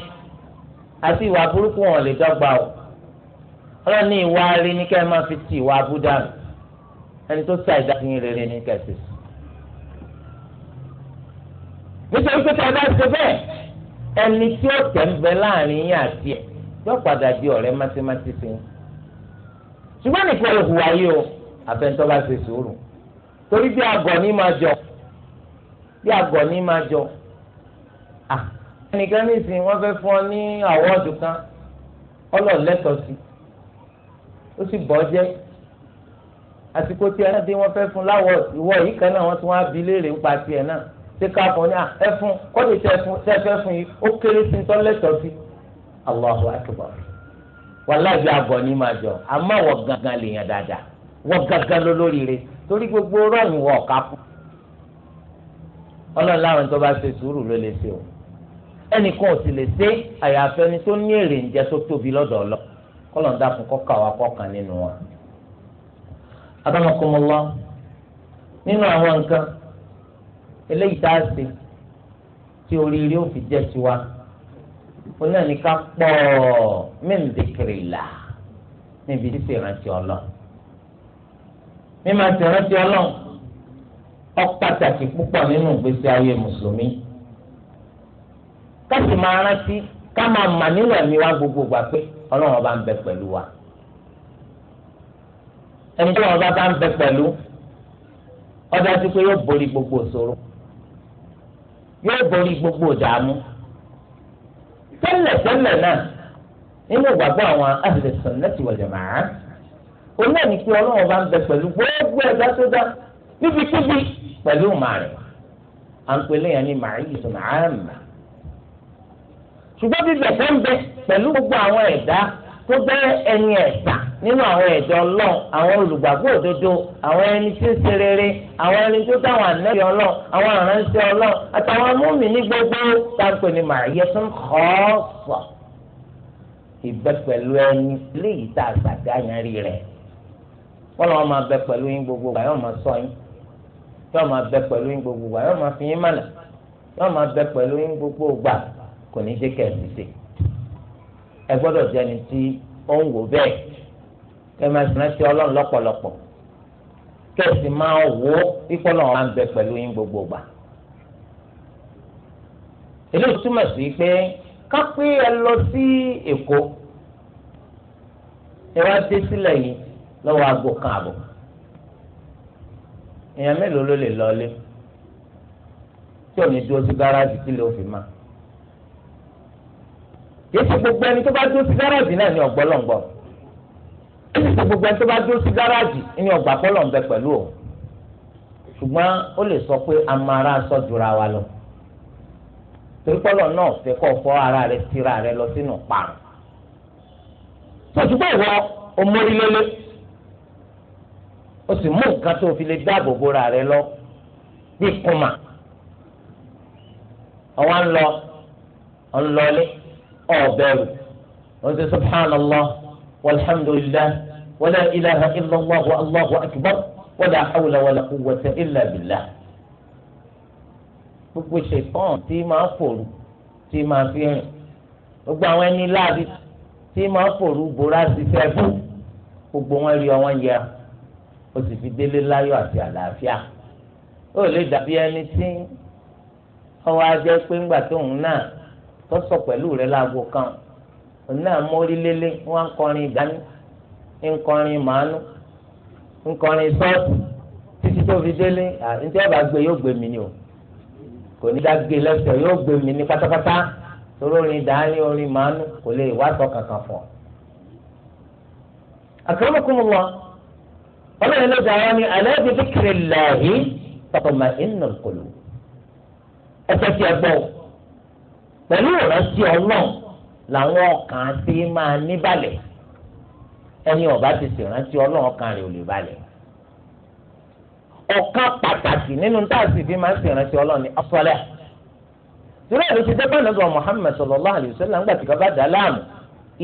àti ìwà burúkú wọn lè dọ́gba o ọlọ́run ní ìwà rí ní kẹ́ẹ́ máa fi ti ìwà abúdá nù ẹni tó sa ìdá fún rere ní kẹ́sì. nítorí pé tí a bá ṣe bẹ́ẹ̀ ẹni tí ó tẹ̀ ń bẹ láàrin yín àti ẹ̀ yóò padà di ọ̀rẹ́ mátímátí sí i ṣùgbọ́n nìkan ló hùwà yìí o àbẹ̀ntọ́ bá ṣe sùúrù torí bí agọ̀ ní máa jọ bí agọ̀ ní máa jọ ẹnìkan nísìnyí wọ́n fẹ́ fún ọ ní àwọ́ọ̀dù kan ọlọ́ọ̀lẹ́tọ̀ sí ó sì bọ́ jẹ́ àsìkò tí ẹ dé wọ́n fẹ́ fún láwọ̀ ìwọ yìí kan náà wọ́n tún wá bi léèrè ń pa tiẹ̀ náà ṣé ká fún ní ẹfun kọ́ni tẹ fẹ́ fún yìí ó kéré sí tọ́ lẹ́tọ̀ọ́ sí Allahu akbar wàláhì abọ ní ma jọ àmọ́ wọ gangan lè yàn dáadáa wọ gangan ló lóríire torí gbogbo rọ́ọ̀yìn wọ ọ̀ka kú ọlọ́run láwọn tó bá ṣe sùúrù ló lè ṣe o ẹnì kan ò sì lè ṣe àyàfẹ́ ni tó ní èrè ǹjẹ́ tó tóbi lọ́dọ̀ ọlọ kọ́lọ̀ ń dákun wá nínú nínú àwọn nǹkan eléyìí tá a ṣe tí oríire ó fi jẹ́ tiwa ó náà ní ká pọ̀ mímìdìkìrìlà níbi títí ìrántí ọlọ́run mímọ ti ìrántí ọlọ́run ó pàtàkì púpọ̀ nínú ìgbésí ayé mùsùlùmí ká sì máa rántí ká máa mà nínú ẹ̀mí wa gbogbo gbà pé ọlọ́run ọba ń bẹ pẹ̀lú wa ẹni tí ọlọ́run ọba bá ń bẹ pẹ̀lú ọdọ àti pé yóò borí gbogbo ìṣòro yóò borí gbogbo ìdààmú tẹ́lẹ̀tẹ́lẹ̀ náà nínú ìgbàgbọ́ àwọn ahlu sunnati wal jamaa òun náà ní kí ọlọ́run bá ń bẹ pẹ̀lú gbogbo ẹ̀dá tó dá níbikíbi pẹ̀lú màrẹ̀ à ń pèlè yẹn ní ma'iyatun 'amma ṣùgbọ́n bíbẹ̀ tó ń bẹ pẹ̀lú gbogbo àwọn ẹ̀dá tó jẹ́ ẹni ẹ̀sà nínú àwọn ẹ̀dọ́ ọlọ́run àwọn olùgbàgbọ́ òdodo àwọn ẹni tí ń ṣe rere àwọn ẹni tó dáwọn ànẹ́bí ọlọ́run àwọn àránṣẹ́ ọlọ́run àtàwọn múmi ní gbogbo táǹpẹ̀ ni màáyẹ tó ń kọ́ ọ̀sọ̀ ìbẹ pẹ̀lú ẹni léyìí tá a ṣàgáyàrí rẹ̀ wọ́n lọ́wọ́ máa bẹ pẹ̀lú yín gbogbo gbà yóò máa sọ yín yóò máa bẹ pẹ̀lú yín gbogbo gbà yóò máa fi yín mànà yóò máa bẹ pẹ̀lú yín gbogbo gbà kò ní í jẹ́ kẹ́ẹ̀ ẹ gbọ́dọ̀ jẹ́ ẹni tí ó ń wò bẹ́ẹ̀ kẹ́ máa sì rántí ọlọ́run lọ́pọ̀lọpọ̀ kẹ́ ẹ sì máa wò ó pípọ́ náà máa ń bẹ pẹ̀lú yín gbogbo gbà. eléyìí túmọ̀ sí pé ká pé ẹ lọ sí èkó ẹ wá dé sílẹ̀ yìí lọ́wọ́ aago kan àbọ̀ èèyàn mélòó ló lè lọ ilé tí ò ní dúró sí gáràjì tí lè ó fi máa kìí ṣe gbogbo ẹni tó bá dúró sí gáràjì náà ní ọ̀gbọ́lọ́ngbọ́ kìí ṣe gbogbo ẹni tó bá dúró sí gáràjì ní ọgbà pọ́lọ́ǹbẹ pẹ̀lú òun ṣùgbọ́n ó lè sọ pé a máa ra aṣọ jura wa lọ torí pọ́lọ́ náà fẹ́ kọ́ fọ́ ara rẹ tira rẹ lọ sínú parun sọ̀tùpọ̀ ìwọ omórílélé o sì mú nǹkan tó fi lè dáàbò bora rẹ lọ bí kùmà ọ̀wá ń lọ ọ̀ ń lọlé ọ̀bẹ̀rù wọ́n ti subhanallah walhamdulillah wala ilaha illallah wa allahu akbar wala hawla wala quwwata illa billah. gbogbo ṣèkàn tí máa fòrò tí máa fi hàn gbogbo àwọn ẹni láàbí tí máa fòrò bóra sí fẹ́ fún gbogbo wọn rí ọwọ́n yẹ o sì fi délé láyọ̀ àti àlàáfíà ó lè dàbí ẹni tí ọwọ́ ajẹ́ pé ńgbà tóun náà tó sọ pẹ̀lú rẹ̀ láago kan náà mórí lélẹ̀ wọ́n ń kọrin ìdání ń kọrin màánú ń kọrin sọ́ọ̀tù títí tó fi délé àti ọba gbé yóò gbé mi ni o kò ní dá gbé lẹ́sẹ̀ yóò gbé mi ni pátápátá torí orin ìdání orin màánú kò lè wá sọ kankan fún ọ. akramakumullah ọlọ́run ló dá wọn ni ala bi dhikrillahi tatma'innul qulub ẹ̀sẹ̀ tí ẹ gbọ́ pẹ̀lú ìrántí ọlọ́run làwọn ọkàn ti máa níbalẹ̀ ẹni ọba ti ṣèrántí ọlọ́run ọkàn rẹ̀ ò lè balẹ̀ ọ̀kan pàtàkì nínú tá a sì fi máa ń ṣèrántí ọlọ́run ní ọ̀sọ́lẹ̀ ìrẹ́ ìlú ti dẹ́gbẹ́ nígbà Muhammad sallallahu alaihi wasallam nígbà tí bàbá dà láàmú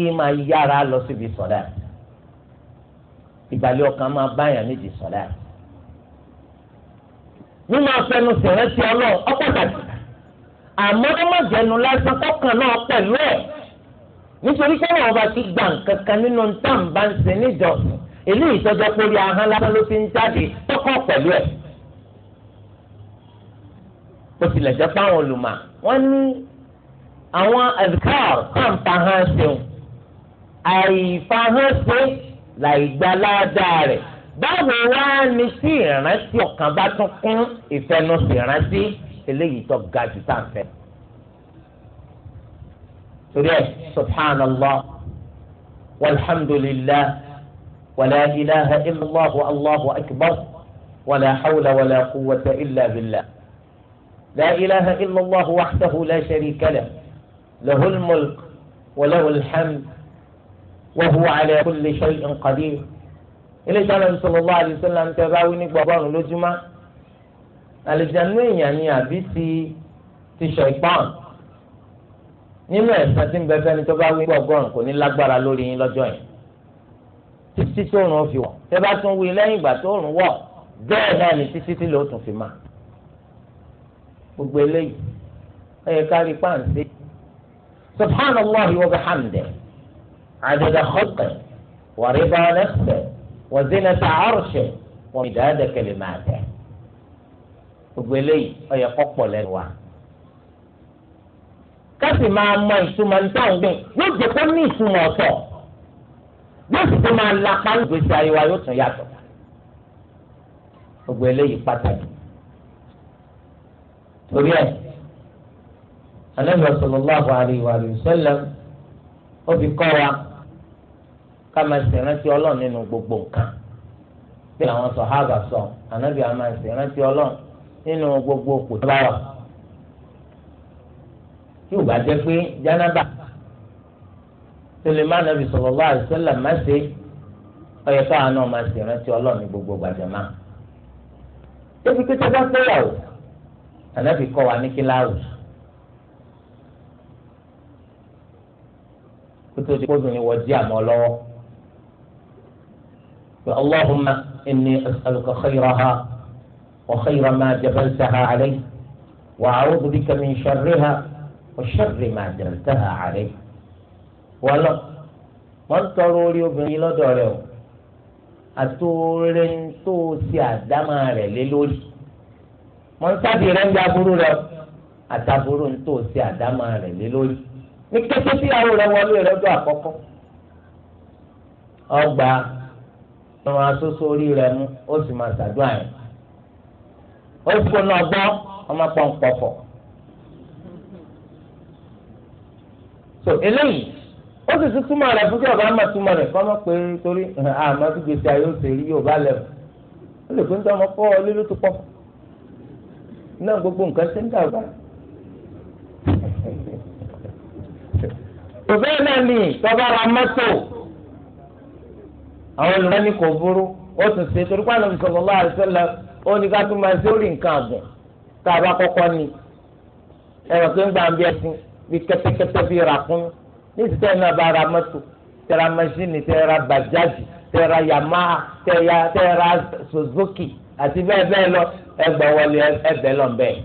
ìmọ̀ yára lọ síbi sọ̀dá ìbàlẹ̀ ọkàn máa báyà méjì sọ̀dá mímọ afẹnusẹ̀rẹ́ ti ọlọ́run ọ̀pọ̀ àmọ́ ẹ má jẹnu lásán kọ́kàn náà pẹ̀lú ẹ̀ nítorí pé àwọn ọba ti gbà nǹkan kan nínú ntàn bá ń sin níjọsìn eléyìí tọ́jọ́ pé orí ahọ́n lásán ló ti ń jáde tọ́kàn pẹ̀lú ẹ̀ bó tilẹ̀ jẹ́ pé àwọn olùmọ̀ wọ́n ní àwọn ẹ̀dùkàr kàǹpà hàn ṣeun àìfahàn ṣe làìgbàládàá rẹ̀ báwo wá ní sí ìrántí ọ̀kan bá tún kún ìfẹnusí ìrántí. eléyìí tó ga jù tá à fẹ́. torí ẹ subhana subhanallah walhamdulillah wàlá ilaha illallah allahu akbar wàlá hawla wàlá quwwata illa billah. لا إله إلا الله وحده لا شريك له له الملك وله الحمد وهو على كل شيء قدير إلى صلى الله عليه وسلم تباوي نقبضان لجمع àlìjánu èèyàn ni àbí ti ti sọ ìpọ́n nínú ẹ̀sán tí ń bẹ fẹ́ni tó bá wí gbọ̀ngàn kò ní lágbára lórí yín lọ́jọ́ yẹn títí tóòrùn fi wọ̀ tẹ́ bá tún wí lẹ́yìn ìgbà tóòrùn wọ̀ bẹ́ẹ̀ náà ni títí tí ló tún fi mà gbogbo eléyìí ẹ yẹ ká rí pàǹsí subhanallah wa bihamdihi adada khalqihi wa rida nafsihi wa zinata arshihi wa midada kalimatihi gbogbo eléyìí ọyẹ kọ́pọ̀ lẹ́nu wa. kásì máa mọ ìtumọ̀ ní táwọn gbìn yóò jẹ́ kó ní ìtumọ̀ ọ̀tọ̀ yóò sì tó máa lapa ìgbésí ayé wa yóò tún yàtọ̀. gbogbo eléyìí pàtàkì. torí ẹ̀ Ànábì sallallahu alaihi wa sallam ó fi kọ́ wa ká máa ṣèrántí Ọlọ́run nínú gbogbo nǹkan bí àwọn sàhábà sọ Ànábì máa ṣèrántí Ọlọ́run nínú gbogbo òpò tó bá wà tí ò bá jẹ́ pé jánábà tó lè má nàbì sallallahu alaihi wasallam má ṣe ọyẹ káwọn náà máa ṣe ìrántí Ọlọ́run ní gbogbo gbàjọmá débi pé tó bá péyàwó ànábì kọ́ wa ní kíláàwù kótó ti kóso ni wọ́n jí àmọ́ lọ́wọ́. Allahumma inni as'aluka khayraha. وخير ما جبلتها عليه وأعوذ بك من شرها وشر ما جبلتها عليه ولا من ترولي بني لدولي أتولين توسي أدمار للولي من تبيرين جابرو لك أتبرو توسي أدمار للولي ní kété tí àwọn rẹ wọlé lọ́dọ̀ àkọ́kọ́ ọgbà ọmọ asosori rẹ mú ó kó náà gbọ́ ọmọ pọ̀npọ̀fọ̀. so eléyìí ó sì tún túmọ̀ rẹ̀ fún kí ọba máa túmọ̀ rẹ̀ kọ́ pé torí àmọ́ tó gbèsè ayé òsè rí yóò bá lẹ̀ ó lè fún ọ lílù tó gbogbo nǹkan ṣe ń náà ni tọ́ba ra mọ́tò àwọn olùwẹ́ni kò burú ó sì ṣe torí ó ní ká tún máa ṣe ó rí nǹkan àgùn tá a bá kọ́kọ́ ni ẹ̀rọ pé ń gbà ń bí ẹṣin bí kẹ́tẹ́kẹ́tẹ́ bí ràkún ní ìsìtẹ́ iná bá ra mọ́tò tẹ́ra mẹ́ṣíìnì tẹ́ra bàjáàjì tẹ́ra yamaha tẹ́ra suzuki àti bẹ́ẹ̀ bẹ́ẹ̀ lọ ẹgbẹ́ wọlé ẹgbẹ́ lọ bẹ́ẹ̀.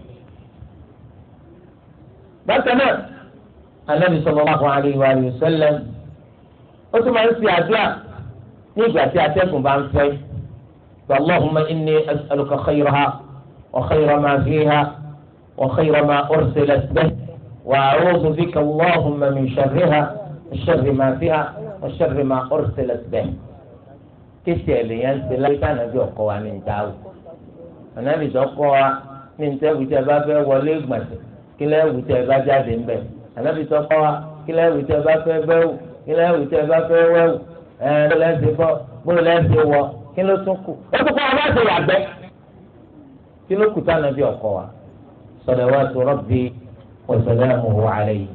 bákan náà anabi sallallahu alaihi wa sallam ó tún máa ń ṣe àdúrà ní ìgbà tí atẹ́gùn bá ń fẹ́ yìí فاللهم إني أسألك خيرها وخير ما فيها وخير ما أرسلت به وأعوذ بك اللهم من شرها وشر ما فيها وشر ما أرسلت به كيسي اللي ينسي لا كان ذو من تاو أنا لي ذو من تاو جباب وليق مس كلا وجبا جادين به أنا لي ذو قوى كلا وجبا فيه كلا وجبا فيه وو أنا لازم بو لازم kí ló tún kù ó tún kọ́ ọ bá ṣe yàgbẹ́ kí ló kù táwọn ẹbí ọkọ wa salawatu rabbi wa salamuhu alayhi.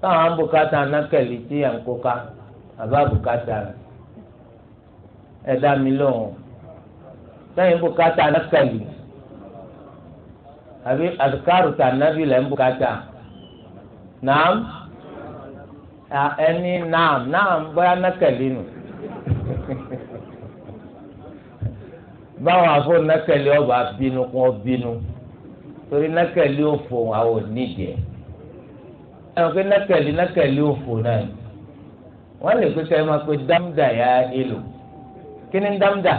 táwọn abùkátà anákẹ́lì tí à ń kóká àbá abùkátà ẹ̀dá mi lóhùn sẹ́yìn bùkátà anákẹ́lì àbí àdùkárùtà nábìlẹ̀ ń bùkátà nàám ẹni nàám nàám bóyá anákẹ́lì nù. báwọn afọ nákẹlẹ ọba bínú kún ọ bínú torí nákẹlẹ òfò àwọn onídìí ẹ ẹnu pé nákẹlẹ nákẹlẹ òfò náà wọn lè pé ẹ máa pe dámdà ya èlò kí ni dámdà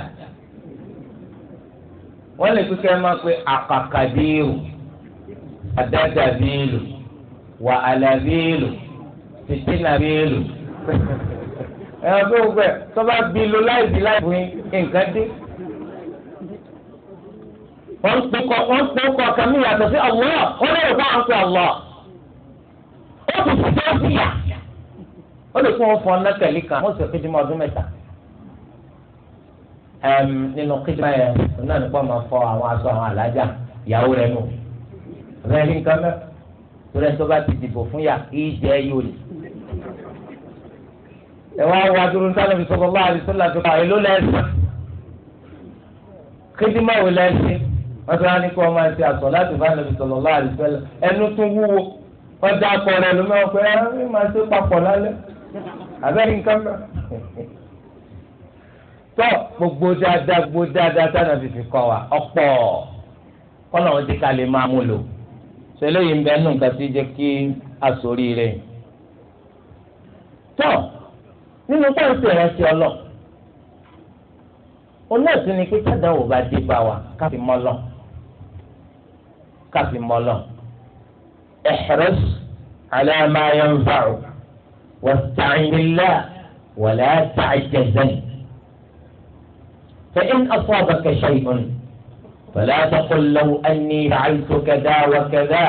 wọn lè pé kẹ ẹ máa pe àkàkàdéèrò àdádàbéèlò wàhálàbéèlò tìtìnàbéèlò <laughs> ẹnu pé gbogbo ẹ tọ́ba bí láì bí láì fún yín nǹkan dé. wọ́n ń kọ́ wọ́n ń kọ́ kan mí yàtọ̀ sí Allah wọ́n lè rò fáwọn pé Allah ó ti fi fẹ́ sí yà ó lè fún wọn fún ọ̀nà tẹ̀lé kan wọ́n sì fi dín ọdún mẹ́ta nínú kíjọba yẹn náà nípa máa fọ àwọn aṣọ àwọn àlájà ìyàwó rẹ nù ọ̀rẹ́ ní nǹkan mẹ́ torí ẹni tó bá ti dìbò fún yà kí jẹ́ yóò lè ẹ wá wá dúró nítorí àlọ́ fi sọ́kọ́ bá àlùsọ́lá tó kà èló lẹ́sìn kíndìmáwò lẹ́sìn. wọ́n ti wá ní kí wọ́n máa ṣe àsọ̀ láti bá nàbì sọ̀rọ̀ láàrin fẹ́lẹ̀ ẹnu tún wúwo wọ́n dá akọ rẹ̀ lómi wọn pé ẹ máa ṣe papọ̀ lálẹ́ àbẹ́rẹ́ nǹkan náà. tọ́ gbogbo dáadáa gbogbo dáadáa tánàbì fi kọ́ wa ọ̀pọ̀ kọ́nà wọn ti ká lè máa mú lò ṣe lóyìn bẹ́ẹ̀ nù nǹkan ti jẹ́ kí a sórí rẹ̀. tọ́ nínú pọ́ǹsì rẹ̀ ti ọlọ́ òun náà ni pé kádàá ò bá dé bá wa ká fi mọ́ lọ́n. káfí mɔlɔ ihris ala ma yanfa'u wasta'in billah wala ta'jazan fa in asabaka shay'un fala taqul law anni fa'altu kadha wa kadha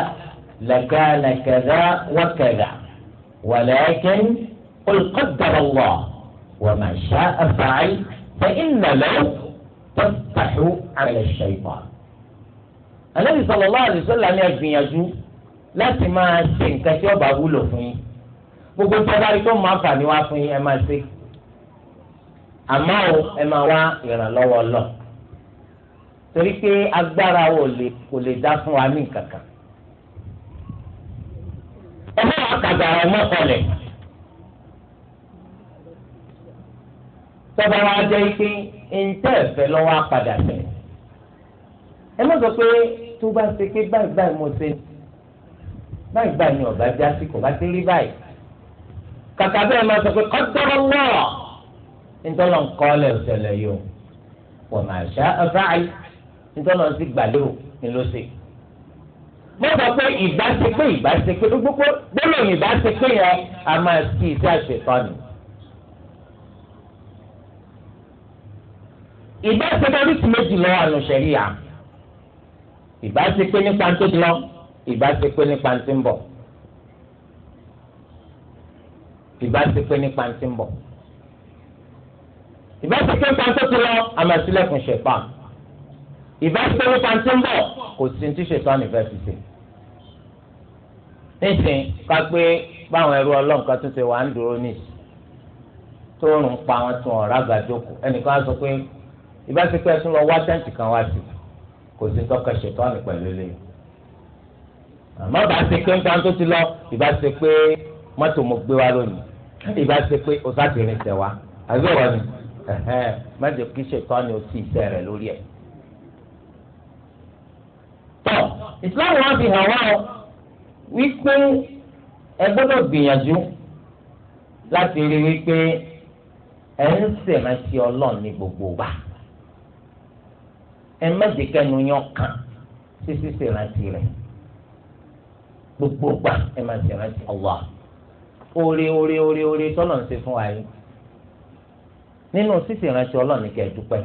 لكان كذا وكذا ولكن قل قدر الله وما شاء فعل فإن لو تفتح على الشيطان ànábì sallallahu alaihi ni ẹ gbìyànjú láti máa ṣe nǹkan tí ó bá wúlò fún yín gbogbo tí ẹ bá rí tó máa fà ní wá fún yín ẹ máa ṣe àmọ́ o ẹ máa wá ìrànlọ́wọ́ lọ torí pé agbára wo lè kò lè dá fún wa ní kankan ẹ má wàá kàgàrà ọmọ kọlẹ̀ tọ́ba wa jẹ́ pé ntẹ́ ẹ̀fẹ́ lọ́wọ́ apàdà tẹ̀ ẹ má sọ pé tó bá ṣe pé báyìí báyìí mo ṣe báyìí báyìí ni ọ̀gá já sí kò bá ti rí báyìí kàkà bẹ́ẹ̀ máa sọ pé kọ́tọ́rọ́ lọ́ọ̀ nítorí nǹkan ọ̀lẹ̀ òṣèlè yìí o wọ́n máa ṣá ọ̀fáàyè nítorí wọ́n sì gbàlérò ni ló ṣe. mo sọ pé ìgbà ṣe pé ìgbà ṣe pé gbogbo gbólóhùn ìgbà ṣe pé yẹn a máa kí iṣẹ́ àṣetọ́ ni. ìgbà ṣe bá oríṣi méjì lọ́wọ́ ìbá ti pé nípa tó ti lọ ìbá ti pé nípa ti ń bọ̀ ìbá ti pé nípa ti ń bọ̀ ìbá ti pé nípa tó ti lọ àmàsílẹ̀kùn ṣẹ̀pà ìbá ti pé nípa ti ń bọ̀ kò sí ti ṣètò ànìfẹ́sìtì nísìnyí ká pé báwọn ẹrú ọlọ́run kan tún ṣe wà ń dúró nísìnyí tó rùn pa wọn tún ọ̀rá gàdókò ẹnìkan á sọ pé ìbá ti pé ẹ tún lọ wá tẹ́ǹtì kan wá sí i kò sí tọ́ka ṣètọ́ni pẹ̀lú lè. àmọ́ bá ṣe pé nǹkan tó ti lọ ìbá ṣe pé mọ́tò mo gbé wa lónìí ìbá ṣe pé o sáà ti rìn tẹ̀ wá àbí wọ́n ni mọ́tò kí ṣètọ́ni o ti iṣẹ́ rẹ̀ lórí ẹ̀. tọ́ ìsìláàmù wọn fi hàn wá ọ wípé ẹ gbọ́dọ̀ gbìyànjú láti rí wípé ẹ ń ṣèrántí ọlọ́run ní gbogbo wa ẹ má jẹ́ kẹ́nu yàn kàn sísí ṣèrántí rẹ̀ gbogbo gbà ẹ má ṣèrántí Allah oore oore oore oore tọ́lọ̀ ń ṣe fún wa yìí nínú sísè ìrántí ọlọ́run ní kẹ́ẹ̀ dúpẹ́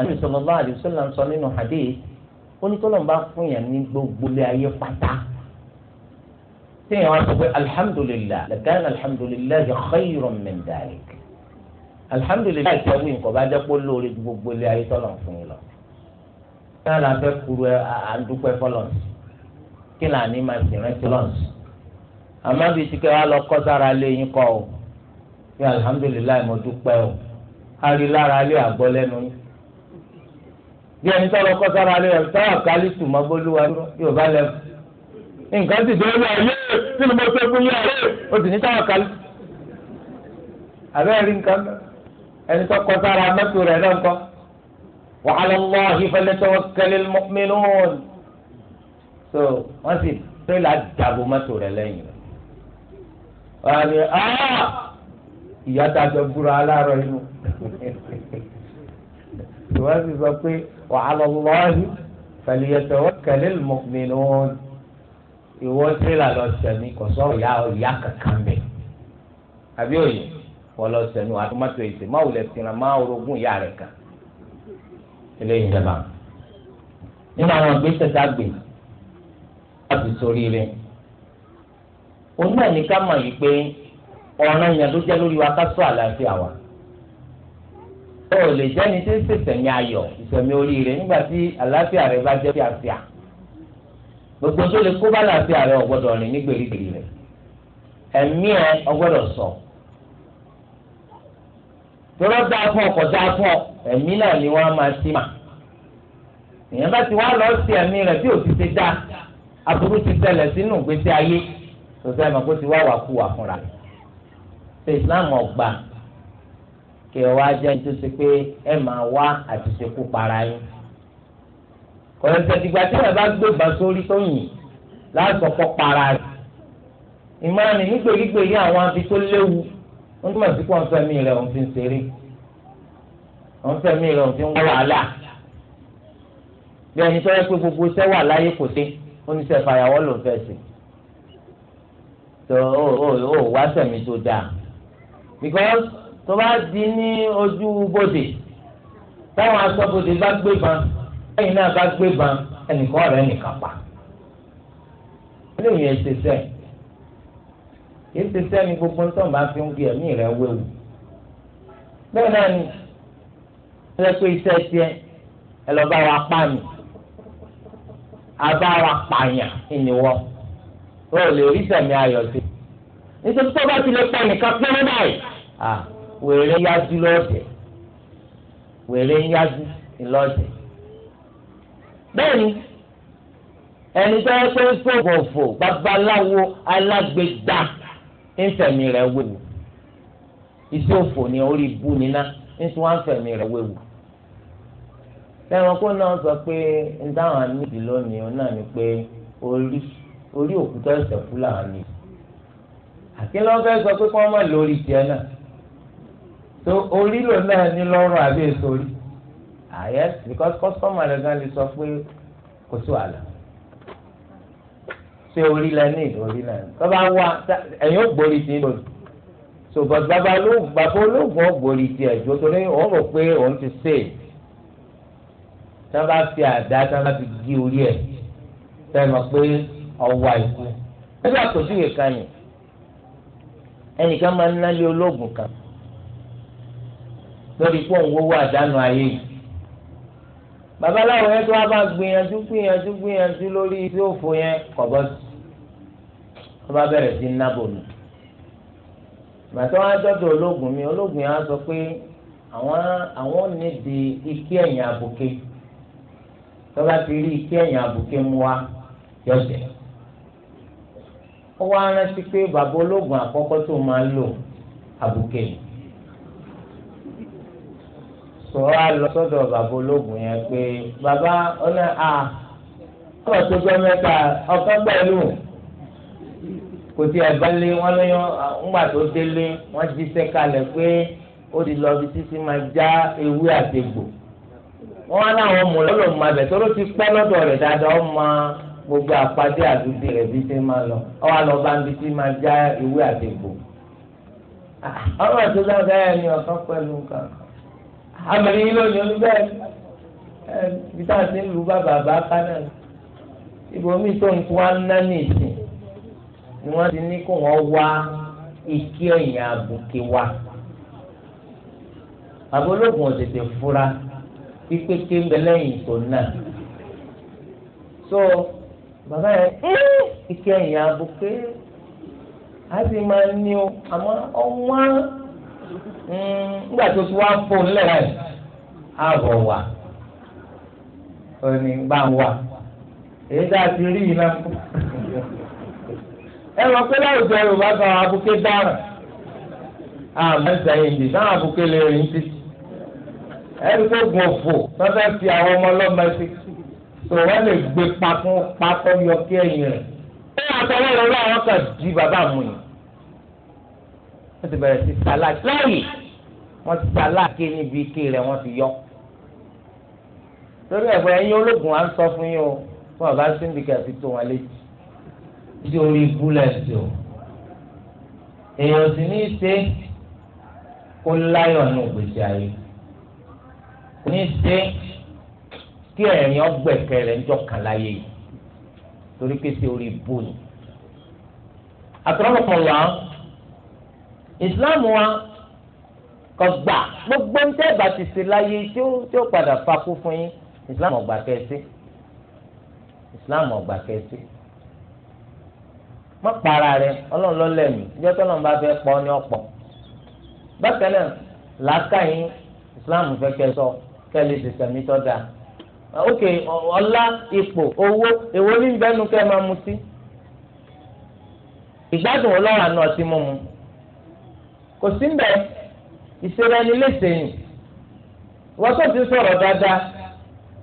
àti sallallahu alaihi wasallam ń sọ nínú hadith onítọ́lọ́run bá fún yàn ní gbogbo ilé ayé pátá téèyàn wá sọ pé alhamdulillah lakana alhamdulillahi khayran min dhalik alihamudulilayi ìtẹ́wé nǹkan bá jẹ́ pé lóore ju gbogbo ilé ayé tọ́lọ̀ fún yín lọ. náà la fẹ́ kuru ẹ àdúpẹ́ fọlọ́ọ̀sì kí là ní máa sì rántí lọ́ọ̀sì. àmọ́ bíi ti kẹ́ wa lọ kọ́ sára lé yín kọ́ o bí alihamudulilayi mo dúpẹ́ o a rí lára lé àgbọ́ lẹ́nu yín. bí ẹni tọ́lọ kọ́ sára lé ẹ̀ tọ́wọ́ kálítù mọ́ bólúwa yóò bá lẹ́nu. nǹkan ti dé ayé tí mo tẹ́ fún ayé o sì ní tọ́wọ́ kálítù. àbẹ́rẹ́ nǹkan mẹ́rin ẹni tó kọ sára mọ́tò rẹ̀ náà kọ́ wa 'ala Allahi falyatawakkalil mu'minun so wọ́n sì tẹ́lẹ̀ àdàbò mọ́tò rẹ̀ lẹ́yìn rẹ̀ wọ́n á ní ah! ìyá dàgbẹ́ búra aláàárọ̀ inú <laughs> wọ́n sì sọ pé wa 'ala Allahi falyatawakkalil mu'minun ìwọ tẹ́lẹ̀ àlọ́ sẹ́mi kò ìyá kankan bẹ́ẹ̀ àbí òye kọlọ sẹnu àtúmọ̀tò èsì máa wulẹ̀ sinra máa orogún ìyá rẹ̀ kan eléyìí dàbà nínú àwọn ìgbésẹ̀ tá a gbé láti sórí rẹ̀ òun náà ní ká mọ̀ yìí pé ọ̀ràn yẹn ló jẹ́ lórí wa ká sọ àlàáfíà wa ó lè jẹ́ni tí ń ṣètẹ̀mí ayọ̀ ìṣẹ̀mí oríire nígbà tí àlàáfíà rẹ̀ bá jẹ́ fíàfíà gbogbo tó lè kó bá àlàáfíà rẹ̀ ọ̀gbọ́dọ̀ rìn ní gbèrígbèrí rẹ̀ ẹ̀mí ẹ̀ ọ̀gbọ́dọ̀ sọ. So tọ́lọ́ dáa fún ọkọ̀ dáa fún ọ ẹ̀mí náà ni wọ́n á máa sí mà èèyàn bá ti wá lọ sí ẹ̀mí rẹ̀ bí òsì ti dá aburú ti tẹ̀lẹ̀ sínú ìgbésí ayé sọ̀tẹ́ ẹ̀ mọ̀ kó ti wá wà kú wà fúnra ṣe Islam ọgbà kí ẹ wá jẹ́ nítorí pé ẹ máa wá àti ṣekú para yín kọ̀lẹ́sẹ̀ dìgbà tí ẹ bá gbé bá sórí tó yìn láàsọ̀kọ́ para rẹ̀ ìmọ̀ràn nígbèrígbèrí àwọn afi tó léwu wọ́n túmọ̀ sí pé wọ́n fẹ́ mi rẹ̀ òun fi ń ṣeré wọ́n fẹ́ mi rẹ̀ òun fi ń wàhálà bí ẹni tó yẹ pé gbogbo iṣẹ́ wà láyé kò dé oníṣẹ́ fàyàwọ́ ló fẹ́ sí tó o o o wá sẹ̀mí tó dáa because tó bá di ní ojú bodè táwọn aṣọ́bodè bá gbé ban lẹ́yìn náà bá gbé ban ẹnìkan ọ̀rẹ́ nìkan pa. eléyìí ẹ ṣe sẹ́yìn kì í ṣe sẹ́ni gbogbo tó ń bá fi ń fi ẹ̀mí rẹ̀ wéwu bẹ́ẹ̀ náà ni ó yẹ pé iṣẹ́ tiẹ̀ ẹ lọ́ọ́ bá wa pa mi abáwa pààyàn ìníwọ́ wọ́n ò lè rí sẹ̀mí ayọ̀ sí nítorí tó bá ti lè pẹ́ nìkan péré báyìí wèrè ń yájú lọ́ọ̀dẹ̀ wèrè ń yájú lọ́ọ̀dẹ̀ bẹ́ẹ̀ ni ẹni tó yẹ pé sọ̀bọ̀fọ̀ babaláwo alágbègbà. ńfẹ̀mí rẹ̀ isi iṣẹ́ òfò ni orí bú níná nítorí wọ́n fẹ̀mí rẹ̀ wéwu. náà sọ pé ń lónìí ni pé orí orí òkúta ẹsẹ̀ kú làwọn fẹ́ sọ pé kí wọ́n lórí tiẹ̀ náà tó orí lò náà ní lọ́rùn àbí èso rí. Ah, rẹ̀ gan sọ pé kò sí ṣé orí lẹ ní orí lẹ ní bàbá wa ẹ̀yin ó gbórí ti lò so but bàbá olóògùn bàbá olóògùn ó gbórí ti ẹ̀ jọ torí òun rò pé òun ti ṣe tí wọ́n bá fi àdá tí wọ́n bá fi gé orí ẹ̀ sẹ́nu pé ọwọ́ àìkú nígbà tó sì yèéká yìí ẹnìkan máa ń nálé olóògùn kan lórí pé òun wọ́wọ́ àdánù ayé yìí babaláwo yẹn tó wá bá gbìyànjú gbìyànjú gbìyànjú lórí tí ó fò yẹn kọ̀bọ́sì wọ́n bá bẹ̀rẹ̀ sí nábò nù màtí wọ́n á dọ́dọ̀ ológun mi ológun yẹn á sọ pé àwọn àwọn nídi ikí ẹ̀yìn àbùké tó bá ti rí ikí ẹ̀yìn àbùké mú wa yọ̀jẹ̀ ó wá rántí pé bàbá ológun àkọ́kọ́ tó máa lò àbùké yìí sọ̀rọ̀ lọ sọ́dọ̀ bàbá ológun yẹn pé bàbá ọ̀nà à ọ̀rọ̀ tó jẹ́ mẹ́ta ọ̀kan pẹ̀lú kò tí ẹ bá lé wọn lóyún ńgbà tó délé wọn jíṣẹ́ kalẹ̀ pé ó ti lọ bí títí máa já ewé àtẹgbò wọn wá láwọn mú lọ lòun máa bẹ tó ló ti pẹ́ lọ́dọ̀ rẹ̀ dáadáa ó máa gbogbo àpàdé àdúgbò rẹ̀ bí ti máa lọ ọ wá bí ti máa já ewé àtẹgbò ọlọ́run tó dáadáa ẹ̀ ní ọ̀kan pẹ̀lú nǹkan amẹ̀rin yìí lónìí oníbẹ̀ ẹ̀ bí táà ti ń lu bá bàbá kánà ibòmí tó ń tún wá ná ní ìsìn ni wọ́n ti ní kó wọ́n wá ike ẹ̀yìn àbùkè wa àbólógùn òtètè fura pípé ké ń bẹ lẹ́yìn tó náà so bàbá yẹn ike ẹ̀yìn àbùkè á sì máa ní o àmọ́ ọ̀wọ́n hmm, nígbà tó ti wá fóun lẹ́yìn ààbọ̀ wà ó wà èyí tá a ti rí yìí náà ẹ lọ pé láwùjọ yorùbá kan abuké dáràn àmọ́ sẹ́yìn dì náà abuké lè rìn títì ẹni tó gun òfò tọ́jà ti àwọn ọmọ ọlọ́mọ ẹsẹ̀ tó wọ́n lè gbé pakún pakọ́ yọ kí ẹ̀yìn rẹ̀ ó yà sọ wọ́n lọ́wọ́ àwọn kan di bàbá mu yìí wọ́n ti bẹ̀rẹ̀ sí sàlákì lẹ́yìn wọ́n ti sàlákì níbi ike rẹ̀ wọ́n ti yọ torí ẹ̀fọ́ ẹ̀yin ológun à ń sọ fún yín o fún bàbá síndìkà fi tó wọn létí tí orí ibú lẹ́sìn o èèyàn sì ní í ṣe kó láyọ̀ ní ògbésí ayé kò ní í ṣe kí ẹ̀yìn ọgbẹ̀kẹ̀ rẹ̀ ń jọkàn láyé yìí torí pé ṣe orí ibú ni àtúrọ̀pọ̀ wà ìsìláàmù wa kò gbà gbogbo ń tẹ́ bá ti ṣe láyé tí ó tí ó padà fakú fún yín ìsìláàmù ọ̀gbà kẹ́sí ìsìláàmù ọ̀gbà kẹ́sí má para rẹ ọlọ́run ló lẹ́mìí ìjọ tó lọ́n bá fẹ́ pọ̀ ní ọ̀pọ̀ bákan náà Islam fẹ́ kẹ́ sọ kẹ́ lè ṣe sẹ̀mí tó dáa ok ọlá ipò owó èwo ní ìbẹ́nu kẹ́ máa mutí ìgbádùn ọlọ́run àna ọtí mímu kò sí ń bẹ̀ ìṣeré ẹni léṣe yìí wọ́n tó ti sọ̀rọ̀ dáadáa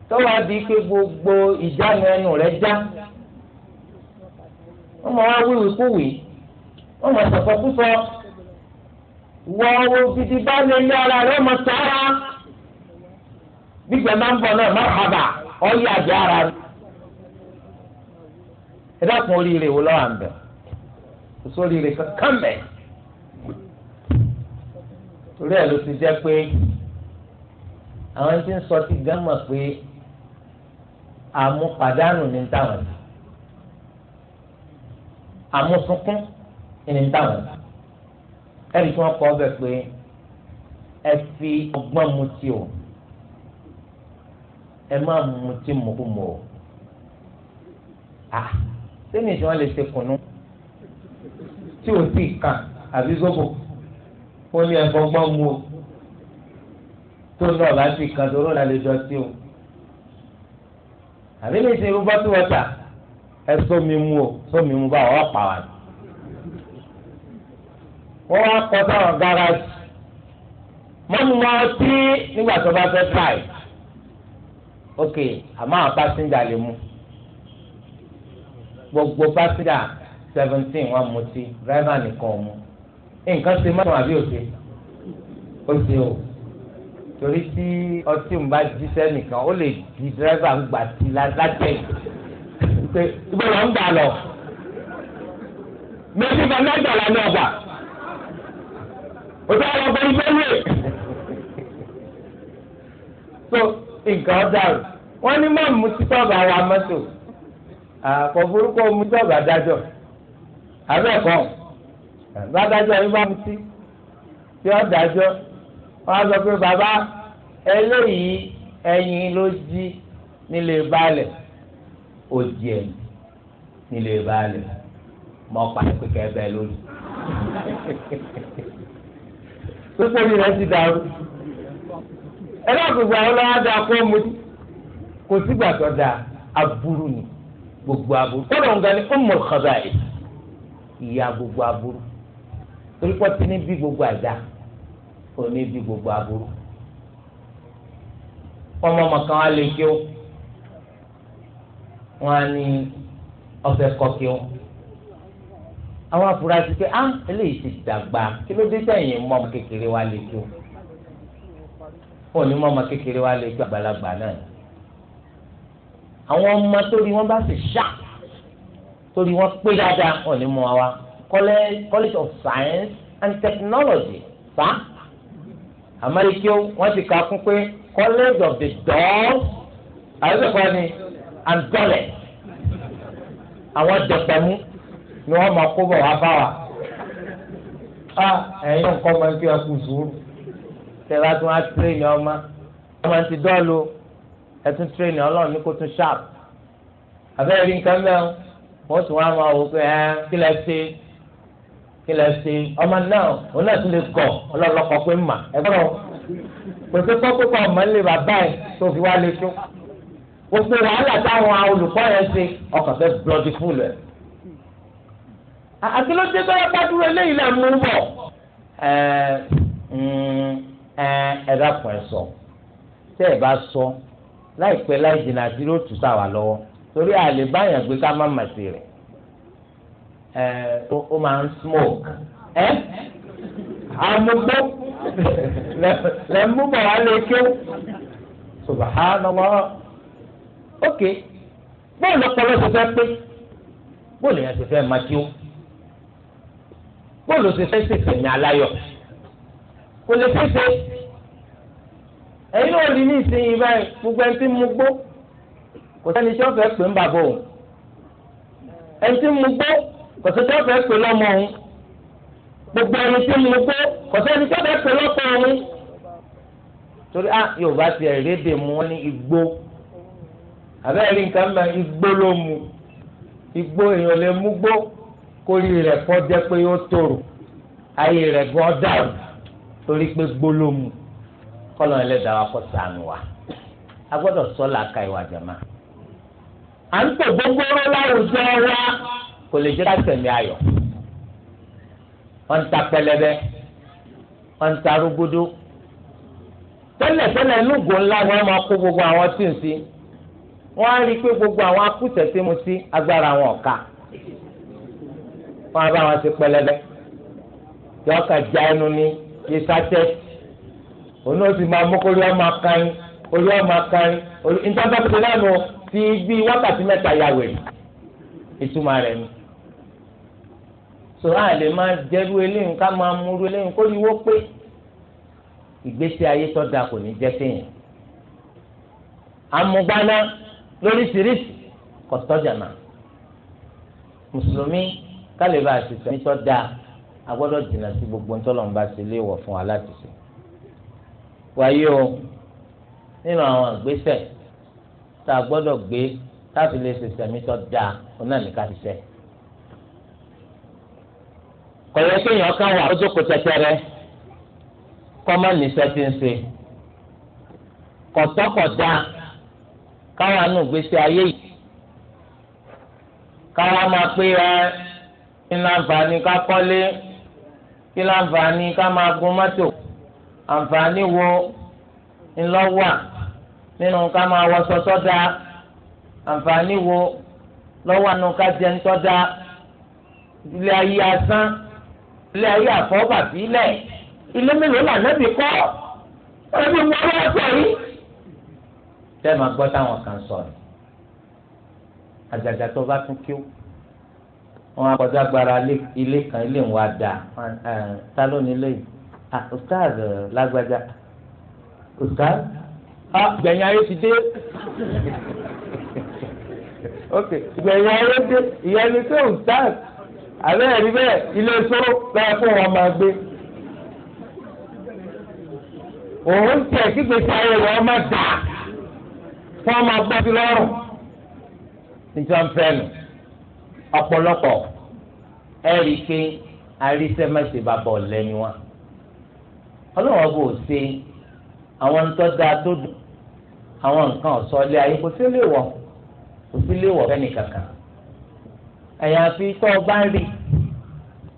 tọ́wọ́ á di gbogbo ìjánu ẹnu rẹ̀ já wọ́n mọ̀ wá wíwì kúwì wọ́n mọ̀ sọ̀sọ̀ kúsọ wọ owó gidi bá lè lé ara rẹ̀ ọmọ sára gbígbẹ́ máa ń bọ̀ náà má hàbà ọ̀yẹ́ àjẹ́ ara rẹ̀ ẹ dákun oríire wo lọ́wọ́ à ń bẹ̀ kò sóríire kankan bẹ̀ torí ẹ̀ ló ti jẹ́ pé àwọn tí ń sọ ti gán mọ̀ pé àmúpadánù ní táwọn ti àmúsunkún ìní táwọn ẹni tí wọ́n kọ ọbẹ pé ẹ fi ọgbọ́n mutí o ẹ má mutí mọkùmọ o ah sẹ́ni tí wọ́n lè ṣe kùnú tí o sì kàn àbí zobo ó ní ẹ̀fọ́ gbọ́n mu o tó náà bá sì kàn tó lọ́la lè jọ sí o àbí lè ṣe irú bọ́tù wọ́tà ẹ sómi mu o sómi mu báwo wọ́n pa wá. wọ́n wá kọ́ sáwọn gáràjì mọ́nu mọ́ ọtí nígbà tó bá fẹ́ tíráì ok àmọ́ àwọn pásíńdà lè mú gbogbo pásíńdà seventeen wọn mutí driver nìkan ò mú nǹkan ṣe mọ́tò àbí òṣè ó o torí tí ọtí ń bá jíṣẹ́ nìkan ó lè di driver ń gbà tí látẹ̀ pé ìbọ̀lọ̀ ń gbà lọ méjì bá mẹ́jọ la ní ọgbà òtún àwọn ọgbà ìgbẹ́ wíwè. so nǹkan dàrú wọ́n ní má mú títọ́ba wa mọ́tò àpò burúkú mú títọ́ba dájọ́ abẹ́ẹ̀kọ́ bá dájọ́ yín bá mú tí tí ó dájọ́ wọ́n á sọ pé bàbá eléyìí ẹ̀yìn ló jí nílé balẹ̀ ó di ẹ̀yìn nílé baálé mọ pàṣẹ kékeré bẹ́ẹ̀ lórí pípé mi rẹ ti dàrú ẹ náà gbogbo àwọn ọlọ́wọ́ dáa kó mu kò sígbà tó dáa aburú ni gbogbo aburú kọ́nà ń gani ọmọ kaba yìí ìyá gbogbo aburú torí pọ́tí ní bí gbogbo àdá òní bí gbogbo aburú ọmọ ọmọ kan á lè kí ó wọn á ní ọ̀fẹ́ kọkí o àwọn afurasí pé á ah, eléyìí ti dàgbà kí ló dé sẹ́yìn mọ ọmọ kékeré wa lè tó ó ní mọ ọmọ kékeré wa lè tó àgbàlagbà náà àwọn ọmọ torí wọn bá sì ṣá torí wọn pé dáadáa ó ní mọ wa college of science and technology fa àmọ́ ikú wọn ti kà á kún pé college of the dogs àyẹ̀kọ́ ni and dollars àwọn dẹ̀pẹ̀mú ni wọ́n máa kó bọ̀ wá bá wa a ẹ̀yin náà kọ́ máa ń fi ẹkùn sùúrù tẹ̀lá tí wọ́n á tírèèni ọmọ wọ́n máa ti dọ́ọ̀lù ẹ̀tún tírèèni ọlọ́run ní kó tún ṣáàpù àbẹ́rẹ́ rí nǹkan mẹ́rin wọ́n tún wá máa wò pé ẹ́ kí lẹ ṣe kí lẹ ṣe ọmọ náà òun náà tún lè gọ̀ ọlọ́run lọ́kọ̀ pé mà ẹ̀gbọ́n kò sí kọ́ pípa ọmọ nílé bàbá ẹ̀ tó fi wá lè tún gbogbo wàhálà táwọn olùkọ́ yẹn ṣe ọkàn fẹ́ blọdì fúlù ẹ̀. àti ló dé bẹ́ẹ̀ bá dúró eléyìí náà mú bọ̀. ẹ mm, ẹ ẹ dákun ẹ sọ tẹ́ ẹ bá sọ láìpẹ́ láì jìnnà àti ló tù sáwà lọ́wọ́ torí àlè báyàn gbé ká má mà sí rẹ̀ ẹ ó máa ń smoke ẹ amugbó <laughs> lẹ mú bọ̀ wá lè kí ó subhanallah ok bóòlù ọpọlọ ti fẹ́ pé bóòlù yẹn ti fẹ́ máa kí ó bóòlù ti fẹ́ ṣèṣe ní aláyọ̀ kò lè ṣèṣe ẹ̀yin náà rí ní ìsinyìí báyìí gbogbo ẹni tí mo gbó kò sẹ́ni tí wọ́n fẹ́ pè ń bàbá òun ẹni tí mo gbó kò sẹ́ni tí wọ́n fẹ́ pè lọ́mọ òun gbogbo ẹni tí mo gbó kò sẹ́ni tí wọ́n fẹ́ pè lọ́pọ̀ òun torí ah Yorùbá ti ẹ̀rẹ́dẹ̀ mu wọn ní igbó àbẹ́ẹ̀rí nǹkan mọ̀ igbó ló mu igbó èèyàn lè mú gbó kórì rẹ̀ kọ́ jẹ́ pé ó tòrò ayé rẹ̀ gan dàrú torí pé gbó ló mu kọ́lọ́ ẹlẹ́dàá wa kọ́ sànù wa a gbọ́dọ̀ sọ làákà ìwà jàmá. à ń tò gbogbooro láwùjọ wa kò lè jẹ́ ká tẹ̀lé ayọ̀ wọ́n ń ta pẹlẹbẹ wọ́n ń ta rúgúdú tẹ́lẹ̀ tẹ́lẹ̀ lúgùn ńlá ni wọ́n máa kó gbogbo àwọn tí ń sin wọ́n á rí i pé gbogbo àwọn akúṣẹ̀ tí mo sí agbára wọn ọ̀ka wọ́n á bá wọn ṣe pẹlẹbẹ yọ ọkà já ẹnu ní yé sátẹ òun náà sì máa mú kórí ọmọ akáyín orí ọmọ akáyín orí ìtọ́jọ́pẹ̀tẹ̀ lánàá ti bí wákàtí mẹ́ta ya wèrè ìtumọ̀ rẹ̀ ni so a lè máa jẹ́rú eléyìí ká máa múru eléyìí kó ní wó pé ìgbésí ayé tó dáa kò ní jẹ́ séyìn amúgbáná lóríṣiríṣi kọ̀tọ́jàmá mùsùlùmí kálíbà àṣìṣe nítọ́ dáa a gbọ́dọ̀ jìnnà sí gbogbo ntọ́lọ́mùbá sí ilé ìwọ̀ fún wa láti ṣe. wáyé o nínú àwọn àgbésẹ̀ tá a gbọ́dọ̀ gbé láti lè ṣe sẹ̀mítọ́ dáa òun náà ní ká ṣiṣẹ́. kọ̀yẹ́ kéèyàn kan wà lójókòó tẹ́tẹ́rẹ́ kọ́ má níṣẹ́ ti ń ṣe kọ̀tọ́kọ̀dá káwa nù gbèsè ayé yìí káwa máa pé ẹ kí láǹfààní ká kọ́lé kí láǹfààní ká máa gun mọ́tò àǹfààní wo ńlọ́wà nínú ká máa wọṣọ sọ́dà àǹfààní wo lọ́wọ́ àánú ká jẹ ńtọ́dà ilé ayé asán ilé ayé àfọ́bàbílẹ̀ ilé mélòó làná bí kọ́ ẹ̀ bí mo rọ́ ọ̀sẹ̀ yìí tẹ́ máa gbọ́ táwọn kan sọ̀rọ̀ àjàjà tó bá tún kí ó wọn akọjá gbára ilé kan ilé ń wá dà ta ló ní ilé yìí ah ustaz lágbájá ustaz ah gbẹ̀yìn ayé ti dé <laughs> ok gbẹ̀yìn ayé dé ìyẹn ni pé ustaz àbẹ́ ẹ̀rí bẹ́ẹ̀ ilé sóró lọ́wọ́ fún wọn máa gbé òun tẹ̀ kí gbèsè ayé wọn máa dà wọ́n máa gbọ́ sí lọ́rùn níjọ́ ń fẹ́ nù ọ̀pọ̀lọpọ̀ ẹ rí i pé àrísẹ́mẹsẹ̀ bá bọ̀ lẹ́ni wá ọlọ́wọ́n bò ṣe àwọn ń tọ́ da tó dùn àwọn nǹkan ọ̀sọ́lé ayé kò sí lè wọ̀ kò sí lè wọ̀ fẹ́ni kankan àyàfi tó o bá rí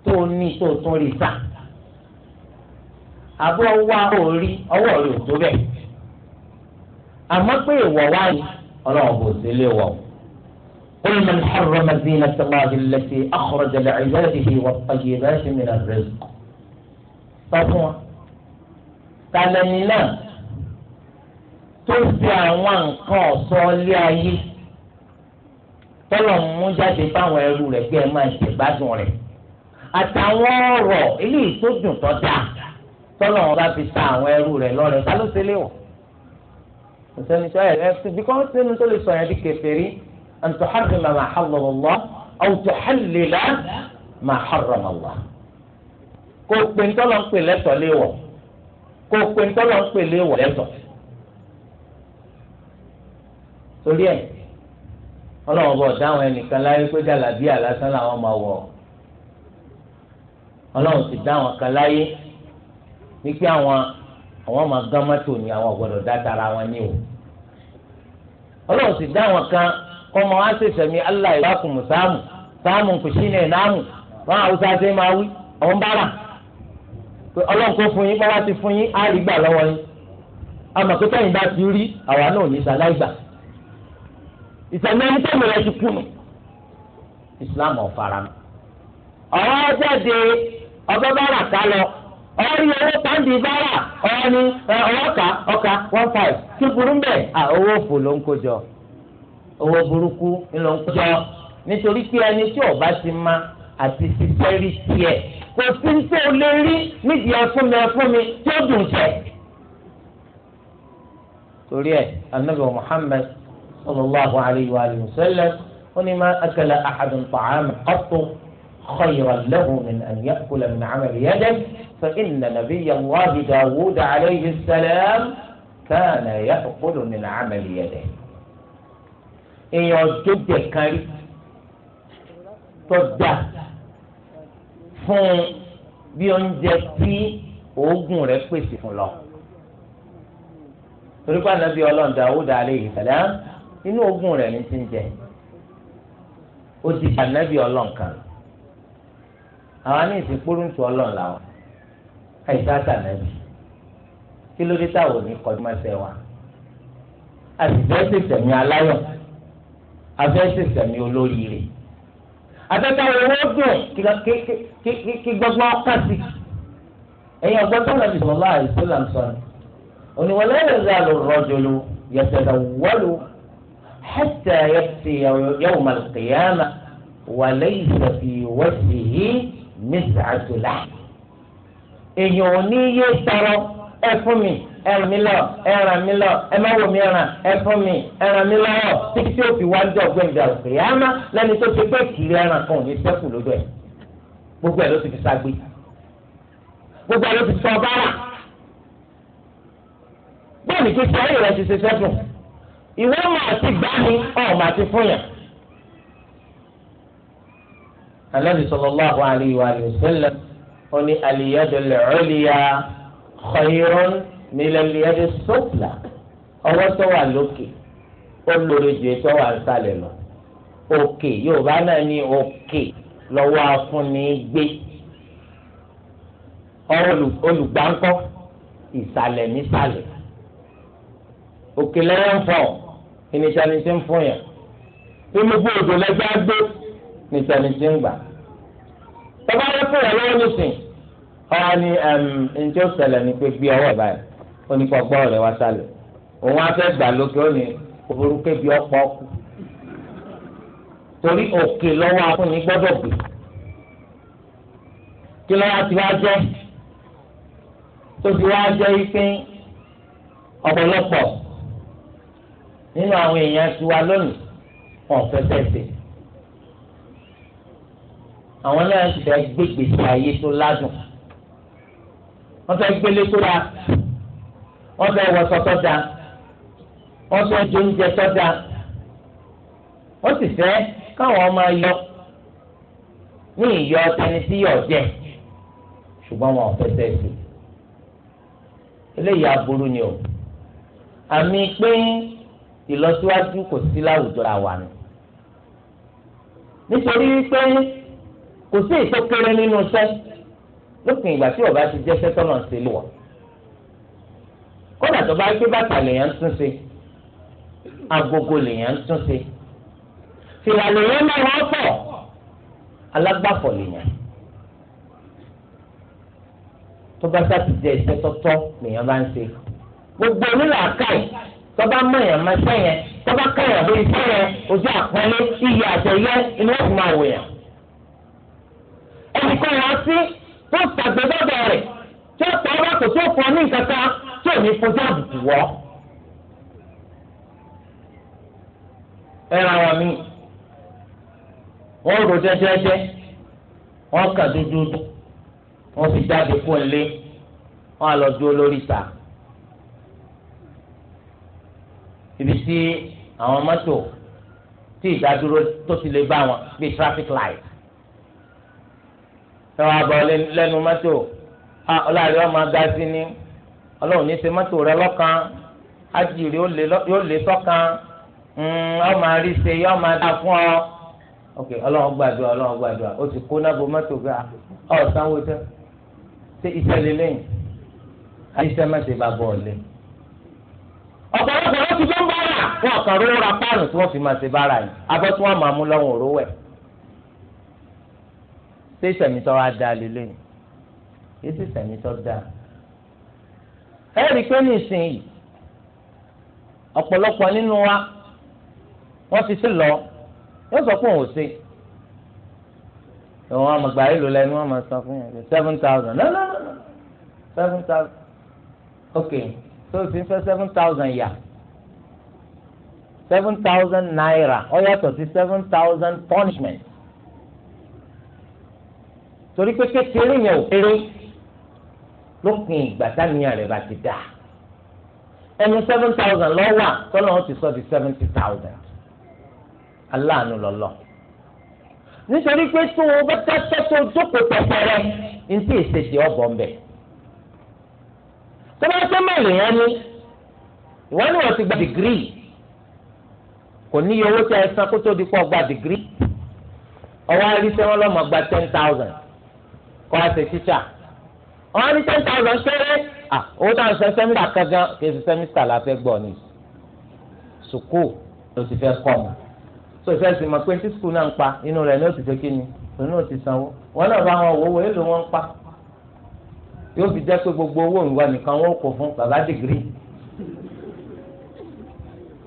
tó o ní tó o tún rí sá àbúrò wá òórí ọwọ́ rẹ̀ ò tó bẹ́ẹ̀ àmọ́ pé ìwọ̀ wá ni ọlọ́run kò sí lè wọ̀. قل من حرم زينة الله التي أخرج لعباده والطيبات من الرزق فهو tàlẹ́ni náà tó fi àwọn nǹkan ọ̀sọ́ ilé ayé tọ́lọ̀ mú jáde fáwọn ẹrú rẹ̀ pé ẹ máa ṣègbádùn rẹ̀ àtàwọn ọ̀rọ̀ eléyìí tó dùn tó dáa tọ́lọ̀ wọn bá fi ta àwọn ẹrú rẹ̀ lọ́rẹ̀ ta ló ṣe léwọ̀ sẹ́ni sọ ẹ̀ ẹ̀sìn bí kọ́ńtà nínú tó lè sọ yẹn di kèfèrí an tuharrima ma harrama Allah aw tuhallila ma harrama Allah kó o pè ntọ́lọ́ ń pè lẹ́tọ̀ léwọ̀ kó o pè ntọ́lọ́ ń pè léwọ̀ lẹ́tọ̀ torí ẹ̀ ọlọ́wọ́n bọ̀ dáhùn ẹnìkan láyé pé jàlábíà lásán làwọn máa wọ̀ ọlọ́wọ́n sì dáhùn kan láyé wípé àwọn àwọn máa gán mọ́tò ní àwọn gbọ́dọ̀ dá tara wọn ní o ọlọ́run sì dá àwọn kan kọ́ ọmọ wa ṣe sẹ̀mí allah ìbákùn sáàmù sáàmù kò sí ní ìnáàmù wọn àwùjọ ṣe máa wí ọ̀hún bára ọlọ́run kò fún yín bá wá ti fún yín á rí gbà lọ́wọ́ yín àmọ́ pé tẹ́yìn bá ti rí àwa náà ní ìsàlẹ̀ ìgbà ìsàlẹ̀ ẹni tẹ́mi rẹ ti kùnù islam ọ̀fara mi ọ̀rọ̀ jáde ọgbẹ́ bára ká ọ̀rí owó pàǹdì bára ọ̀ọ́ni ọ̀ọ́ka ọ̀ka one five kí burú mbẹ́ à owó fò ló ń kójọ owó burúkú ló ń kójọ nítorí pé ẹni tí ọba ti ma àti ṣiṣẹ́ rí tiẹ̀ kò sí tó lè rí nídìí ẹfún mi ẹfún mi tí ó dùn jẹ. torí ẹ anabi muhammed sallallahu alayhi wa sallam ó ní ma akala ahadun ta'ama qattu khayran lahu min an yakula min amali yadihi. فإن نبي الله داود عليه السلام كان يأكل من عمل يده èèyàn dóde kan rí tó dà fún bí oúnjẹ tí oògùn rẹ̀ pèsè fún lọ torí pé ànábì ọlọ́run Dáúdà alayhi salam inú oògùn rẹ̀ ní ti ń jẹ ó ti ànábì ọlọ́run kan àwọn ní ìsìnkúrúntù ọlọ́run làwọn àìsá àtànàbì kí ló dé táwọn ò ní kọjú máa ṣe wa a sì fẹ́ ṣèṣẹ̀mí aláyọ̀ a fẹ́ ṣèṣẹ̀mí olóríire àtẹ́tàwọn owó dùn kí gbọ́gbọ́n kà sí ẹ̀yin ọgbọ́n tó lọ́ọ́ bìsọ̀ láàyè tó là ń sọ ni oníwọlé rẹ̀ rà ló rọ́jò ló yẹtẹ̀dà wọ́lò hẹ́tẹ̀ yẹtẹ̀ yẹwò màlùkìyàmà ìṣẹ̀fì wọ́sì yìí mí sàásù láàyè èèyàn ò ní yé tọrọ ẹ fún mi ẹràn mi lọ ẹràn mi lọ ẹ má wò mí ẹràn ẹ fún mi ẹràn mi lọ títí tí o fi wá jọ gbẹ̀ngà ìyáàmá lẹ́ni tó ti pẹ́ kiri ẹràn kan ò ní sẹ́kù lọ́dọ̀ ẹ̀ gbogbo ẹ̀ ló ti fi ságbé gbogbo ẹ̀ ló ti sọ bára bẹ́ẹ̀ ni kí sẹ́yìn rẹ̀ ti ṣe sẹ́kùn ìwé máa ti gbá mi ọ̀ máa ti fún yàn. Ànábì sallallahu alaihi wa sallam wọ́n ní aliyadu lẹ́ọ̀lìyà khayrun nílẹ̀ aliyadu sọ́tìlà ọwọ́ tó wà lókè ó lórí ju ètò wà sálẹ̀ lọ òkè yorùbá náà ní òkè lọ́wọ́ afúnni gbé ọwọ́ olùgbáńkọ́ ìsàlẹ̀ nísàlẹ̀ òkè lẹ́yìn fọ̀ ìníṣẹ́ ni ti ń fún yẹn bí mo gbé gbé níṣẹ́ ń gbà tọ́ba rẹ fún wọn lọ́wọ́ nísìn ọ̀hún ni njẹ́ ó ṣẹlẹ̀ ní pé gbé ọwọ́ ìbáyà ó ní kó gbọ́ rẹ̀ wá sálẹ̀ òun á fẹ́ gbà lókè ó ní òbúrú kébi ọ̀pọ̀ ọkù torí òkè lọ́wọ́ afúnni gbọ́dọ̀ gbé kí lọ́wọ́ ti wá jẹ́ tó fi wá jẹ́ ìpín ọ̀pọ̀lọpọ̀ nínú àwọn èèyàn tiwa lónìí wọn ò fẹ́ àwọn náà ti fẹ́ gbégbé sí ayé tó ládùn wọ́n fẹ́ gbélé tó dáa wọ́n fẹ́ wọṣọ tó dáa wọ́n fẹ́ jóúnjẹ tó dáa wọ́n sì fẹ́ káwọn máa yọ ní ìyọ tẹni tí yọ jẹ ṣùgbọ́n wọn ò fẹ́ sẹ́ẹ̀sì eléyìí aburú ni o àmì pé ìlọsíwájú kò sí láwùjọ làwà nù nítorí pé kò sí ètò kéré nínú sẹ́ lópin ìgbà tí ọba ti jẹ́ sẹ́tọ́ náà ṣe lù wọ́n kódà tó bá gbé bàtà lèèyàn tún ṣe agogo lèèyàn tún ṣe fìlà lèèyàn máa wọ́n pọ̀ alágbàfọ̀ lèèyàn tó bá sáti jẹ́ iṣẹ́ tọ́tọ́ lèèyàn bá ń ṣe gbogbo onílà káì tó bá mọ̀yàn máa ṣẹ́yẹn tó bá káyàn lórí ṣẹ́yẹn ojú àpọ́nlé iyì àtẹ̀yẹ inú ọ̀gbìn máa wòyàn nǹkan lọ sí tó ṣàgbébọ̀dọ̀ rẹ̀ tí ó tọ́ bá kò tó fún ọ ní nǹkan kan tí ò ní fojú àbùkù wọ́. ẹ ra wọn mi wọ́n rò jẹ́jẹ́jẹ́ wọ́n kà dúdúdú wọ́n fi jáde kó ń lé wọ́n á lọ dúró lórí ta. ibi tí àwọn mọ́tò tí ìdádúró tó ti lè bá wọn bíi traffic light ẹ wàá bọ̀ lẹ́nu mọ́tò ọláàrẹ ọmọ ga sí ni ọlọ́run ní í ṣe mọ́tò rẹ lọ́kàn ájìrì yóò lé sọ́kàn ọmọ hmm, àrí ṣe yóò máa dá fún ọ. ok ọlọ́run gbàdúrà ọlọ́run gbàdúrà o ti kó náà bo mọ́tò gbà ah, ọ sanwó tẹ ṣé iṣẹ́ lélẹ́yìn àìṣẹ́ mẹ́sẹ̀ bá bọ̀ ọ̀lẹ́. ọ̀pọ̀lọpọ̀ ló ti tó ń bára wọn kàn rówó ra páànù tí wọ́n fi máa ṣe bára yìí abọ́ tí wọ́n máa mú lọ́wọ́ òrówẹ̀ ṣé ìsẹ̀mítọ́ wa da lélẹ̀ yìí ṣé ìsẹ̀mítọ́ da ẹ rí i pé nísìnyí ọ̀pọ̀lọpọ̀ nínú wa wọ́n ti sí lọ yóò sọ pé òun ò ṣe ìwọ̀n àmàgbà yìí ló lẹ́nu wọn máa san fún yẹn seven thousand no no no seven thousand ok so o ti fẹ́ seven thousand yà seven thousand naira ó yàtọ̀ sí seven thousand punishment torí pé kékeré yẹn ò kéré lópin ìgbà táníyàn rẹ̀ bá ti dà ẹnu seven thousand lọ́wọ́ tọ́lọ́ wọn ti sọ di seventy thousand aláàánú lọ́lọ́ nítorí pé tó o bá tẹ́tẹ́ tó o jókòó pẹ̀pẹ̀rẹ̀ ntí ìṣèjì ọ̀bọ̀ ń bẹ̀ tó bá tẹ́ mẹ́rin yẹn ni ìwọ ni wọ́n ti gba dìgírì kò ní iye owó tí a san kó tó di pọ̀ gba dìgírì ọwọ́ àrísẹ́ wọn lọ́mọ gba ten thousand kọ́ wá ṣe tíṣà wọ́n ní ten thousand ṣẹ́rẹ́ owó táwọn ṣe sẹ́mítà kankan kì í ṣe sẹ́mítà la fẹ́ gbọ́ ni sùkúù ló ti fẹ́ kọ́ mu tó fẹ́ sì mọ̀ pé tí sùkúù náà ń pa inú rẹ̀ ní ó ti fẹ́ kí ni òun náà ti sanwó wọn náà bá wọn wò ó wò ó lò wọ́n ń pa yóò fi jẹ́ pé gbogbo owó ìwà nìkan wọn kò fún bàbá dìgírì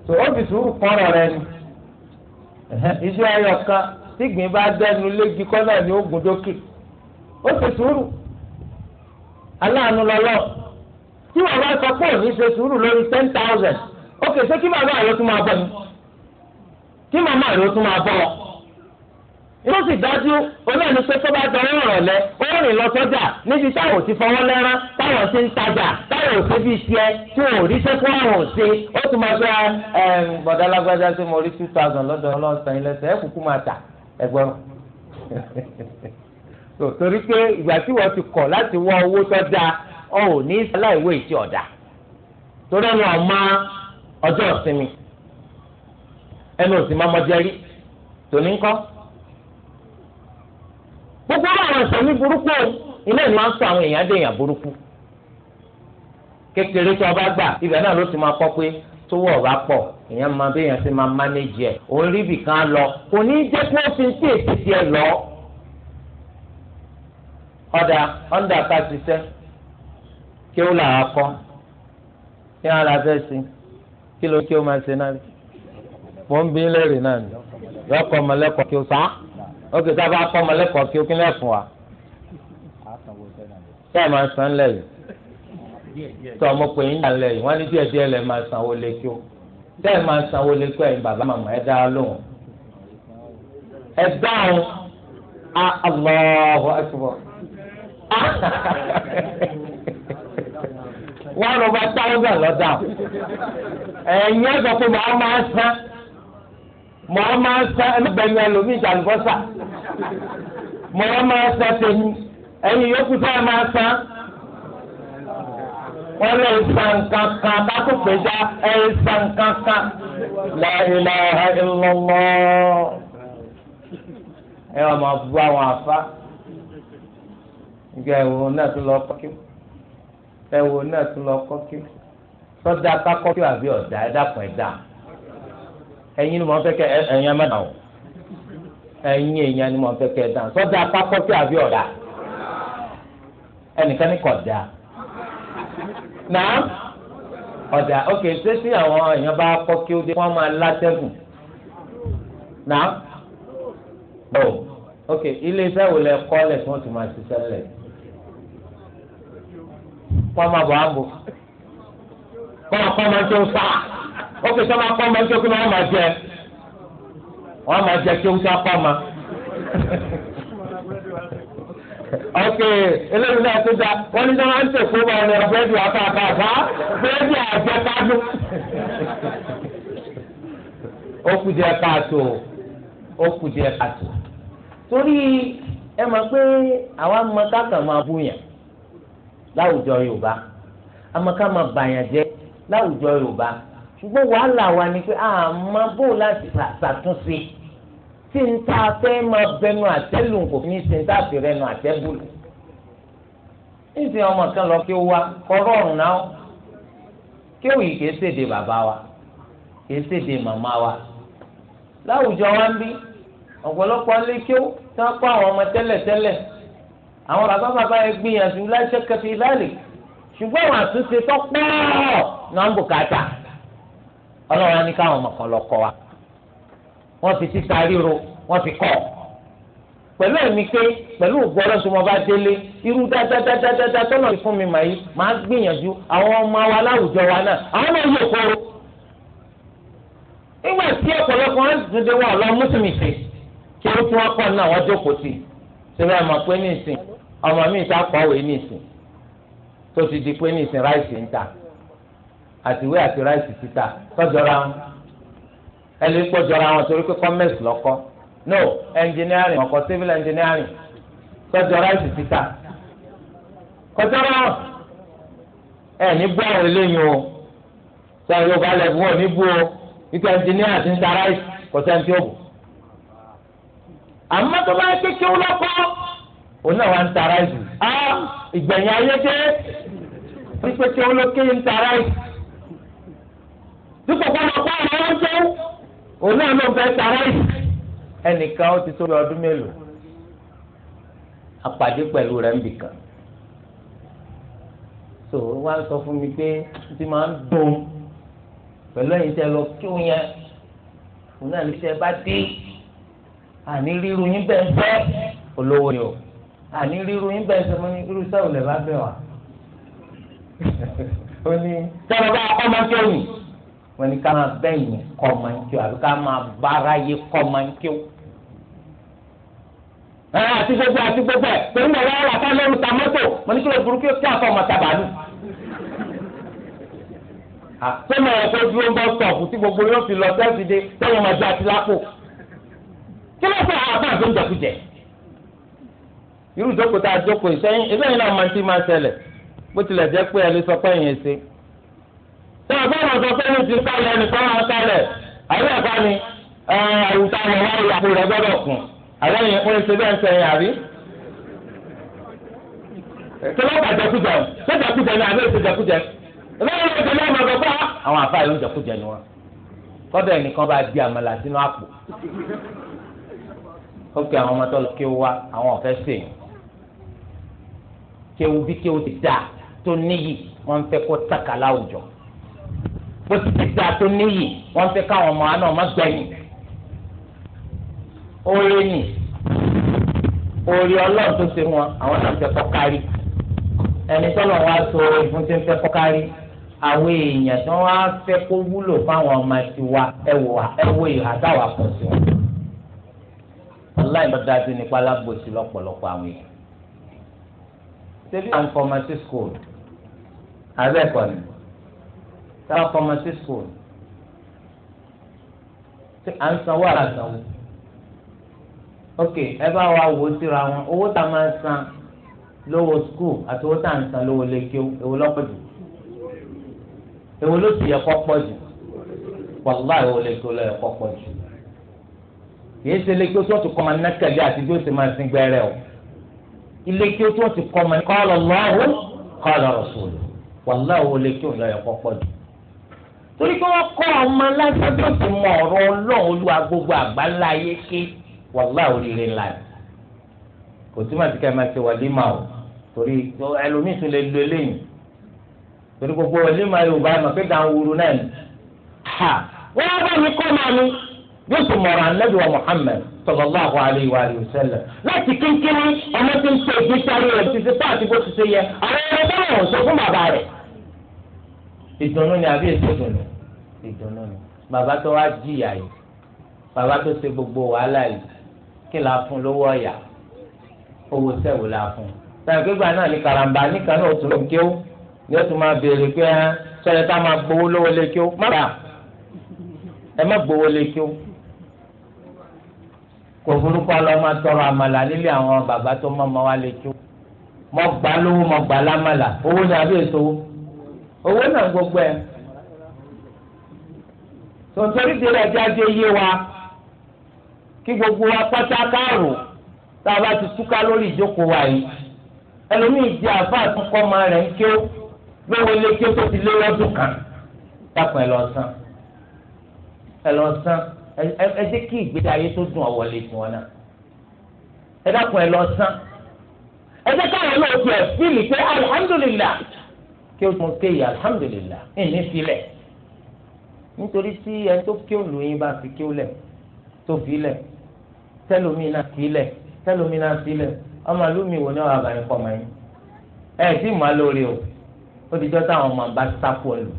tó ó fi sùúrù kọ́rọ̀ rẹ ni iṣẹ́ ayọ̀ kan tí gbìn bá dẹnu léegi kọ́ náà ni ó gùn dókè ó ṣe sùúrù aláàánú lọ́lọ́ tí wọ́n bá sọ pé òní ṣe sùúrù lórí ten thousand ó kè ṣé kí bàbá rẹ tún máa bọ̀ ni kí màmá rẹ tún máa bọ̀ inú sì dájú olóòní pé tó bá dọ̀rọ̀ ìrọ̀lẹ́ ó rìn lọ sọ́jà níbi táwọn ò ti fọwọ́ lẹ́rán táwọn ti ń tajà táwọn ò ṣe bíi tiẹ̀ tí wọn ò rí sẹ́kọ́ àwọn ò ṣe ó tún máa gbé ẹ bọ̀dá lágbájá tí mo rí two thousand lọ́dọ̀ ọlọ́sàn ilẹ̀ ṣẹ́ kúkú máa tà ẹgbẹ́rún. <laughs> tó torí pé ìgbà tí wọ́n ti kọ̀ láti wá owó tó dáa ọ̀ ò ní aláìwé ìtì ọ̀dà torí ẹnu ọ̀ma ọjọ́ ìsinmi ẹnu òsì máa mọjẹ rí tòní ńkọ́. gbogbo àwọn ìsẹ̀mí burúkú ilé ìlú máa ń sọ àwọn èèyàn dèèyàn burúkú kékeré tó o bá gbà ibẹ̀ náà ló ti máa kọ́ pé tówó ọba pọ̀ èèyàn máa béèyàn ṣe máa mánéjì ẹ̀ òun rí ibì kan lọ kò ní jẹ́ kó o fi ń tètè tiẹ̀ lọ ọ̀dà ọ̀ndà ká ṣiṣẹ́ kí ó là á kọ́ kí á la fẹ́ sí kí ló kí ó máa ṣe náà mò ń bí lẹ́rìí náà ni lọ́kọ̀ mọ̀lẹ́kọ̀ọ́ kí ó sá ókè tá a bá kọ́ mọ̀lẹ́kọ̀ọ́ kí ó kí lẹ́fún wa kí a máa san lẹ́yìn tó ọmọ pé yín yàn lẹ́yìn wọ́n ní díẹ̀ díẹ̀ lẹ́ máa sanwó lé kí ó tẹ́ ẹ máa sanwó lé kí ẹ̀yin bàbá màmá ẹ dá lóhùn ẹ dáhùn Allahu akbar one over thousand lọ́dà ẹ̀yin ẹ̀ sọ pé màá máa san màá máa san ẹlẹ́gbẹ̀ni ẹlòmíì ìjàlùbọ́sà màá máa san tèmi ẹ̀yin yòókù sọ́ọ́ máa san wọ́n lè san kankan kákó péjá ẹ̀ san kankan la ilaha illallah ẹ̀ wọ́n máa bu àwọn àfa ìgbà ẹ̀wò náà tún lọ kọ́ kí ẹ̀wò náà tún lọ kọ́ kí sọ́dà kákọ́ kí àbí ọ̀dà ẹ̀dàkùn ẹ̀dà ẹ̀yin ni mo fẹ́ kẹ́ ẹ̀yin ẹ̀ mẹ́ta o ẹ̀yin èèyàn ni mo fẹ́ kẹ́ ẹ̀dà sọ́dà kákọ́ kí àbí ọ̀dà ẹnìkan ní kọ̀dà náà ọ̀dà ok ṣé tí àwọn èèyàn bá kọ́ kí ó dé wọ́n máa látẹ́gùn náà ok ilé iṣẹ́ wo lẹ kọ́ lẹ̀ tí wọ́n ti máa ṣiṣẹ́ lẹ̀ kọ́ máa bọ̀ àbò kọ́ máa kọ́ máa tó ń fà ó fi sọ́ máa kọ́ máa tó kí wọ́n máa jẹ wọ́n máa jẹ kí wọ́n kọ́ máa. ok eléyìí náà tó dáa wọ́n ní sọ́wọ́n á ń tẹ̀kọ́ bá ọ̀nà búrẹ́dì àtàkàtà búrẹ́dì àjẹkájú. ó kù díẹ̀ káàtó ó kù díẹ̀ káàtó torí ẹ mọ̀ pé àwa mọ káàkà máa bú yàn láwùjọ yorùbá àmọ́ ká máa bàyàn jẹ́ láwùjọ yorùbá ṣùgbọ́n wàhálà wa ni pé àmọ́ bó láti ṣàtúnṣe tí n ta fẹ́ máa bẹnu àtẹ́lù kò ní ṣe n ta fi rẹnu àtẹ́bùlù níṣẹ́ ọmọ kan lọ kí ó wá kọ́rọ́ ọ̀run náà kí òyì kìí ṣèdè bàbá wa kìí ṣèdè màmá wa láwùjọ wa ń bí ọ̀pọ̀lọpọ̀ lé kí ó tí wọ́n àwọn ọmọ tẹ́lẹ̀tẹ́lẹ̀ àwọn bàbá bàbá yẹn gbìyànjú láṣẹ kẹfì láàlì ṣùgbọ́n àwọn àtúnṣe tó pọ̀ náà ń bùkátà ọlọ́run á ní káwọn ọmọkànlọ́kọ wa wọ́n fi sísá ríro wọ́n fi kọ́ pẹ̀lú ẹ̀mí pé pẹ̀lú ògbọ́rọ̀ tí mo bá délé irú dáadáa tọ́nà fún mi màá yí màá gbìyànjú àwọn ọmọ wa láwùjọ wa náà àwọn náà yóò kóró nígbà tí ọ̀pọ̀lọpọ̀ wọn ti wọn lọ mùsùlùmí sí kí ó tún wọn kọ́ náà wọ́n jókòó sí ṣé bẹ́ẹ̀ pé ní ìsìn ọmọ mi ta kọ̀wé nìsín tó ti di pé nìsín ráìsì ń ta àtiwé àti ráìsì títà tọ́jọ́ra wọn ẹni pọ́jọ́ra wọn torí pé commerce lọ́kọ́ no engineering ọkọ̀ civil engineering tọ́jọ́ ráìsì títà kọjọ́ra wọn ẹ ní bú àwọn eléyìí o sọ Yorùbá lẹ́bù wọn ní bú o ikú engineer ti ń ta ráìsì kọ̀sẹ́ntì òbò àmọ́ tó bá yẹ kékeré lọ́kọ́ òun náà wà ń ta ráìsì á ìgbẹ̀yìn ayé dé wípé kí olókè ń ta ráìsì dípò kó lọ kó àwọn ọjọ́ òun náà ló fẹ́ ta ráìsì ẹnìkan ó ti tó bí ọdún mélòó apàdé pẹ̀lú rẹ̀ ń bì kan tó wá sọ fún mi pé ti máa ń dùn pẹ̀lú ẹ̀yin tẹ lọ kí òun yẹn òun náà lè ṣe bá dé àní ríru yín bẹ́ẹ̀ fẹ́ olówó ni o àní ríru yín bẹ́ẹ̀ sọ ní irú sẹ́wọ̀n lè bá bẹ̀ wá. <laughs> ó ní sọ́dọ̀ bá kọ́ máa ń kí òyìn wọ́n ní ká máa bẹ́yìn kọ́ máa ń kí o àbí ká máa bára yé kọ́ máa ń kí o. àti gbogbo àti gbogbo ẹ̀ pẹ̀lú ọ̀rọ̀ ọ̀rọ̀ àti ọlọ́run ta mọ́tò wọ́n ní kí ló burúkú kí àfọ̀ ọmọ tabalu. àtọ́nà ẹ̀kọ́ dúró ń bọ́ tí gbogbo yóò fi lọ sẹ́ẹ̀sì irú ìjókòó tá a jókòó ìsẹ́yìn ìsẹ́yìn náà máa ti máa ṣẹlẹ̀ bó tilẹ̀ jẹ́ pé ẹni sọ pé ẹ̀yìn ṣe. ṣé ọ̀gá ọ̀rọ̀ sọ pé ní ti kálẹ̀ nìkan wá kálẹ̀ àbí ẹ̀ka ni àwùjọ àwọn ọmọ ìyàpò rẹ̀ gbọ́dọ̀ kùn àbí ẹ̀yìn pé ṣe bẹ́ẹ̀ sẹ́yìn àbí. ṣé lọ́gbà jẹkújẹ o ṣé jẹkújẹ ni àbí èsì jẹkújẹ? ìbáyọ̀ lọ́jọ́ náà máa gbọ́ àwọn àfáà ló ń jẹkújẹ ni kéwu bí kéwu ti dáa tó níyì wọ́n fẹ́ kó tàkà láwùjọ bó ti ti dáa tó níyì wọ́n fẹ́ káwọn ọmọ àná má gbẹ̀yìn oore ni oore ọlọ́run tó ṣe wọn àwọn náà fẹ́ kọ́ kárí ẹni tọ́lọ̀ wá so ìfún tí ń fẹ́ kọ́ kárí àwọn èèyàn tí wọ́n á kó wúlò fáwọn ọmọ tiwa ẹ̀wọ̀ ìhà táwa pọ̀ sí wọn. ọláìlọ́dá sí nípa alágbòsí lọ́pọ̀lọpọ̀ àwọn èèyàn ṣebí à ń kọ́mọ sí school abẹ́ẹ̀kọ́ ni táwọn kọ́mọ sí school ṣé à ń sanwó àlà sanwó ok ẹ bá wa wò ó síra wọn owó tá a máa san lówó school àti owó tá a ń san lówó lékè èwo lọ́pọ̀ jù èwo ló sì yẹ kọ́ pọ̀ jù wàlúwà èwo lékè ló yẹ kọ́ pọ̀ jù kì í ṣe lékè sọ́ọ̀tù kọ́mọ nákàlẹ́ àti bí ó ṣe máa sin gbẹ́rẹ́ o ilé kí ó tó ti kọ́ ọmọ ẹ̀kọ́ ọlọ́ọ̀hún kọ́ ọlọ́ọ̀sọ̀lù wàhálà owó lè kí òun lọ́yọ̀ pọ́pọ́ jù. torí pé wọ́n kọ́ ọmọ lásán tó ti mọ ọ̀rọ̀ ọlọ́run olúwa gbogbo àgbáńlá ayé ké wàhálà oríire ńlá ni. kò túmọ̀ sí kẹ́mẹ́ ṣe wàlímà o torí ẹlòmíì tún lè lu eléyìí torí gbogbo wàlímà yorùbá ẹ̀ mọ̀ pé dáhùn wúru náà ni. wọ́n bá mi kọ́ máa mi bí o sì mọ̀rọ̀ anabi wa muhammed sallallahu alayhi wa sallam láti kínkínní ọmọ tí ń pè é sáré rẹ̀ ti ṣe tó àti bó ti ṣe yẹ àwọn ọmọ tó wọ̀ sọ fún bàbá rẹ̀. ìdùnnú ni àbí èso dùnnú ìdùnnú ni bàbá tó wá jìyà yìí bàbá tó ṣe gbogbo wàhálà yìí kí la fún lówó ọ̀yà owó sẹ́wò la fún un tàbí náà ní karambà níkan náà tó ń kéwò ní o tún máa béèrè pé sọ̀rọ̀ tá máa gbowó lówó lé má bà ẹ má gbowó lé kò burúkọ lọ máa tọrọ àmàlà nílé àwọn bàbá tó mọ ọmọ wa lè tó mọ gbà lówó mọ gbà lámàlà owó ni àbí èso owó náà gbogbo ẹ tòtòrí ti rẹ̀ jáde yé wa kí gbogbo wa pátá káàrò tá a bá ti túká lórí ìjókòó wa yìí ẹlòmíì di àfáà tó kọ́ ọmọ rẹ̀ ń ké lówó ilé ké tó ti lé lọ́dún kan dákun ẹ lọ san ẹ lọ san ẹ jẹ́ kí ìgbésí ayé tó dùn ọ̀wọ́ lè tiwọn náà ẹ dákun ẹ lọ sán ẹ jẹ́ káwọn náà fi ẹ̀ fíìlì pé alihamudulilá kí o tún kéyìí alihamudulilá ẹ̀ ní filẹ̀ nítorí tí ẹni tó kí o lóyún bá fi kí o lẹ̀ tó filẹ̀ tẹlómìnà filẹ̀ tẹlómìnà filẹ̀ ọmọ alómi wo ni wọn bá yín kọ́ ọmọ yín ẹ ti mọ alóore o ó ti jọ́ táwọn ọmọ bá sápò lù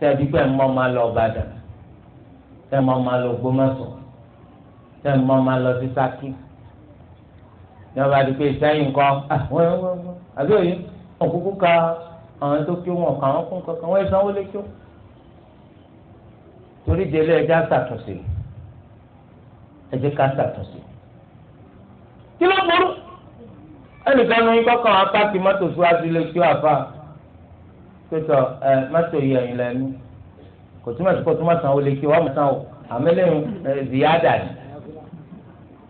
tẹ̀bí pẹ̀ mọ́ ọmọ alọ́ ọba dànù tẹ́ mọ́ máa lọ gbọ́mọ̀sọ̀ tẹ́ mọ́ máa lọ sí Ṣakí ní ọba àdìpé sẹ́yìn kan ah, àbí òye wọn kúkú ka àwọn tó kí wọn kàn wọn kún kankan wọn ìsanwó lè kí wọn torí délé ẹjẹ àṣàtúnṣe ẹjẹ ká ṣàtúnṣe kí ló burú ẹnìkan ní kọkàn apá kí mọ́tò síwájú lè kí wọn àfa pẹtọ ẹ mọ́tò yìí ẹ̀yìn lẹ́nu kò túmọ̀ sí kò túmọ̀ san o lè kí wàá mọ̀ san o àmẹ́lẹ́yìn ziyada ni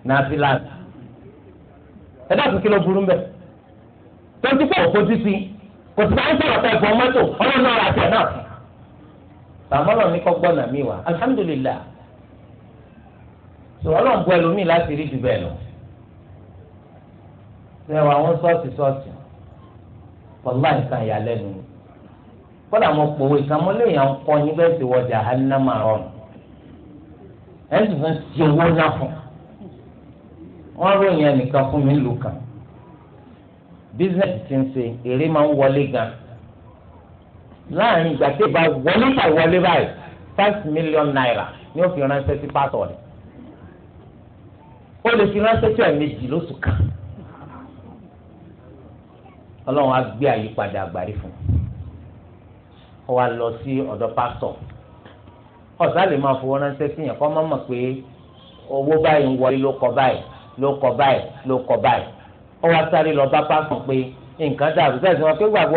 nàfìlàn ẹ dákun kí ló burú mbẹ tó ti pọ̀ kó títí kò sí báyìí sọ̀rọ̀ pẹ̀ fún mọ́tò ọlọ́run náà àti ẹ̀ náà bàmọ́lọ̀ ní kọ́ gbọ́nà mi wá alhamdulilah sọ̀rọ̀ ọlọ́run bu ẹlòmíì láti rí jù bẹ́ẹ̀ lọ ṣẹ́wọ̀n àwọn sọ́ọ̀sì sọ́ọ̀sì wàláhì kódà mo pòwe kan mo léèyàn kọ́ yín bẹ́ẹ̀ sì wọ jahannama rọrùn ẹ̀ sì fún ti owó náà fún wọ́n ròyìn ẹnìkan fún mi lù kàn bísíǹsì ti ń ṣe èrè máa ń wọlé gan láàrin ìgbà tí five million naira ni ó fi ránṣẹ́ sí pásọ̀ rẹ̀ ó lè fi ránṣẹ́ sí ẹ̀ẹ̀mejì lóṣù kan ọlọ́run á gbé àyípadà fún un. ó wa lọ sí ọ̀dọ̀ pásítọ̀ ọ̀sá lè máa fowó ránṣẹ́ sí yẹn kọ́ má mọ̀ pé owó báyìí ń wọlé ló kọ báyìí ló kọ báyìí ló kọ báyìí ó wá sáré lọ bá pásítọ̀ pé nǹkan dàrú bẹ́ẹ̀ sì wọ́n pé gbàgbọ́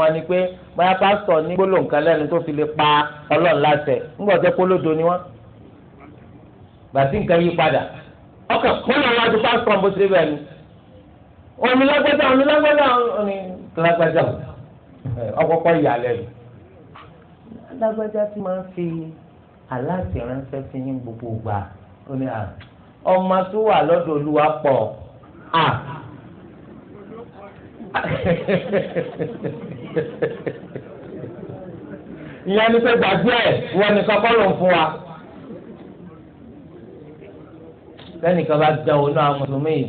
wọn ni pé báyà pásítọ̀ ní gbólóhùn lẹ́nu tó fi lè pa ọlọ́run láṣẹ jẹ́ kólódo ni wọ́n padà ọkàn wájú bó ṣe bẹ́ẹ̀ ni omi alágbájá tí máa ń fi aláàtì ránṣẹ́ sí yín gbogbo gbà ó ní à ọmọ tó wà lọ́dọ̀ olúwa pọ̀ à ìyẹn ni pé gbàgbé ẹ̀ wọ́n ní kọ́kọ́ ló ń fún wa lẹ́nìkan bá dán o náà mùsùlùmí yìí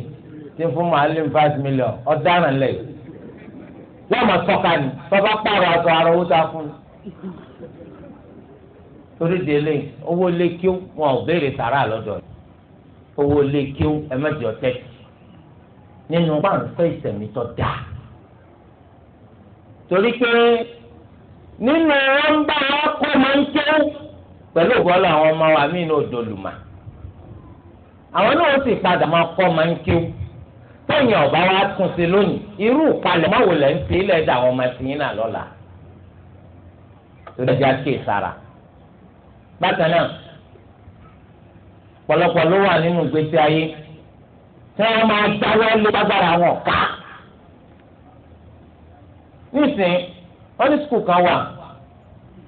tí ń fún màálìm five million ọ̀daràn lẹ̀ yóò máa tọ́ka ni tọ́ba pààrọ̀ àtọ̀ àrọ̀ owó tá a fún un torí délé owó lé kíó wọn ò béèrè sàrà lọ́dọ̀ yìí owó lé kíó ẹ mẹ́jọ tẹ́tì nínú pàǹfẹ́ ìsẹ̀mí tó dáa torí pé nínú wọn bá wọn kó máa ń kéwù pẹ̀lú ìbọ́lá àwọn ọmọ wa mí ní odolùmọ̀ àwọn náà sì padà máa kọ́ máa ń kéwù tẹ̀yìn ọ̀bá wa tún sí lónìí irú ìpalẹ̀ máwo lẹ́ ń fi ilẹ̀ dà àwọn ọmọ ẹ̀sìn yín náà lọ́la lórí kí ìsara bákan náà pọ̀lọpọ̀ ló wà nínú ìgbésí ayé tí wọ́n máa dáwọ́ lé bágbára wọn ká nísìnyí wọ́n ní skul kan wà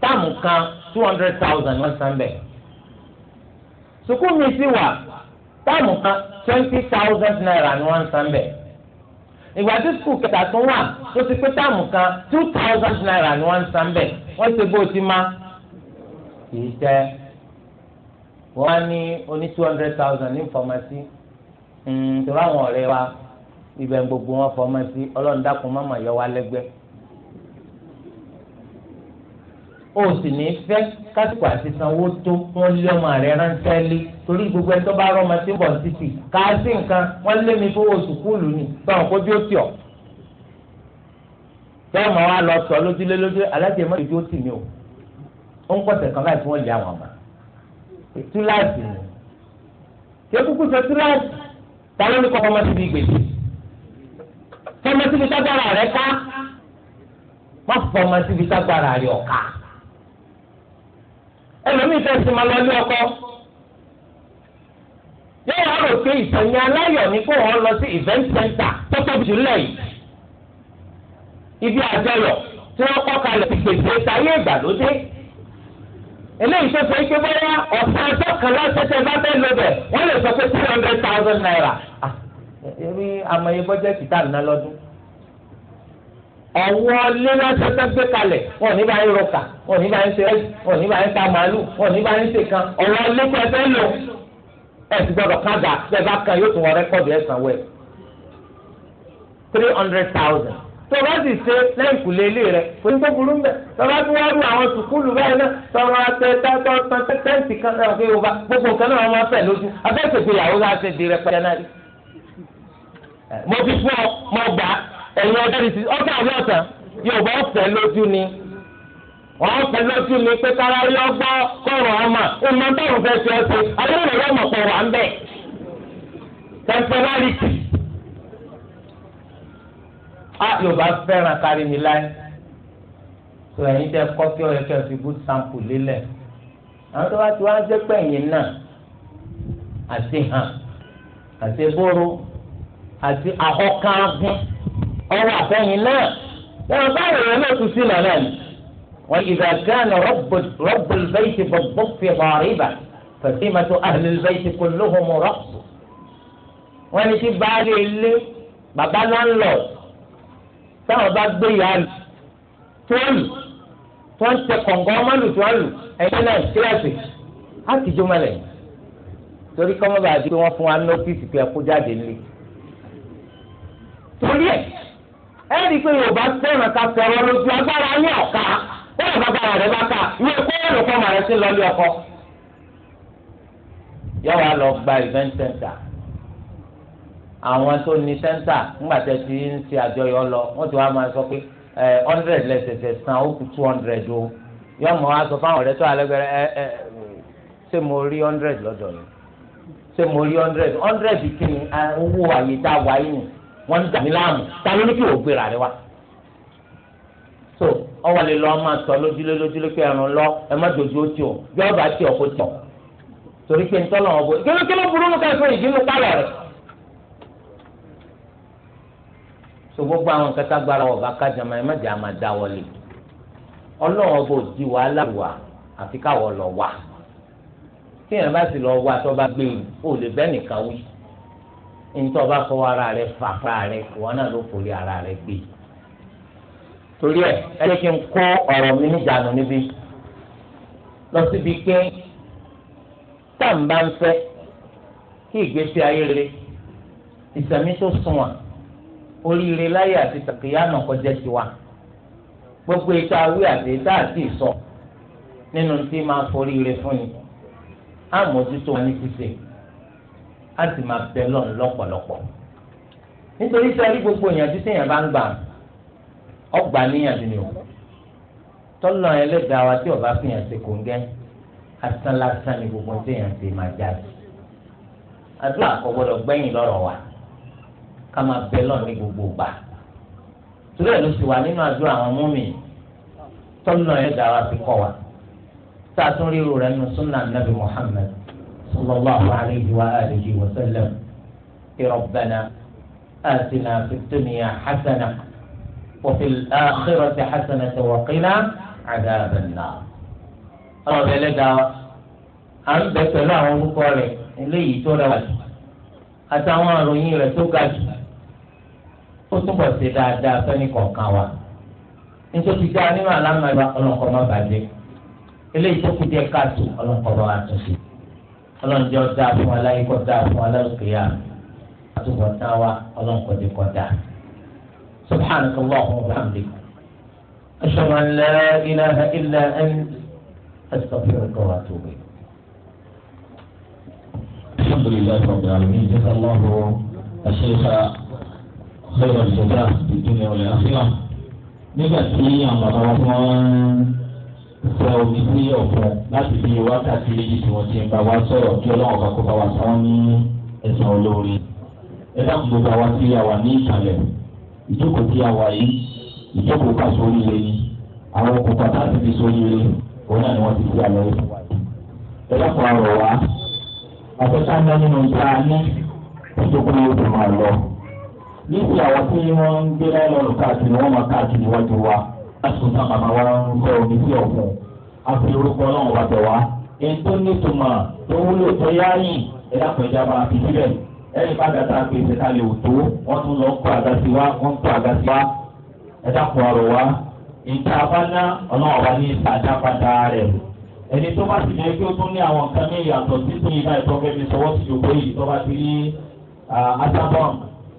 táàmù kan two hundred thousand wọ́n san bẹ́ẹ̀ sukuu mi sì wà táàmù kan twenty thousand naira ni wọ́n san bẹ́ẹ̀ ìgbà tí skul kẹta tún wà tó ti pé táàmù kan two thousand naira ni wọ́n san bẹ́ẹ̀ wọ́n ti bó ti máa kì í tẹ́ wọ́n á ní oní two hundred thousand ní fọmásì hmm, torí àwọn ọ̀rẹ́ wa ibẹ̀ gbogbo wọn fọmásì ọlọ́run dákun mọ́mọ́ yọ wá lẹ́gbẹ́ o sì ní fẹ́ kásìkò àti sanwó tó wọ́n lé ọmọ rẹ ránṣẹ́ lé torí gbogbo ẹ̀ tó bá rọ́mọ tí ń bọ̀ títì káàsì nǹkan wọ́n lé mi fowó sùkúlù ni báwọn kó bí ó tì ọ́ tẹ́ ọmọ wa lọ sọ lójúlé lójúlé alájẹmọ́ ìjó tì mí o. ó ń pọ̀sẹ̀ kan láti wọ́n lé àwọn àmà túláàsì ni ṣé kúkú sọ túláàsì ta ló ní kọ́ fọmọ síbi gbèsè fọmọ síbi tágbára rẹ ká má fọmọ síbi tágbára rẹ ọ̀ka ẹlòmíì fẹ́ẹ́ sinmi lọ lé ọkọ yóò wá rò pé ìsẹ̀yìn aláyọ̀ ni kó wọ́n lọ sí event center tó tóbi jù ibi àjọyọ̀ tí wọ́n kọ́ kalẹ̀ ti gbèsè táyé ìgbàlódé. eléyìí tó sọ ike bóyá ọ̀sán ẹjọ́ kan lọ́sẹ̀tẹ̀ bá fẹ́ lò bẹ̀ wọ́n lè sọ pé three hundred thousand naira. èmi ah, àmọye bọ́jẹ́tì tá à ń ná lọ́dún. ọ̀wọ́ lélọ́sẹ̀tẹ̀ gbé kalẹ̀ wọn ò ní bá ń rọkà wọn ò ní bá ń ṣe ẹ̀sì wọn ò ní bá ń ta màálù wọn ò ní bá ń ṣe kan ọ̀wọ́ lẹ́kọ̀ọ́ ẹ̀fẹ́ lò ẹ̀sì gbọ́dọ̀ kága bẹ́ẹ̀ bá kan yóò tún wọ rẹ́kọ̀dù ẹ̀sán wẹ̀ three hundred thousand. tọba sì ṣe lẹ́yìn kùlé ilé rẹ kò ní tó burú mbẹ tọba tó wá rú àwọn sùkúlù báyìí náà tọba tẹ kan náà fi gbogbo nǹkan náà wọn máa fẹ lójú náà ṣe di rẹpẹtẹ náà rí. mo fi ọ mo gbà ẹ̀yin ọjọ́ àbí ọ̀sán lójú ni wọ́n fẹ́ lójú ni pé ọgbọ́ kọ̀rọ̀ ọmọ fẹ́ fi á ah, yorùbá fẹ́ràn kárí mi láyé tó ẹ̀yin tẹ kọ́ kí ọ̀rẹ́ kẹ́ fi good sample lélẹ̀ àwọn tó bá ti wá ń ṣe pẹ̀yìn náà àti hàn àti bóró àti àhọ́kángun ọ̀rọ̀ àfẹ́yìn náà wọn bá ìròyìn náà tún sí lọ́nà ni wọn ìgbà gánà rọ́bù lẹ́yìn bọ̀bọ̀ fi hàn rí bàá. فسيمة أهل البيت كلهم رقص wọ́n ní tí baálé ilé bàbá landlord táwọn bá gbé ìyá lù tó lù tó ń tẹ kọ̀ǹgàn ọmọ lù tó ń lù ẹ̀yìn náà kíláàsì á ti jó mọ́lẹ̀ torí kọ́mọ́ bá di pé wọ́n fún wa ní ọ́fíìsì pé ẹkú jáde nílé torí ẹ̀ ẹ́ rí i pé Yorùbá fẹ́ràn ká fẹ́ràn lójú agbára ní ọ̀ka ó lè bàbá rẹ̀ bá ká ìwé ẹ̀kọ́ yóò lọ fọ́ màrẹ́sí ọkọ yọ wá lọ gba event àwọn tó ní sẹ́ńtà ńgbà tẹ́ ti ń ṣe àjọyọ̀ lọ wọ́n ti wá máa sọ pé hundred lẹ́sẹ̀sẹ̀ san ó kù two hundred o yóò mọ̀ wá sọ fáwọn ọ̀rẹ́ tó alẹ́gbẹ̀rẹ́ ẹ ẹ ṣé mo rí hundred lọ́dọ̀ yìí ṣé mo rí hundred hundred kí ni owó àyè tá a wà yìí wọ́n ń dà mí láàmú ta ló ní kí wò gbéra rẹ wá so ọwọ́ lè lọ máa tọ́ lójúlé lójúlé pé ẹ̀rùn lọ ẹ má dojú ó ti o bí ọba ti ọkọ tọ̀ torí pé ń tọ́lọ̀ wọn bó kí ló kí ló burú mú so gbogbo àwọn nǹkan tá gbára ọba kájàmá ẹ má jẹ́ àmà dá wọlé ọlọ́run ọba òdi wàhálà wà àfi káwọ lọ wà tí èèyàn bá sì lọ wà tó bá gbé o lè bẹ́ nìkan wí nítorí ọba fọwọ́ ara rẹ fà ara rẹ ìwọ náà ló forí ara rẹ gbé torí ẹ ẹ jẹ́ kí n kó ọ̀rọ̀ mi níjànú níbí lọ síbi pé tá à bá ń fẹ́ kí ìgbésí ayé rere ìsẹ̀mí tó sunwọ̀n oríire láyé àti tàkìyànà kọjá tiwa gbogbo ètò awí àti ètò àti ìsọ nínú tí máa foríire fún ni àmójútó wa ní ṣíṣe á sì máa bẹ lọ́n lọ́pọ̀lọpọ̀ nítorí sẹ́rí gbogbo ìyànjú tí èèyàn bá ń gbà ọgbà níyànjú ni o tọ́lọ̀ ẹlẹ́dàá wa tí ọba fi hàn ṣe kò ń gẹ́ asán lásán ni gbogbo tí èèyàn ṣe máa jáde àdúrà kò gbọdọ̀ gbẹ́yìn lọ́rọ̀ wa ká máa bẹ lọ ní gbogbo gbà torí ẹ̀ ló sì wà nínú àdúrà àwọn mọ́mì tọ́lọ́ ẹ̀ dára sí kọ́ wa tá a tún rí irú rẹ̀ nínú súnà nàbì Muhammad sallallahu alayhi wa alihi wa sallam ìrọ̀bẹ̀nà àtìnà fìtúnìyà hasana wọ́pẹ̀ àkérọ̀tì hasana tẹ̀wọ̀kínà àdàbẹ̀nà. ọlọ́ọ̀bẹ̀ lẹ́dàá à ń bẹ̀ pẹ̀lú àwọn orúkọ rẹ̀ eléyìí tó rẹwà jù àtàwọn àròyìn rẹ̀ tó ga jù kó túbọ̀ ṣe dáadáa fẹ́ni kọ̀ọ̀kan wa nítorí dáa nínú alámọ̀lá ọlọ́nkọ́ má bàjẹ́ eléyìí tó kù díẹ̀ káàtó ọlọ́nkọ́ bá wa tún ṣe ọlọ́njẹ́ ọ̀dà fún wa láyé kọ́ dáa fún wa lálùkè yá àtúbọ̀ tán wa ọlọ́nkọ́ dé kọ́ dáa subhanaka allahumma wa bihamdik ashhadu an la ilaha illa ant astaghfiruka wa atubu ilayk الحمد لله رب العالمين جزا الله الشيخ خير الجزاء في الدنيا والآخرة nígbà tí àwọn bàbá wa tí wọ́n ń omi sí ọ̀fun láti fi wákàtí méjì tí wọ́n ti ń bá wa sọ̀rọ̀ kí ọlọ́run bá kó bá wa sáwọn ní ẹ̀sán olóore. ẹ dákun gbogbo àwa tí a wà ní ìkàlẹ̀ ìjókòó tí a wà yìí ìjókòó ká sórí ire ni àwọn òkúta tá a ti fi sórí ire òun náà ni wọ́n ti fi àlọ́ yìí fún wa. ẹ dákun àrọ̀ wa àfẹ́ká ńlá nínú ìta ní ìjókòó yóò níbi àwọn tí wọ́n ń gbé láìlọ́ọ̀lù káàkiri wọ́n máa káàkiri wájú wa láti sọ bàbá wa ń fẹ́ omi sí ọ̀fun àfi orúkọ náà wà bẹ̀ wá èyí tó nítumọ̀ tó wúlò tó yáyìn ẹ̀dá pẹ̀já máa fi síbẹ̀ ẹ̀yìn bá gàtà gbèsè kalẹ̀ òtó wọ́n tún lọ kó àga sí wa wọ́n kó àga sí wa ẹ̀dá kó ọ̀rọ̀ wa ìta bá ná ọlọ́wọ́ wa ní ìsàdá padà rẹ̀ ẹni tó bá sì lè kí ó tún ní àwọn nǹkan ní ìyàtọ̀ títún ìbá ìtọ́fẹ́ mi sọwọ́ sí ìjókòó yìí tó bá ti rí asábọ́ọ̀mù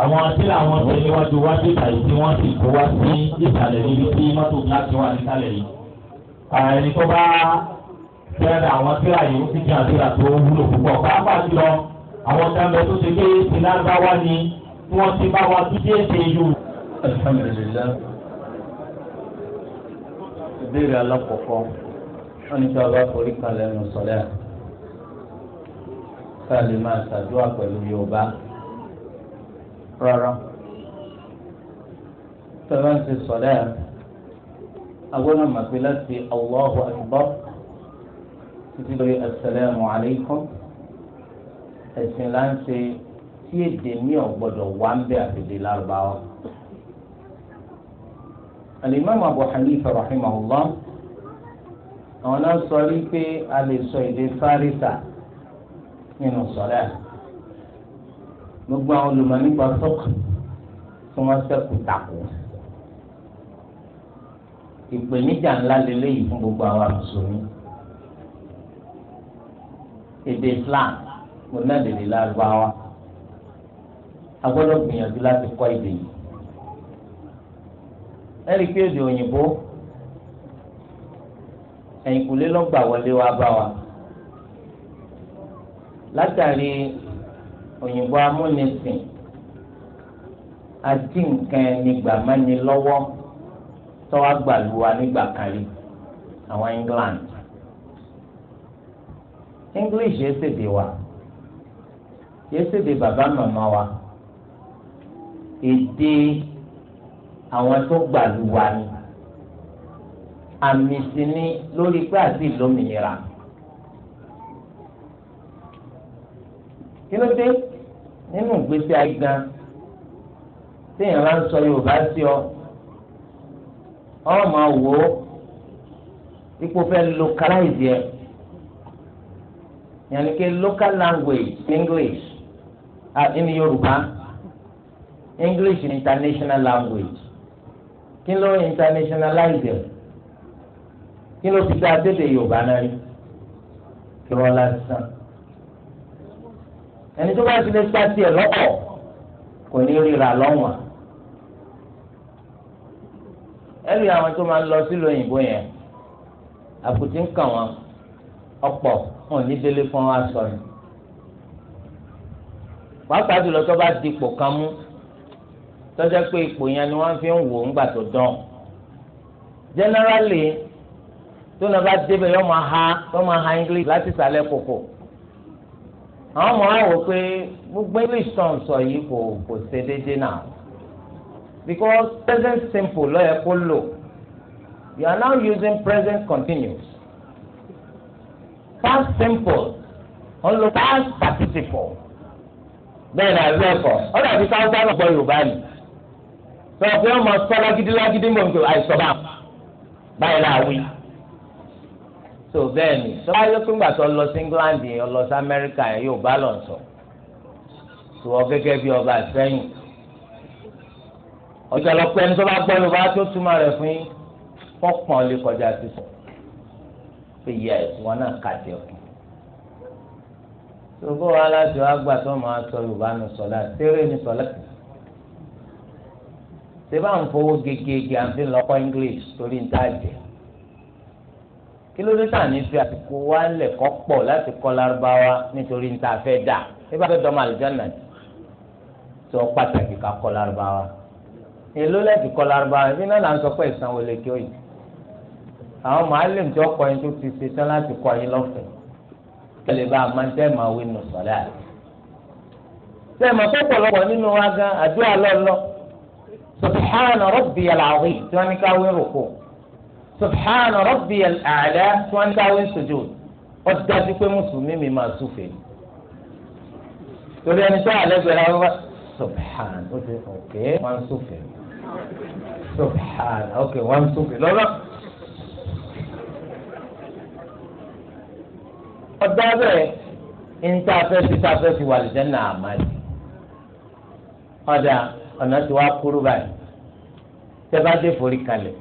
àwọn tí làwọn tẹ níwájú wá sí ìtàlẹ̀ tí wọ́n sì kó wá sí ìtàlẹ̀ níbi tí mọ́tò gíláàsì wà nísàlẹ̀ yìí. ẹni tó bá fẹ́ràn àwọn tí àyè ó ti jẹ́ àdúrà tó wúlò púpọ̀ pàápàá jùlọ àwọn dáńbẹ́ tó ti gbé ti lárúbáwá ni tí wọ́n ti bá wa dúdé ṣe yù. alhamdulillah ìbéèrè alákọ̀ọ́kọ́ wọ́n ní sábà forí kalẹ̀ nù sọ́lẹ̀ ká lè máa ṣàdúrà pẹ̀lú Yorùbá rárá tọ́lá ń ṣe sọ̀lẹ́ ẹ̀ agbọ́dọ̀ mà pé láti Allahu akbar títí lórí asalaamu alaykum ẹ̀sìn là ń ṣe tí èdè mi ò gbọ́dọ̀ wá ń bẹ́ àfẹ́dé lárúbáwá. alimami abu hanifa rahimahullah àwọn náà sọ wípé a lè sọ èdè fárísà nínú sọ̀lẹ́ ẹ̀ gbogbo àwọn olùmọ̀ nípa sọ́ọ̀kì tí wọ́n sẹ́kù takò ìpèníjà ńlá lélẹ́yìí fún gbogbo àwọn àmùsùlùmí èdè Islam kò náà lèdè lárúbáwá a gbọ́dọ̀ gbìyànjú láti kọ́ èdè yìí ẹ̀rí pé èdè òyìnbó ẹ̀yìnkùlé lọ́gbà wọlé wa bá wa látàrí òyìnbó amúnisìn àti nǹkan ẹnìgbà mẹ́ni lọ́wọ́ tọ́wọ́ gbàlúwa nígbà kan rí àwọn England English yẹn ṣèdè wa yẹn ṣèdè bàbá màmá wa èdè àwọn tó gbàlúwa ni àmì sí ni lórí pé àti ìlómìnira kí ló dé nínú ìgbésí ayé gan téèyàn bá ń sọ Yorùbá sí ọ ọmọ wò ó ipò fẹ́ localize yẹ yẹn ké local language English àti ní Yorùbá English international language kí ló internationalize yẹ kí ló fi dá dédé Yorùbá náà rí kí wọ́n lásán ẹni tó bá ti lè pa tiẹ̀ lọ́kọ̀ kò ní ríra lọ́wọ́n ẹ̀rí àwọn tó máa ń lọ sílùú òyìnbó yẹn àkùtì ń kàn wọ́n ọ̀pọ̀ wọn ní délé fún wa sọ ni pàápàá jùlọ tó bá di ipò kan mú tọ́jà pé ipò yẹn ni wọ́n fi ń wò ńgbà tó dán generally tó náà bá débẹ̀ yọ máa ha yọ máa ha English láti sàlẹ̀ kòkò àwọn ọmọ wa wò pé gbogbo english tó ń sọ yìí kò kò ṣe déédéé náà because present simple ló kó lò you are now using present continuous past simple wọ́n lo past participle bẹ́ẹ̀ náà ẹgbẹ́ ẹ̀kọ́ ọ̀dà àti sáwọ́sá náà gbọ́ yorùbá ni sọ pé wọ́n máa sọ lágídí lágídí mọ̀ nípa àìsàn báyìí láàwí tó bẹ́ẹ̀ ni tó bá yẹ kó gbà tó lọ sí England yẹn lọ sí Amẹ́ríkà yẹn yóò bá lọ sọ tó wọ gẹ́gẹ́ bí ọba sẹ́yìn ọjọ́ lọ́pọ̀ ẹni tó bá gbọ́ Yorùbá tó túmọ̀ rẹ̀ fún yín fọ́pọ̀n lè kọjá sísọ pé yẹ wọn náà kà jẹ ọkùn tó bó wa láti wá gbà tó máa sọ Yorùbá nù sọlá tẹ́rẹ́ ní sọlá tì ṣé bá ń fowó gegege àfi lọ́kọ́ English torí ń tà jẹ́ kí ló dé tà ní fi àsìkò wa lẹ̀ kọ́ pọ̀ láti kọ́ lárúbáwá nítorí níta fẹ́ dà ẹ bá fẹ́ dọ́mọ àlùjáná tí wọ́n pàtàkì ká kọ́ lárúbáwá èló lẹ́ẹ̀kì kọ́ lárúbáwá ẹbí náà là ń sọ pé ìsanwó lè kí ó yìí àwọn màálìm tí wọ́n kọ́ yín tó ti ṣe tán láti kọ́ yín lọ́fẹ̀ẹ́ kí bá a máa ń tẹ́ màá wí nù sọ́lá rẹ̀ sẹ́ẹ̀mọ̀ tó pọ̀lọpọ̀ nínú wa gan àdúrà lọ́lọ́ subhana rabbiyal a'la tí wọ́n ń dáwé sojú wọ́n ti dájú pé mùsùlùmí mi máa súfè ní. torí ẹni tó àlẹ́gbẹ̀rẹ́ wọn bá subhana ó ti ok wọ́n súfè subhana ok wọ́n súfè lọ́lọ́. ọ̀dọ́ bẹ́ẹ̀ ń wà lìjẹ́ náà àmàlì ọ̀dà ọ̀nà tí wàá kúrú báyìí tẹ́ bá dé forí kalẹ̀.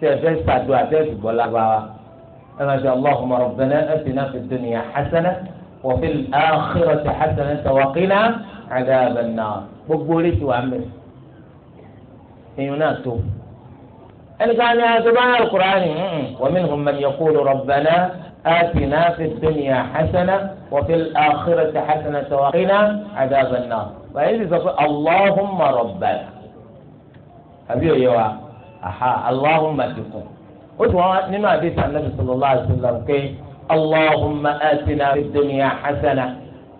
tí ẹ fẹ́ sàdó àti ẹ sì gbọ́ lágbára ẹ máa ṣe allahumma rabbana atina fid dunya hasana wa fil akhirati hasana wa qina adhaban nar gbogbo orí ti wà mẹ èèyàn náà tó ẹnì kan ní ẹsẹ bá alukurani wa minhum man yaqulu rabbana atina fid dunya hasana wa fil akhirati hasana wa qina adhaban nar wàyí ti sọ pé allahumma rabbana àbí òye wa. aha aláhùnmá ti kù ó sì wọn nínú àdéhùn anábì sallallahu alaihi wasallam pé aláhùnmá àtìnà fìdúnìyà hasana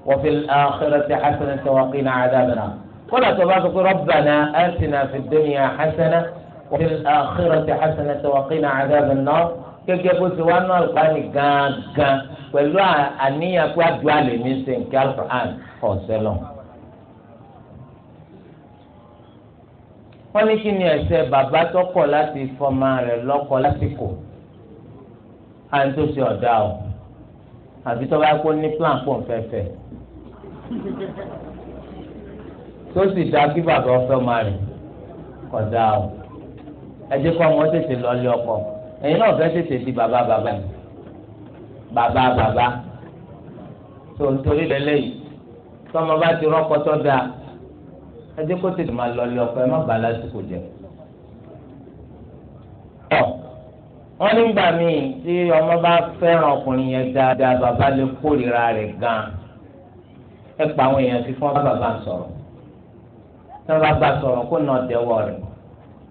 wọ́fi àkérèsì hasana tẹ̀wákìnà àdàbẹ̀nà kódà tó bá sọ pé rọ́bànà àtìnà fìdúnìyà hasana wọ́fi àkérèsì hasana tẹ̀wákìnà àdàbẹ̀nà gẹ́gẹ́ bó ti wá nù àlùkàní gángan pẹ̀lú àníyàn pé àdúrà lè mí ṣe nǹkan àlùkàn ọ̀sẹ̀ lọ́wọ́. wọ́n ní kí ni ẹ̀ṣẹ̀ bàbá tọkọ láti fọmọ rẹ̀ lọ́kọ lásìkò à ń tó ṣe ọ̀dà o àbí tó bá kó ní plan pọ̀ fẹ́fẹ́ tó sì dá kí bàbá ọ̀fẹ́ ọmọ rẹ̀ kọ̀dà o ẹ jẹ́ kó ọmọ tètè lọ́ọ́lé ọkọ ẹ̀yin náà fẹ́ tètè di bàbá bàbá yìí bàbá bàbá tó nítorí lẹ́lẹ́yìí tọ́mọ bá ti rọ́kọ tó dáa ẹ jẹ́ kó tètè máa lọlé ọkọ ẹ má bàa lásìkò jẹ. wọ́n nígbà míì tí ọmọ bá fẹ́ràn ọkùnrin yẹn dáadáa bàbá lè kórìíra rẹ̀ gan-an ẹ pa àwọn èèyàn sí fún bàbá sọ̀rọ̀ tí wọ́n bá bá sọ̀rọ̀ kó nà dẹ́wọ́ rẹ̀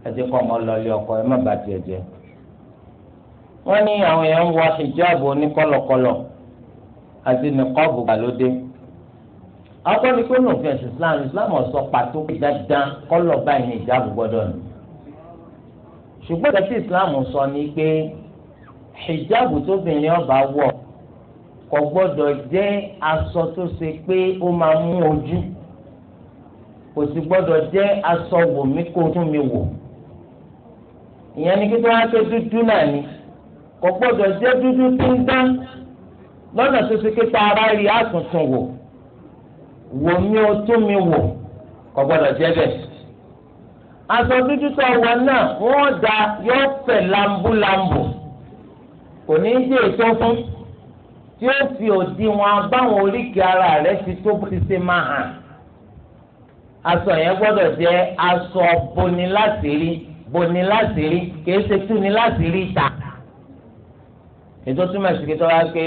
ẹ jẹ́ kó ọmọ lọlé ọkọ ẹ má bàa tiẹ̀ jẹ. wọ́n ní àwọn èèyàn ń wọ hijab oníkọlọkọlọ àti nìkọ́ọ̀bù gbàlódé akọni pé ní òfin islam islam ọ̀sọ́ pàtó dandan kọ́lọ̀ báyìí ní ìjáàbù gbọ́dọ̀ ni ṣùgbọ́n ìgbà tí islam sọ ni pé ìjáàbù tóbìnrin ọba wọ̀ kò gbọ́dọ̀ jẹ́ aṣọ tó ṣe pé ó máa mú ojú kò sì gbọ́dọ̀ jẹ́ aṣọ wò mí kó tún mi wò ìyẹn ni kí tó wá pé dúdú náà ni kò gbọ́dọ̀ jẹ́ dúdú tí ń dán lọ́nà tó ṣe pé tá a bá rí àtúntún wò wò mí o tó mi wò kò gbọ́dọ̀ jẹ́ bẹ́ẹ̀. aṣọ dúdú tó wọ náà wọ́n da yóò fẹ̀ lambúlambù kò ní í dé ètò fún tí ó fi òdi wọn báwọn oríkèé ara rẹ̀ ti tó ti ṣe máa hàn aṣọ yẹn gbọ́dọ̀ jẹ́ aṣọ boni láti rí boni láti rí kìí ṣe túni láti rí ta ètò túmọ̀ sí kí tọ́lá pé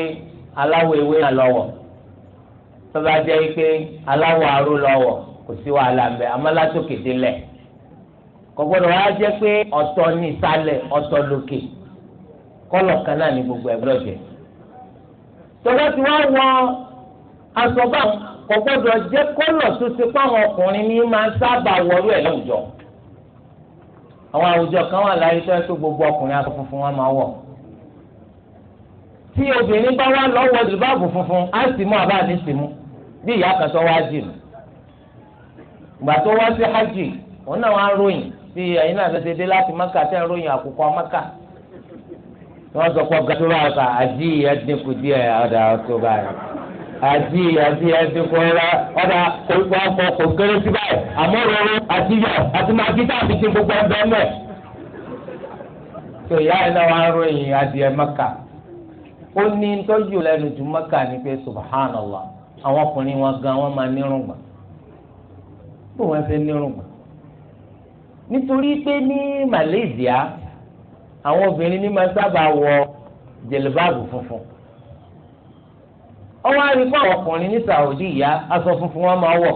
aláwọ̀ ewé náà lọ́wọ́ tọ́ba jẹ́ pé aláwọ̀ aró lọ́wọ́ kò sí wàhálà ń bẹ àmọ́ látòkè délẹ̀ kò gbọ́dọ̀ wá jẹ́ pé ọ̀tọ̀ ní ìsàlẹ̀ ọ̀tọ̀ lókè kọ́lọ̀ kan náà ní gbogbo ẹ̀gbọ́dọ̀ jẹ́ tọ́ba ti wá wọ aṣọ bá kò gbọ́dọ̀ jẹ́ kọ́lọ̀ tó ti pàwọn ọkùnrin ní máa ń sábà wọlú ẹ̀ láwùjọ àwọn àwùjọ kan wà láyé tó yẹ kó gbogbo ọkùnrin aṣọ funfun wọn máa wọ̀ tí obìnrin bá wà lọ́wọ́ jùlọ bá funfun á sì mú àbá ní sì mú. bí ìyá kan tó wá nù ìgbà tó wá sí hajj òun náà wá ń ròyìn bí náà dé láti maka tẹ́ ń ròyìn àkùkọ maka wọ́n sọ pé ọ̀gá tó bá ka àjí ẹ̀dínkù díẹ̀ ọ̀dà tó báyìí àjí àjí ẹ̀dínkù ọ̀dà ọ̀dà kò kò kò kéré sí báyìí àmọ́ rọrùn àti àti máa kí gbogbo ẹgbẹ́ mẹ́. tó ìyá náà wá ń ròyìn adìẹ maka ó ní tọ́jú lẹ́nu maka ní pé subhanallah. àwọn ọkùnrin wọn gan wọn máa nírùngbọ̀n bó wọn ṣe nírùngbọ̀n nítorí pé ní Malaysia àwọn obìnrin ní máa sábà wọ jẹlẹbáàbù funfun ọwọ́ àríkọ́ àwọn ọkùnrin ní Saudi ya aṣọ funfun wọn máa wọ̀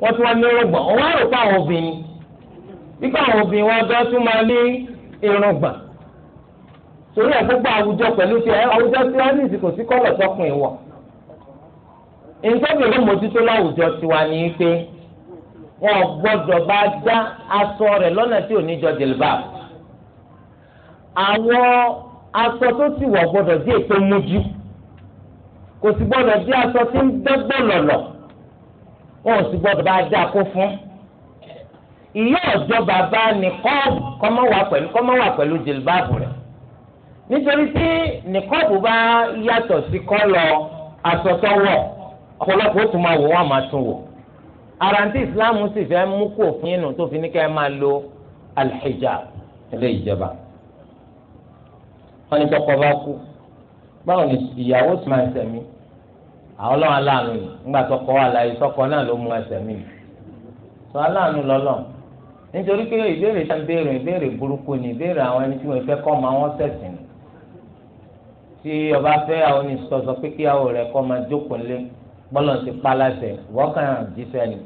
wọ́n tún wọn nírùngbọ̀n ọwọ́ àríkọ́ àwọn obìnrin ikú àwọn obìnrin wọn gan tún máa ní irùngbọ̀n torí ẹ̀ gbogbo àwùjọ pẹ̀lú ti ẹ̀ àwùjọ tí wọ́n ní ìsìnkú sí kọ́lọ̀ tọkùn ìwọ̀ nítorí ló mójútó láwùjọ tiwa ni pé wọn gbọ́dọ̀ bá dá aṣọ rẹ̀ lọ́nà tí ò ní jọ jìlbà àwọn aṣọ tó sì wọ̀ gbọ́dọ̀ jẹ́ ètò mójú kò sì gbọ́dọ̀ jẹ́ aṣọ tí ń dẹgbẹ lọlọ wọn ò sì gbọ́dọ̀ bá dá kó fún ìyá ọjọ́ bàbá nìkọọbù kọmọwà pẹ̀lú kọmọwà pẹ̀lú jìlbàbù rẹ̀ nítorí tí nìkọọbù bá yàtọ̀ sí kọlọ aṣọ tó wọ̀ ọ̀pọ̀lọpọ̀ ó tún máa wò wọ́n máa tún wò ara ní islam sì fẹ́ mú kó fún yín nù tó fi ní ká ẹ máa lo alhijab ilé ìjọba wọ́n ní tọkọ bá kú báwo ni ìyàwó sì máa sẹ̀mí àwọn ọlọ́run aláàánú yìí ńgbà tọkọ wà láyé tọkọ náà ló mú ẹsẹ̀mí sọ aláàánú lọ́lọ́ nítorí pé ìbéèrè tá ń béèrè ìbéèrè burúkú ni ìbéèrè àwọn ẹni tí wọ́n fẹ́ kọ́ máa wọ́n sẹ̀sìn ni tí ọba fẹ́ àwọn oníṣòṣọ pé kí àwọn rẹ̀ kọ́ máa jókòó lé bọ́lọ̀ ti pa láṣẹ wọ́kàn jíṣẹ́ ni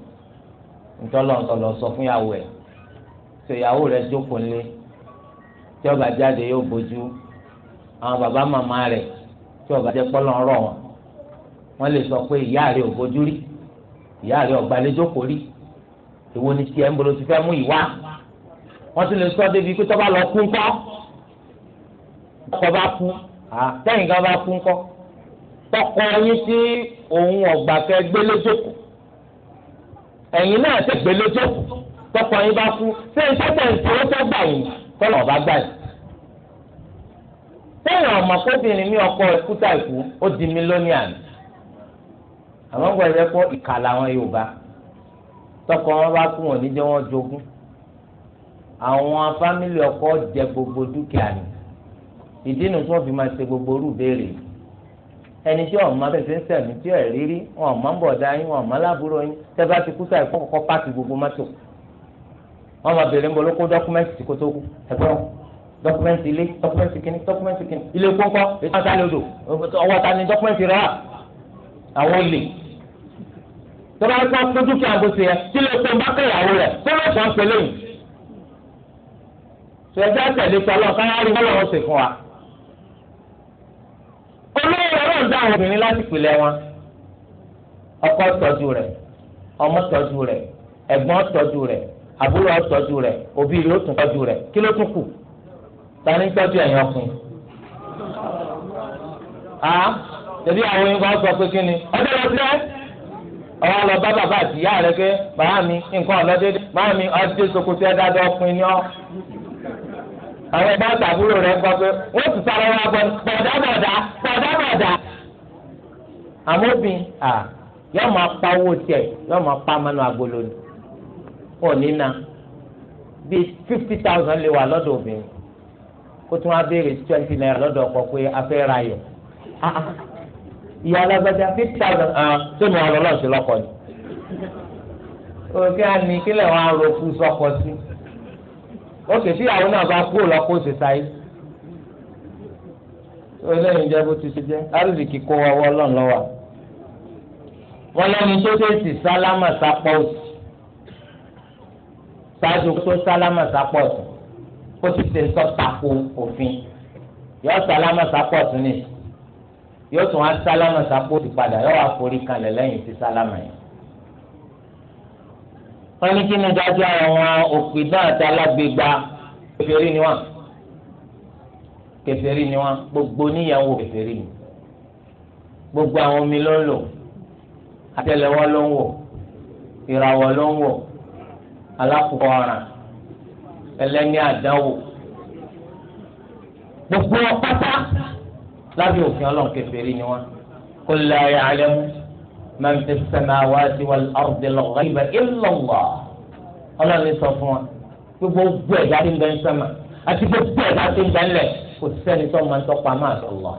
ntọ́lọ̀ ntọ́lọ̀ sọ fún ìyàwó ẹ̀ tó ìyàwó rẹ̀ jókòó nílé tí ọba jáde yóò bójú àwọn bàbá màmá rẹ̀ tí ọba jẹ́ pọ́lọ̀ ń rọ̀ wọn wọ́n lè sọ pé ìyá rẹ̀ ò bójú rí ìyá rẹ̀ ọ̀gbàlejò kò rí èwo ni tiẹ̀ ń bolo ti fẹ́ mú ìwá wọ́n tún lè sọ débi pé tọ́ba lọ kú ńkọ́ tọ́ba kú tẹ́yìn kan bá kú ńkọ́ tọkọ yín sí òun ọgbà kẹ gbélé jókòó ẹ̀yin náà tẹ gbélé jókòó tọkọ yín bá kú ṣé iṣẹ́ tẹ̀ ń tọwọ́ tọ́ gbà yín tọ́lọ̀ ọba gbà yín. sẹ́yìn ọmọkùnrin mi ọkọ ìkúta ìkú ó di mílíọ̀nìàn àwọn ọgbà ẹ̀jẹ̀ kọ́ ìkà làwọn Yorùbá tọkọ wọn bá kú wọn níjẹ́ wọn jogún àwọn fámìlì ọkọ jẹ gbogbo dúkìá ni ìdí nu fi máa ṣe gbogbo orú béèrè yìí ẹni tí ọ̀hún máa bẹ̀sẹ̀ ń sẹ̀mí tí ẹ̀ rírí wọn ọ̀ma ń bọ̀ dá yín wọn ọ̀ma lábúrò yín tẹ́ bá ti kú sáà ẹ̀kọ́ kọ́kọ́ páàkì gbogbo mọ́tò wọn máa bèrè ń bọ̀ ló kó dọ́kúmẹ́ǹtì tí kò tó kú ẹ̀gbọ́n dọ́kúmẹ́ǹtì ilé dọ́kúmẹ́ǹtì kínní dọ́kúmẹ́ǹtì kínní ilé kọ́kọ́ ètò àtàlẹ́ odò ọwọ́ ta ni dọ́kúmẹ́ǹtì rẹ̀ wà àwọn olè tọ́ba ẹ̀kọ́ tó dúkìá gbèsè yẹn tí ilé tó bá kẹ̀yàwó rẹ̀ tó lè sọ ń pẹ̀lẹ́ yìí. ṣèjá tẹ̀lé tọ́lọ́ káyárí wọ́n lọ́wọ́ fún wa olóyè ọlọ́run dá àwọn obìnrin láti pìlẹ̀ wọn ọkọ tọ́jú rẹ̀ ọmọ tọ́jú rẹ̀ ẹ̀gbọ́n tọ́jú rẹ̀ àbúrò tọ́jú rẹ̀ òbí rẹ̀ ó tún tọ́jú rẹ̀ kí ló tún kù tani tọ́jú ẹ̀yìn ọkùnrin. a tẹ̀lé àwọn yìí kan sọ pé kí ni ọjọ́ lọ sílẹ̀ ọwọ́ lọ bá bàbá àtìyá rẹ̀ pé bàá mi nǹkan ọ̀lọ́dẹ́dẹ́ bàá mi ọdún sokoto ẹ̀dá ọkùnrin ni ọ́ àwọn ẹ̀dá àtàbúrò rẹ̀ kọ́ pé wọ́n ti sáré wọn agbọ́n bọ̀dábọ̀dá bọ̀dábọ̀dá. àmọ́ bí à yóò máa pa owó tiẹ̀ yóò máa pa mọ́nú agolo ni ò ní na bíi fifty thousand lè wà lọ́dọ̀ obìnrin kó tún wá béèrè twenty naira lọ́dọ̀ ọkọ pé a fẹ́ ra yọ̀ ah, ah. ìyá alágbájá fifty thousand tó ní ọlọ́lọ́ọ̀sì lọ́kọ ni. òkè àní kílẹ̀ wọn arọ fún sọkọ sí òkè tí àwọn náà bá kú lọ kó ṣe sáyé eléyìí jẹ bó ti ṣe jẹ arìsìkì kó wa wọ lọ́n lọ́wọ́ wọn lẹ́ni tó tẹ̀sí sálámà sápọ̀ òsì ṣáájú tó sálámà sápọ̀ òsì ó ti ṣe sọ tako òfin yóò sálámà sápọ̀ òsì ni yóò tún wá sálámà sápọ̀ òsì padà yóò wá forí kalẹ̀ lẹ́yìn tí sálámà yẹn wọ́n ní kí ni dájọ́ àwọn òfin náà tá lágbègbà kèfèrí ni wọ́n kèfèrí ni wọ́n gbogbo níyàwó kèfèrí ni gbogbo àwọn omi ló ń lò àtẹ́lẹwọ́ ló ń wò ìràwọ̀ ló ń wò alákòókò ọ̀ràn ẹlẹ́ni àdánwò gbogbo ọpátá lábẹ́ òfin Ọlọ́run kèfèrí ni wọ́n kó lè ayé alẹ́ man fi samawati wal ardi al-ghayba illa Allah ọlọ́run sọ fún wa gbogbo gbogbo ẹ̀dá tí ń bẹ ń sẹ́mà àti gbogbo ẹ̀dá tí ń bẹ ń lẹ̀ kò sẹ́ni tó máa ń tọ́pa máa sọ lọ.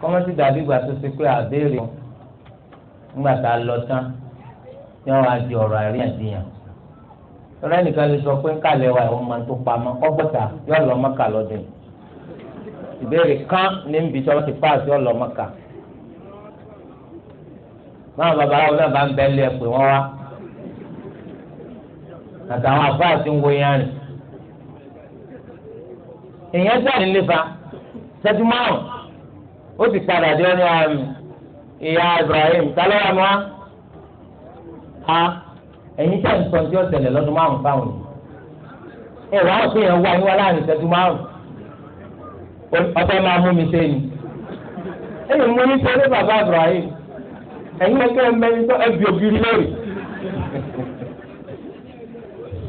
kọ́mọ́tì dàbí ìgbà tó ṣe pé àbẹ́rẹ́ o ńgbà tá a lọ tán ní wọn á di ọ̀rọ̀ àríyànjiyàn. tọ́lá nìkan lè sọ pé ń kàlẹ́ wa ìwọ́n máa ń tó pamọ́ ọgbọ́ta yóò lọ mọ́kà lọ́dún yìí. ìbéèrè kan ní ń bi tí wọ́n ti pààsì ọ̀lọ́mọ́kà báwọn bàbá wọn náà bá ń bẹ́ lé ẹ̀pẹ́ wọn wá àtàwọn àfọ àti ń wo yẹn rìn èèyàn jáde nípa ṣẹ́jú márùn ó ti padà dé ní um, ìyá Ibrahim talọ́wọ́ àmọ́ a ẹ̀yin tẹ̀ ń sọ tí ó tẹ̀lé lọ́dún márùn fáwọn yìí ẹ̀rọ àwọn èèyàn wá yín wá láàrin ṣẹ́jú márùn ọ̀fẹ́ máa mú mi sẹ́yìn ẹ̀yìn mú mi sẹ́yìn bàbá Ibrahim ẹ̀yin ẹgbẹ́ mẹ́rin tó ẹbí ògiri lórí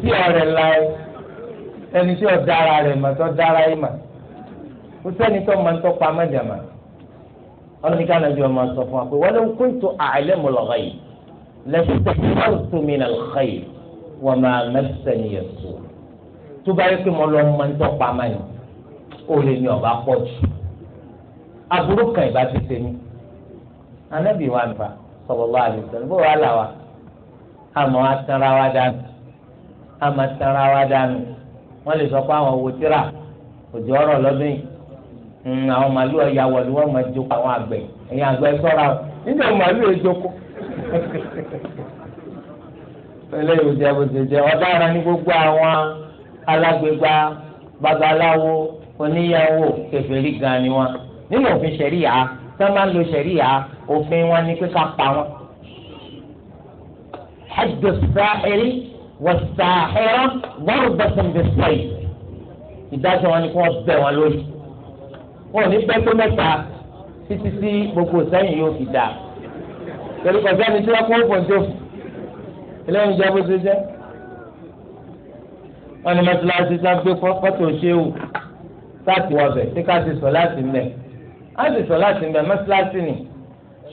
tí ọ̀rẹ́ láyé ẹni tí ọ̀dára rẹ̀ mà tó dára yìí mà kò sẹ́ni tó máa ń tọ́ pa mẹ́jàmá ọlọ́ni ká nàìjíríà máa sọ fún wa pé walaw kuntu a'lamul ghaib lastakthartu minal khair wa ma massaniya as-su' tó bá yẹ kí mo lọ máa ń pa mẹ́jàmá ó lè ní ọba pọ̀ jù aburú kan ìbá ti ṣe anábì wa nfa sallallahu alaihi wasallam bó wàá là wa àmọ́ atanra wa dànù àmọ́ atanra wa dànù wọ́n lè sọ pé àwọn wo tíra òjò ọ̀rọ̀ lọ́dún yìí hmm, àwọn màálù ọ̀yà wọ̀lú wọn máa jókòó àwọn àgbẹ̀ ẹ̀yìn àgbẹ̀ sọ́ra o nígbà màálù yẹn jókòó pẹ̀lẹ́ ìwòsàn ìwòsàn ní gbogbo àwọn alágbègbà babaláwo oníyàwó kèfèrí gan nínú òfin ṣẹ̀ríyà tí wọ́n bá ń lo sẹ̀ríyà òfin wọn ni pé ká pa wọn. hajj sahiri wà sahira wọ́n bẹ̀sẹ̀ ní sẹ́yìn ìdájọ́ wọn ni kí wọ́n bẹ̀ wọn lórí. wọn ò ní bẹ́ tó mẹ́ta títí sí gbogbo sẹ́yìn yóò fi dáa. pẹ̀lú kọ̀ọ̀kan ni tí wọ́n kó fòǹtò fún eléyìí jẹ́ bó ṣe jẹ́ wọ́n ní mọ́tíláṣí sáfẹ́ fọ́tò ṣéwù láti wọ́n tí ká ti sọ láti mẹ́ á sì sọ láti bẹ mọ́sálásí ni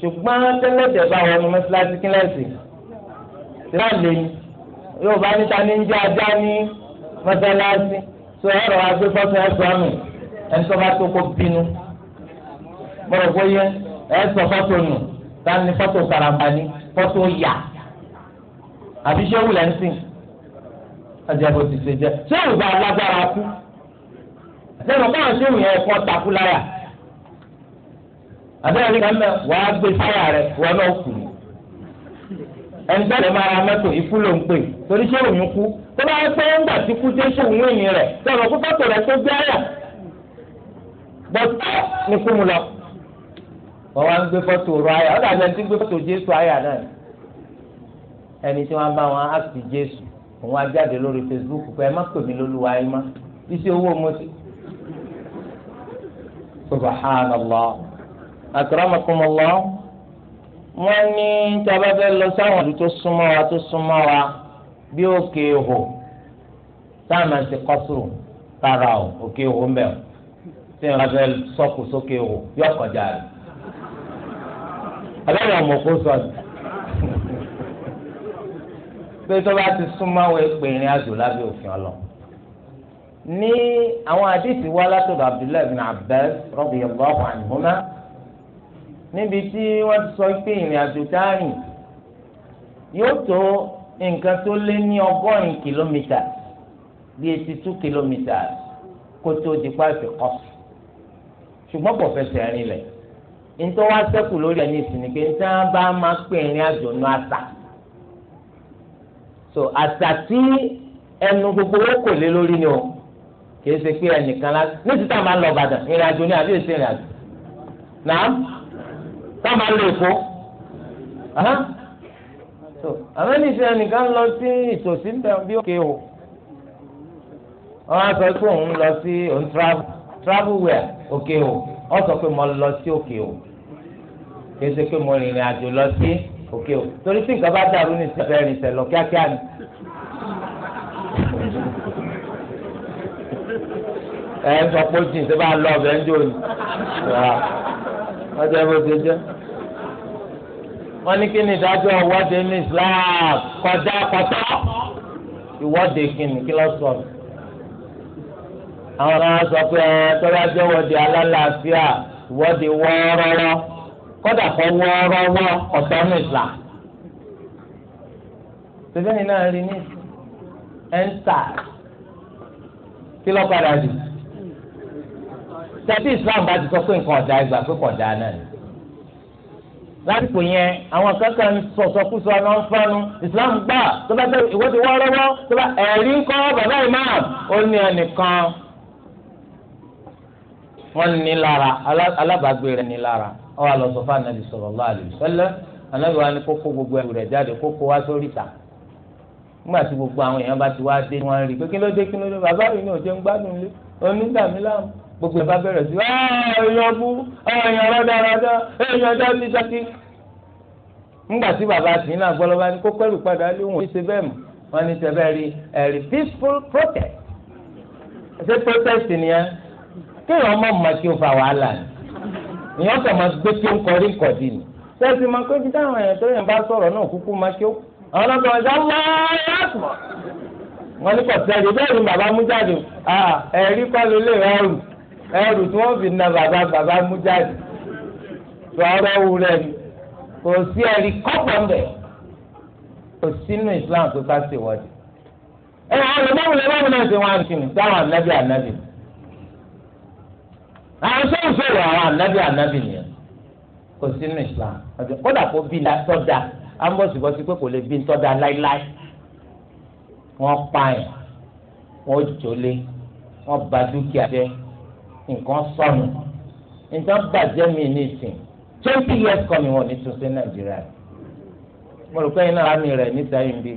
ṣùgbọ́n tẹ́lẹ̀tẹ̀ bá wọnú mọ́sálásí kílẹ̀sì tíra lè ní yóò bá níta ní ń jẹ́ ajá ní mọ́sálásí sọ ọ̀rọ̀ agbẹ́fọ́sọ ẹ̀sọ́ nù ẹ̀sọ́ bá tó kó bínú bọ́dọ̀ kó yẹ ẹ̀sọ́ fọ́tò nù tani fọ́tò karambani fọ́tò yà àbí sẹ́wù lẹ́sìn ajabo ti ṣe jẹ sẹ́wù bá alágbára kú sẹ́wù báwọn sẹ́wù yẹn kọ́ takú láyà. àbẹ́rẹ́ ní kàmẹ́ wàá gbé sáyà rẹ̀ wọ́n náà kù ní. ẹni tó máa ra mọ́tò ikú ló ń pè torí ṣé òun kú tó bá pẹ́ ń gbà tí kú dé ṣé òun ènìyàn rẹ̀ kó rẹ̀ tó gbé ni kú mu lọ. wọ́n wá ń gbé fọ́tò rọ àyà ọ̀dà ni ẹni tí ń gbé fọ́tò Jésù àyà náà ẹni tí wọ́n bá wọn á sì Jésù òun á jáde lórí Facebook akramakumullah wọ́n ní tí a bá fẹ́ lọ sáwọn ìlú tó súnmọ́ wa tó súnmọ́ wa bí òkè ihò táwọn àti kọ́sùrù rárá o òkè ihò ń bẹ̀ o tí a bá fẹ́ sọ́kù sókè ihò yọ kọjá rẹ̀ abẹ́rẹ́ ọmọ kó sọ ni pé tó bá ti súnmọ́ wa pé ìrìn àjò lábẹ́ òfin ọlọ́ ní àwọn àdìsí wa látọ̀dọ̀ Abdullahi bin Abbas radiyallahu anhuma níbi tí wọ́n ti sọ pé ìrìn àjò dárìn yóò tó nǹkan tó lé ní ọgọ́rin kìlómítà bí eighty two kìlómítà kó tó di pàṣẹ kọ́ ṣùgbọ́n kò fẹsẹ̀ rìn lẹ̀ ntọ́ wa sẹ́kù lórí ẹni ìsìn nìkan tí wọ́n bá máa pè ní àjọ̀nù àṣà so àṣà tí ẹnu gbogbo wọn kò lé lórí ni o kì í ṣe pé ẹnìkan lá ní títà máa lọ Ìbàdàn ìrìn àjò ni àbí èsì ìrìn àjò náà tá a máa lè fún. àmọ́ níṣẹ́ nìkan lọ sí ìtòsí bí òkè o wọ́n á sọ pé òun lọ sí òun travel where òkè o ọ sọ pé mo lọ sí òkè o kì í ṣe pé mo rìnrìn àjò lọ sí òkè o torí tí nǹkan bá dàrú ní ìsẹ̀fẹ́ rìn ìsẹ̀ lọ kíákíá ni. ẹ ń sọ pé ó jìn sí bá lọ ọbẹ̀ ń jò ní ọjọ́ bó ṣe jẹ́ wọ́n ní kí ni ìdájọ́ ìwọ́de ní Islam kọjá kọtọ́ ìwọ́de kìnnì kí ló sọ àwọn náà sọ pé ẹ tọ́lá jẹ́ ìwọ́de alálàáfíà ìwọ́de wọ́ọ́rọ́rọ́ kọ́dà kọ́ wọ́ọ́rọ́rọ́ ọ̀tọ̀ ní Islam tẹ́lẹ̀ náà rí ní ẹ̀ ń tà kí ló padà dì í tàbí islam bá ti sọ pé nǹkan ọ̀dà ìgbà pé kọ̀dà náà ni. lásìkò yẹn àwọn kankan sọ̀sọ̀kúsọ náà ń fanu islam gbà tó bá tẹ̀lé ìwé ti wọ́ lọ́wọ́ tó bá ẹ̀rí ń kọ́ bàbá imam ó ní ẹnìkan wọ́n ní lára alábàágbé rẹ̀ ní lára ó wá lọ sọ fún anabi sallallahu alaihi wasallam anabi wa ni kókó gbogbo ẹrù rẹ̀ jáde kókó wá sórí ìta nígbà tí gbogbo àwọn èèyàn bá ti wá dé wọ́n rí pé kí ló dé kí ló dé bàbá yìí ni òjò gbádùn lé onídàmíláàmù gbogbo ẹ̀ bá bẹ̀rẹ̀ sí ẹ̀yàn ah, bú ẹ̀yàn ah, rádaràdá ẹ̀yàn ńgbà tí bàbá sì ń àgbọ̀lọ́ bá ní kó pẹ́rù padà lé wọn ṣe bẹ́ẹ̀ mọ̀ wọn ní tẹ̀bẹ́ rí ẹ̀rí peaceful protest ṣé protest nìyẹn kéèyàn mọ̀ mọ̀ kí o fa wàhálà ni ìyẹn kàn máa gbé kí o kọrí kọ̀dí ni tẹ́sí máa pé bí táwọn èèyàn tó yẹn bá sọ̀rọ̀ náà kúkú máa kí ó àwọn ọlọ́gbọ̀n ọ̀dọ́ wọ́n ní kọ̀tẹ́ẹ̀lì bẹ́ẹ̀ ni bàbá mú jáde ah, ẹ̀rí kọ́ ló lè ẹrù tí wọ́n fi na bàbá bàbá mú jáde tó ọ̀rọ̀ wù rẹ̀ ni kò sí ẹ̀rí kọ́pọ̀ ń bẹ̀ kò sínú Islam tó ká sí ìwọ́de. ẹ àwọn ọlọ́mọ̀wùlẹ̀ báwọn náà ṣe wọn àti kìnnì táwọn ànábì ànábì àwọn sọ̀rọ̀sọ̀rọ̀ àwọn ànábì ànábì nìyẹn kò sínú Islam kódà kó bí tọ́da ambọ̀sibọ́sí pé kò lè bí tọ́da láíláí wọ́n pààyàn wọ́n jólé wọ́n bà dúkìá jẹ́ nǹkan sọnù nǹkan bàjẹ́ mi ní ìsìn twenty years kọ́ mi wọ̀ ní tuntun nàìjíríà mo rò pé iná àmì rẹ̀ níta yìí bí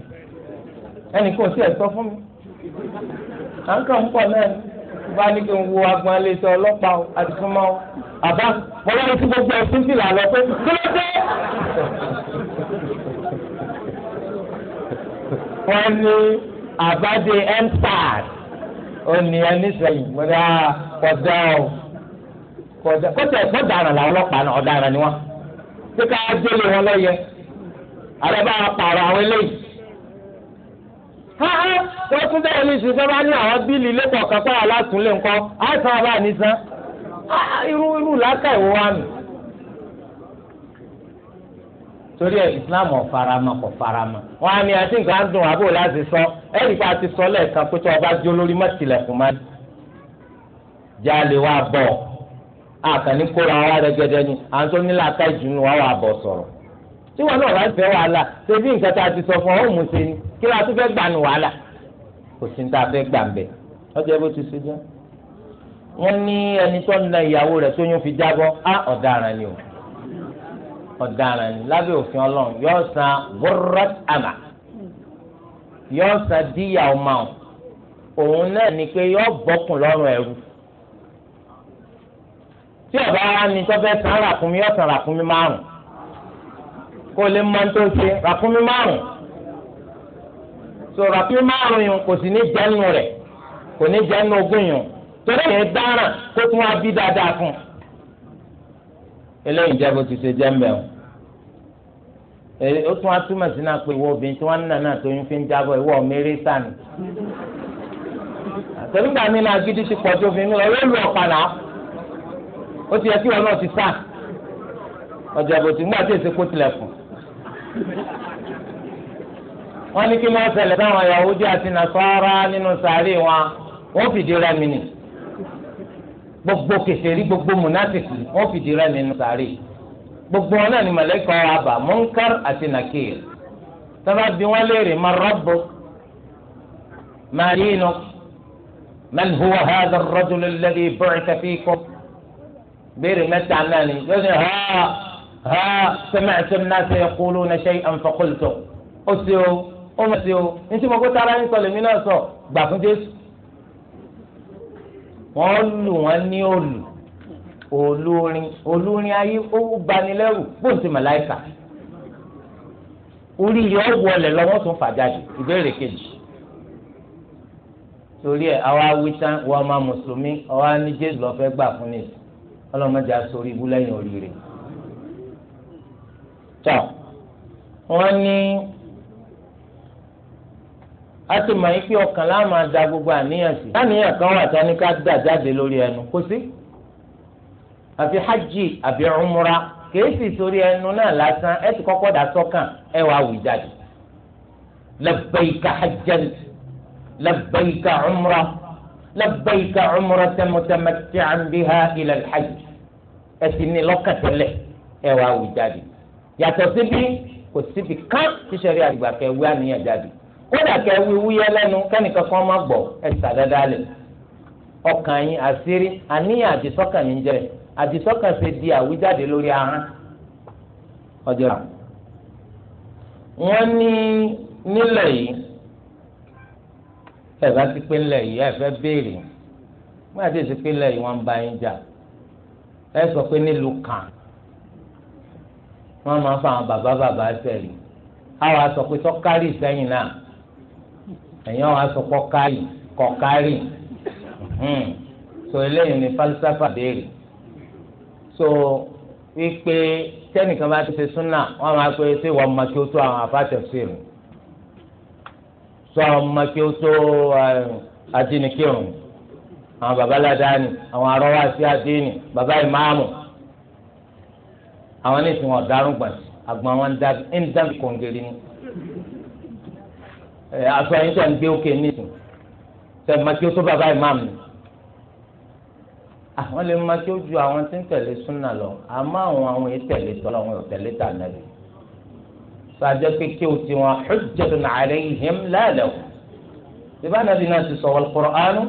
ẹnì kò sí ẹ̀ fún mi à ń kàn ń pọ̀ náà bá ní kí n wo agbọn aléṣẹ ọlọ́pàá àdìsúnmọ́ àbá wọlé tí gbogbo ẹ̀sìn fìlà lọ pé kí wọ́n ní àbáde mpad òní ẹni sẹ́yìn gbọ́dọ̀ ah, kọjá o kọjá kọjá ẹ̀kọ́ ọ̀daràn làwọn ọlọpàá náà ni wọ́n ṣé ká délé wọn lọ́yẹ alẹ́ bá wọn pààrọ̀ àwọn eléyìí. háhá wọ́n tún bẹ́ẹ̀ ní bá ní àwọn bíìlì nǹkan àìsàn àbáà irú irú làákà torí ẹ islam ọ̀farama kò farama wọn á ní àti nǹkan dùn àbò láti sọ ẹnì kan ti sọ lẹ́ẹ̀kan pé tí wọn bá jó lórí mọ́tìlẹ̀kùn má jalè wá bọ̀ àkànní kóra wa rẹ́gẹ́dẹ́ ni àwọn tó nílò aka ìjùnú wa wà bọ̀ sọ̀rọ̀ tí wọn náà bá fẹ́ wàhálà ṣebí nǹkan tá a ti sọ fún ọ mùsè ni kí wọn tún fẹ́ gbà ní wàhálà kò sí ní tá fẹ́ gbà ń bẹ̀ ọjọ́ bó ti ṣe jẹ́ wọ́n ní ẹni tó ń na ìyàwó rẹ̀ tó yún fi jábọ́ á ọ̀daràn ni o ọ̀daràn ni lábẹ́ òfin ọlọ́run yóò san bọ́rọ́t àmà yóò san díyà ọmọ ọ̀ òun náà ni pé yóò bọ́kùn lọ́rùn ẹrú tí ọba wa ni tó fẹ́ san ràkúnmí yóò san ràkúnmí márùn kó lè mọ tó ṣe ràkúnmí márùn so ràkúnmí márùn yìí kò sì ní jẹ́nu rẹ̀ kò ní jẹ́nu ogún yìí torí yẹn dáràn kó tún wá bí dáadáa fún un eléyìí jẹ́ bó ti ṣe jẹ́ mbẹ́ o ó tún atúmọ̀ sí náà pé ìwọ obìnrin tí wọ́n ń nà náà tó yín fi ń jábọ̀ ìwọ mẹ́rin sàn àtẹnugbà mi náà gidi ti pọ̀jù obìnrin lọ yóò lu ọ̀pàlà ó ti yẹ kí wọn náà ti sàn ọjà bòtú ńgbà tí èsì kó tilẹ̀kùn wọ́n ní kí wọ́n ṣẹlẹ̀ táwọn Yahudi àti Nasara nínú sàárè wọn wọ́n fìdí rẹmi nìyí gbogbo kèfèrí gbogbo munafiki wọ́n fìdí rẹ̀ nínú sàárè gbogbo wọn náà ni màlàíkà àbà munkar àti nakir sábà bí wọ́n léèrè ma rabbu ma dinuk man huwa hadha ar-rajul alladhi bu'itha fikum béèrè mẹ́ta náà ni yóò ní ha ha sami'tu an-nasa yaquluna shay'an faqultu ó sì o ó mọ̀ sí o ní tí mo kó tara ń sọ lèmi náà sọ gbà jésù wọ́n lù wọ́n ní òlù olórin olórin ayé ó banilẹ́rù gbòǹsì màláìkà orí rẹ̀ ó wọlé lọ́wọ́ tó ń fà jáde ìbéèrè kejì torí ẹ̀ àwa wíṣán wọ́n máa mùsùlùmí àwa ní jésù lọ́fẹ́ gbà fún mi ọlọ́mọdé asorí ibú lẹ́yìn oríire. tọ́ wọ́n ní a ti mọ̀ yín pé ọkàn láà máa da gbogbo àníyàn sí. láníyàn kan wà tání ká dà jáde lórí ẹnu kò sí. àfi hajj àfi umra kìí sì sórí ẹnu náà lásán ẹ ti kọ́kọ́ dà sọ́kàn ẹ wàá wù jáde. labbaika hajjan labbaika umra labbaika umra mutamatti'an biha ila al-hajj ẹ ti ní lọ́kàn tẹ́lẹ̀ ẹ wàá wù jáde. yàtọ̀ síbi kò síbi kán tíṣẹ̀rí àgbàkẹ́ wíwá níyàn jáde kódà kẹ wíwú yẹ lẹ́nu kẹ́nìkan kan má gbọ́ ẹ sàdáadá lẹ̀ ọkàn yín àṣírí àníyàn àdìsọ́kàn ní jẹ́ àdìsọ́kàn ṣe di àwíjáde lórí ahọ́n ọjọ́ rà wọ́n ní nílẹ̀ yìí ẹ bá ti pé nílẹ̀ yìí ẹ fẹ́ béèrè wọ́n àti èsì pé nílẹ̀ yìí wọ́n bá yín jà ẹ sọ pé nílùú kan wọ́n máa fa àwọn bàbá bàbá sẹ́yìn àwọn àsọpẹ́sọ kárí sẹ́yìn náà ẹ̀yin wọn aṣọ kọkárì kọkárì hmm. so eléyìí ni falsafa béèrè so wípé tẹnìkan bá ti ṣe súnà wọn máa pe ṣé wọn mọ kí o tó àwọn afáṣẹ sírun sọ ọmọ kí ó tó adínikírun àwọn babaládáni eh, àwọn arọwàsí adíni baba ìmáàmù àwọn oníṣìwọn ọdarùn gbàtí àgbọn wọn ń dábì kòǹgèrè ni aṣọ yín tẹ̀ ń gbé òkè nísìn tẹ̀ máa kí ó tó bàbá ìmáàmù àwọn ah, lè máa kí ó ju àwọn tí ń tẹ̀lé súnà lọ àmọ́ àwọn àwọn yìí tẹ̀lé tọ́lá wọn ò tẹ̀lé tà nàbì sàjẹ́ pé kí o ti wọn hujjatun alayhim la lahum ìbá nàbì náà ti sọ wal Qur'anu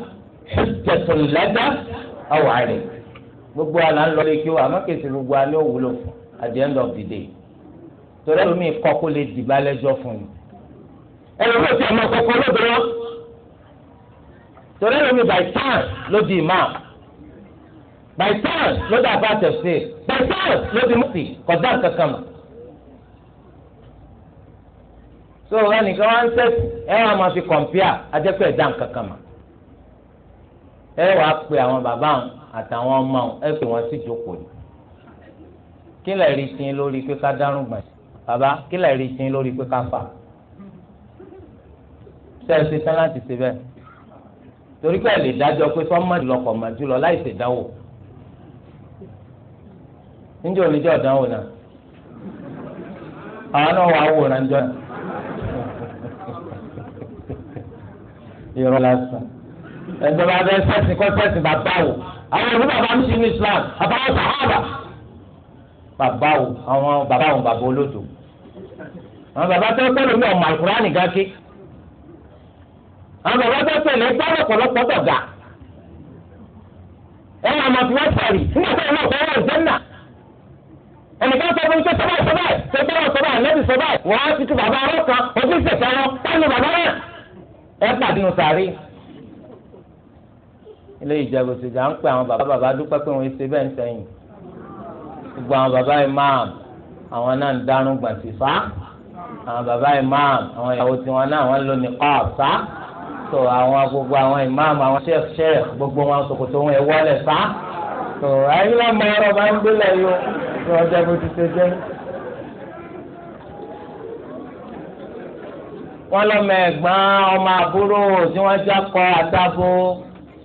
hujjatun lana aw alayhim gbogbo àná ń lọ lé kí o àmọ́ kèsì gbogbo àná ò wúlò at the end of the day torí ẹlòmíì kọ́ kó lè dìbà lẹ́jọ́ fún mi ẹlòmíì ò ti ọmọ kọ̀ọ̀kan lóbìnrin torí ẹlòmíì by chance ló di imam by chance ló dà bá tẹ̀sí by chance ló di mọ́tì kọ̀dá kankan mọ́. so wọn nìkan wọn ń sẹ́sì ẹ wọn máa fi kọ̀m̀pìà ajẹ́pẹ́ ẹ̀dá kankan mọ́. ẹ wàá pe àwọn bàbá wọn àtàwọn ọmọ wọn ẹ pè wọn sí ìjókòó ni kí lè rí sin lórí pé ká dárúgbà bàbá kí lè rí sin lórí pé ká fà ṣe é ṣe tán láti ṣe bẹ́ẹ̀ torí pé ẹ lè dájọ́ pé sọ́mọ́ ìlọkọ̀ mà jùlọ láì ṣèdánwò níjẹ́ oníjẹ́ ọ̀dánwò náà àwọn náà wà á wòran jọ náà irọ́ lásán ẹ̀dọ́ bá bẹ́ẹ̀ sẹ́sìn kọ́ sẹ́sìn bàbá wò àwọn òbí bàbá ń ṣe ní Islam àbáwọ̀ sàhábà bàbá wò àwọn bàbá wò bàbá olódò àwọn bàbá tó ń pẹ́ lómi ọ̀mọ̀ àlùkùránì gáké àwọn bàbá tó tẹ̀lé gbọ́dọ̀ ọ̀pọ̀lọpọ̀ tọ̀gà ẹ máa ma fi wọ́n sàrì nígbà tó ń lọ kọ́ wọ́n jẹ́nà ẹnìkan sọ fún mi pé sọ́bà sọ́bà sọ́bà sọ́bà lẹ́bi sọ́bà wọ́n á ti tu bàbá arọ́ kan ojú ìṣẹ̀ṣẹ̀ wọn tánu bàbá náà ẹ pàdé nù sàrì. ilé ìjẹ́bù ṣèjà ń pè àwọn bàbá bàbá dúpẹ́ pé wọ́n ṣe bẹ́ẹ̀ sẹ́yìn gbogbo àwọn bàbá imam àwọn náà ń dárún gbàǹsì fá àwọn bàbá imam àwọn ìyàwó tiwọn náà wọ́n lò ní kọ́ọ̀ fá tó àwọn gbogbo àwọn ìmáàmù àwọn sẹ́ẹ̀f sẹ́ẹ̀f gbogbo wọn ṣòkòtò wọn ẹ̀ wọlé sá tó ẹ̀yin náà mọ ọ̀rọ̀ máa ń gbélé yó tó ọjà bó ti ṣe jẹ́. wọ́n lọ́mọ ẹ̀gbọ́n ọmọ àbúrò tí wọ́n já kọ àtàbò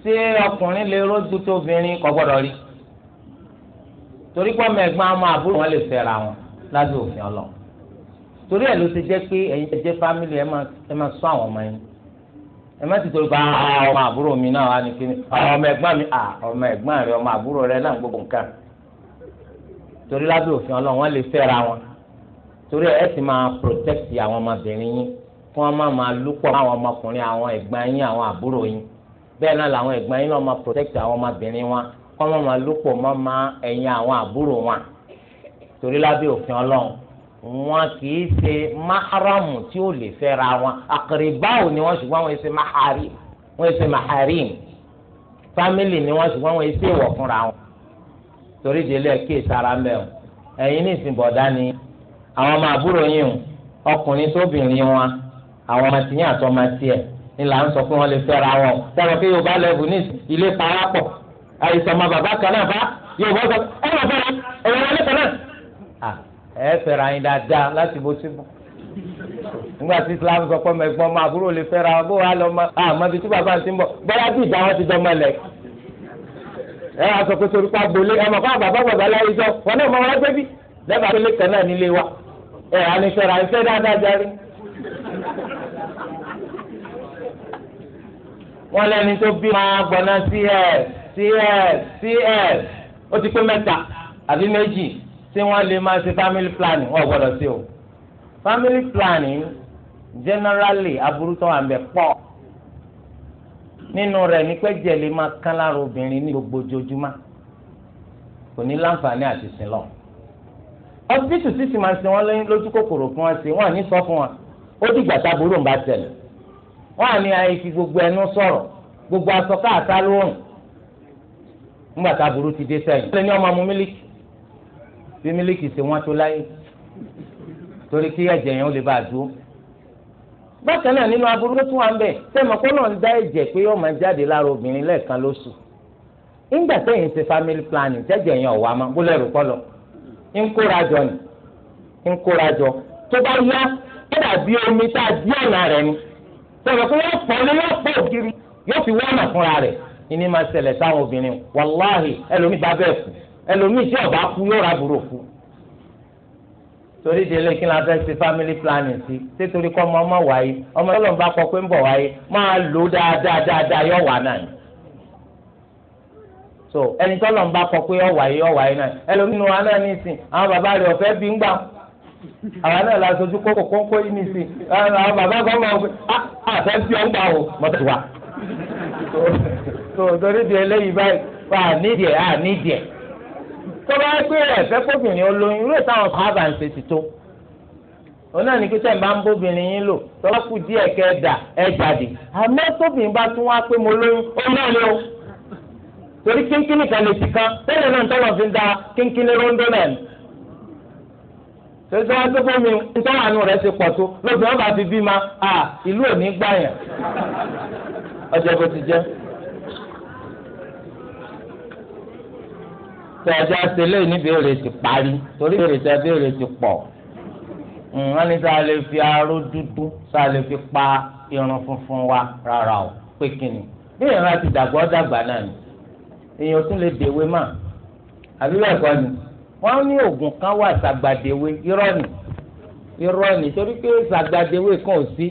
ṣé ọkùnrin lè rójú tóbìnrin kò gbọ́dọ̀ rí torí pé ọmọ ẹ̀gbọ́n ọmọ àbúrò wọn lè fẹ́ra wọn lábẹ́ òfin ọlọ́ torí ẹ̀ ló ti jẹ́ pé ẹ̀yin ẹ̀jẹ̀ fámìlì ẹ̀ máa sọ àwọn ọmọ yẹn ẹ má ti torí pa ah, ọmọ àbúrò mi náà wà ní kíni ah, ọmọ ẹ̀gbọ́n mi ah, ọmọ ẹ̀gbọ́n rẹ ọmọ àbúrò rẹ náà gbogbo nǹkan torí lábẹ́ òfin Ọlọ́run wọ́n lè fẹ́ra wọn torí ẹ ti máa protect àwọn ọmọbìnrin yín kí wọ́n má máa lúpọ̀ àwọn ọmọkùnrin àwọn ẹ̀gbọ́n yín àwọn àbúrò yín bẹ́ẹ̀ náà làwọn ẹ̀gbọ́n yín náà máa protect àwọn ọmọbìnrin wọn kí máa lúpọ̀ máa ẹ̀yìn àwọn àbúrò wọn torí lábẹ́ òfin Ọlọ́run wọn kì í ṣe maharamu tí ó lè fẹ́ra wọn àkàrìbáwò ni wọ́n ṣùgbọ́n wọ́n ṣe mahari wọ́n ṣe maharim fámìlì ni wọ́n ṣùgbọ́n wọ́n ṣe ìwọ̀ fúnra wọn torí délé kí ìsara mẹ́wọ̀n ẹ̀yin ní ìsìn bọ̀dá ni àwọn ọmọ àbúrò yìí ọkùnrin tóbìnrin wọn àwọn ọmọ tìyàn àti ọmọ tiẹ̀ ni là ń sọ pé wọ́n lè fẹ́ra wọn dábàá pé Yorùbá lẹ́bù ní ilé parapọ̀ àìsàn ọmọ bàbá kan náà bá Yorùbá sọ ẹ ẹ fẹ́ra dáadáa láti bó síbò nígbà tí Islam sọ pé mẹgbọn ọmọ àbúrò lè fẹ́ra bó wàá lọ ma àmọ́ ibi tí bàbá ti ń bọ̀ bóyá bí wọn ti jọ mọ́lẹ̀ ẹ sọ pé pa gbolé ẹ mọ̀ fún bàbá láyé wọn náà mọ wọn lọ́gbẹ́ bí lẹ́bàá tó lè kàn náà nílé wa ẹ cs cs cs ó ti pé mẹ́ta àbí tí wọ́n lè máa ṣe family planning wọ́n gbọ́dọ̀ sí o family planning generally aburú tó wà bẹ pọ̀ nínú rẹ̀ ní pé jẹ̀ lè máa kán lára obìnrin ní gbogbo ojoojúmọ́ kò ní láǹfààní àti sílọ̀ hospital sì sì máa ṣe wọ́n lójú kòkòrò fún ṣe ní sọ fún ó dìgbà táburú ń bá gbogbo ẹnu gbogbo aṣọ káàtá lóhùn bí mílíkì ṣe wọ́n tó láyé torí kí ẹ̀jẹ̀ yẹn ó lè bá a dúró. bákan náà nínú aburú tó wà ń bẹ̀ sẹ́mi ọkọ náà ń dá ẹ̀jẹ̀ pé yóò máa jáde lára obìnrin lẹ́ẹ̀kan lóṣù. nígbà tẹ̀yìn ṣe family planning tẹ́jẹ̀ yẹn ọ̀wá máa bó lẹ́rù kọ́ lọ. ń kóra jọ ni ń kóra jọ tó bá yá ó dàbí omi tá a dí ọ̀nà rẹ̀ ni. sọ̀rọ̀ pé yóò pọ̀ lé yóò pọ̀ ògiri yóò fi wọ́n ẹlòmíì tí ọba kú yóò ra burú kú torí délé kí n la fẹ́ ṣe family planning sí sétorí kọ́ ọmọ ọmọ wáyé ọmọ tó lọ́n bá kọ pé ń bọ̀ wáyé máa lò dáadáa dáadáa náà ni so ẹni tó lọ́n bá kọ pé yọ̀ wáyé yọ̀ wáyé náà ẹlòmínú wa náà ní ìsìn àwọn bàbá ọ̀fẹ́ bí ń gbà àwọn náà la sojú kókò yìí ní ìsìn àwọn bàbá ah, ah, gbà o tọ́ba gbé ẹ̀fẹ́ kóbìnrin olóyún irú ìtàwọn sábà ń ṣe ti tó òun náà ní kí sẹ́yìn bá ń bóbìnrin yín lò tọ́ba kù díẹ̀ kẹ́ ẹ dà ẹ jáde àmọ́ tóbìnrin bá tún wá pé mo lóyún ó náà lé o torí kínkínní kan lè ti kan tẹ́lẹ̀ náà tọ́lọ̀ fi ń da kínkínní róńdó náà ni tẹ́lẹ̀ tó fún mi nítorí àánú rẹ̀ ṣe pọ̀ tó lóṣù ọba fi bí ma à ìlú òní gbà yẹn ọjọ́ bó ti jẹ́. tẹ ọjọ́ àtẹlẹ́ níbèrè ti parí torí bèrè tẹ bèrè ti pọ̀ hmm, wọ́n ní sáà lè fi aró dúdú sáà lè fi pa irun funfun wa rárá o pé kíni bí ìran ti dàgbọ́ dàgbà náà ni èèyàn tún lè dèwé mà àbí bẹ́ẹ̀ kọ́ ni wọ́n ní oògùn kan wà sàgbàdèwé irọ́ ni irọ́ ni torí pé sàgbàdèwé kan ò sí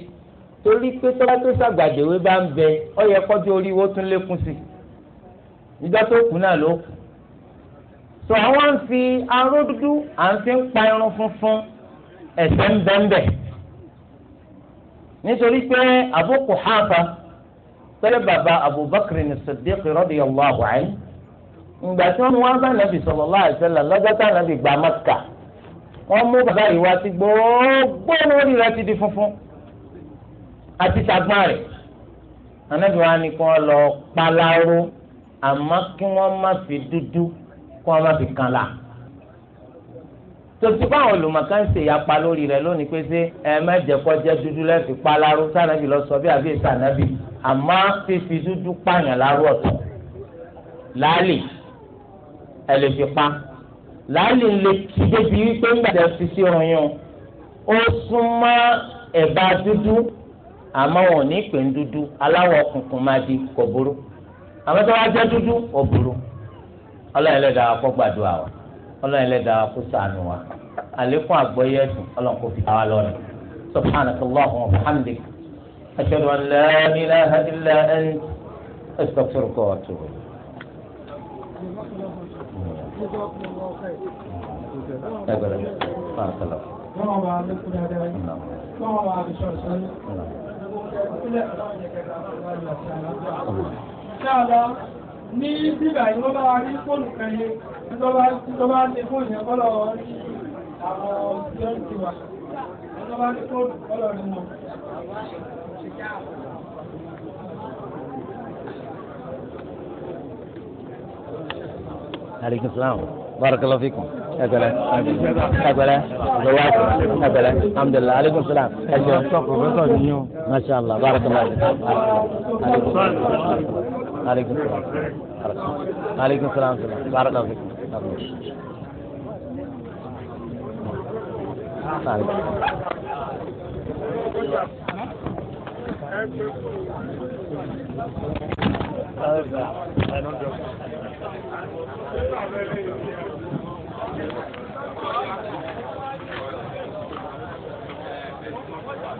torí pé tọ́lá tó sàgbàdèwé bá ń bẹ ọ yẹ kọ́jú orí wo tún lékún sí ìjọ tó kù náà ló kù tó àwọn ń fi aró dúdú à ń fi ń pa irun funfun ẹ̀sẹ̀ ń bẹ́ńbẹ́ nítorí pé Abu Quhafa pẹ̀lẹ́ bàbá Abubakar ní Siddiq radiyallahu anhu ìgbà tí wọ́n mú wá bá nàbì sallallahu alaihi wasallam lọ́jọ́ tá nàbì gba Mẹ́kà wọ́n mú bàbá yìí wá sí gbogbo lórí rẹ̀ ti di funfun àti sagbọn rẹ̀ anábìwá ni kí wọ́n lọ paláró àmọ́ kí wọ́n má fi dúdú kó wọn má fi kan la tòtí báwọn olùmọ̀ká ń ṣe ìyapa lórí rẹ̀ lónìí pé ṣé ẹ mẹ́jẹ̀ kọjá dúdú lẹ́sìn pa láró sànàbì lọ sọ bí àbí sànàbì àmọ́ fífi dúdú pààyàn láró ọ̀tọ̀ láàlì ẹ lè fi pa láàlì lè kí débi wípé ńgbàdá fi sí irun yún ó súnmọ́ ẹ̀bá dúdú àmọ́ wọn ò ní pè ń dúdú aláwọ̀ kùnkùn máa di kò burú àmọ́ tó wá jẹ́ dúdú ò burú ọlọ́run ẹlẹ́dàá kó gbàdúrà wa ọlọ́run ẹlẹ́dàá kó ṣàánú wa àlékún àgbọ́yé ẹ̀sìn ọlọ́run kó fi ta wa lọ́nà subhanaka allahumma wa bihamdik ashhadu an la ilaha illa ant astaghfiruka wa atubu ilayk wọ́n wà lókun dáadáa yìí wọ́n wà àbíṣọ́ọ̀ṣọ́ yìí. Ṣé àlọ́ ní bíbà yìí wọ́n bá wa rí fóònù kan yé ìjọba ní fóònù yẹn kọ́lọ̀ rí àwọn òṣìṣẹ́ ti wà ìjọba ní fóònù kọ́lọ̀ rí wọn. aleykum salaam barakallahu fikum ẹgbẹlẹ ẹgbẹlẹ lọwọsọ ẹgbẹlẹ alhamdulilah aleykum salaam ẹjọ. sọ pọfẹsọ yìí o. masha allah barakallahu fikum. وعلیکم السلام وعلیکم السلام وعلیکم السلام سلام وعلکم I don't know.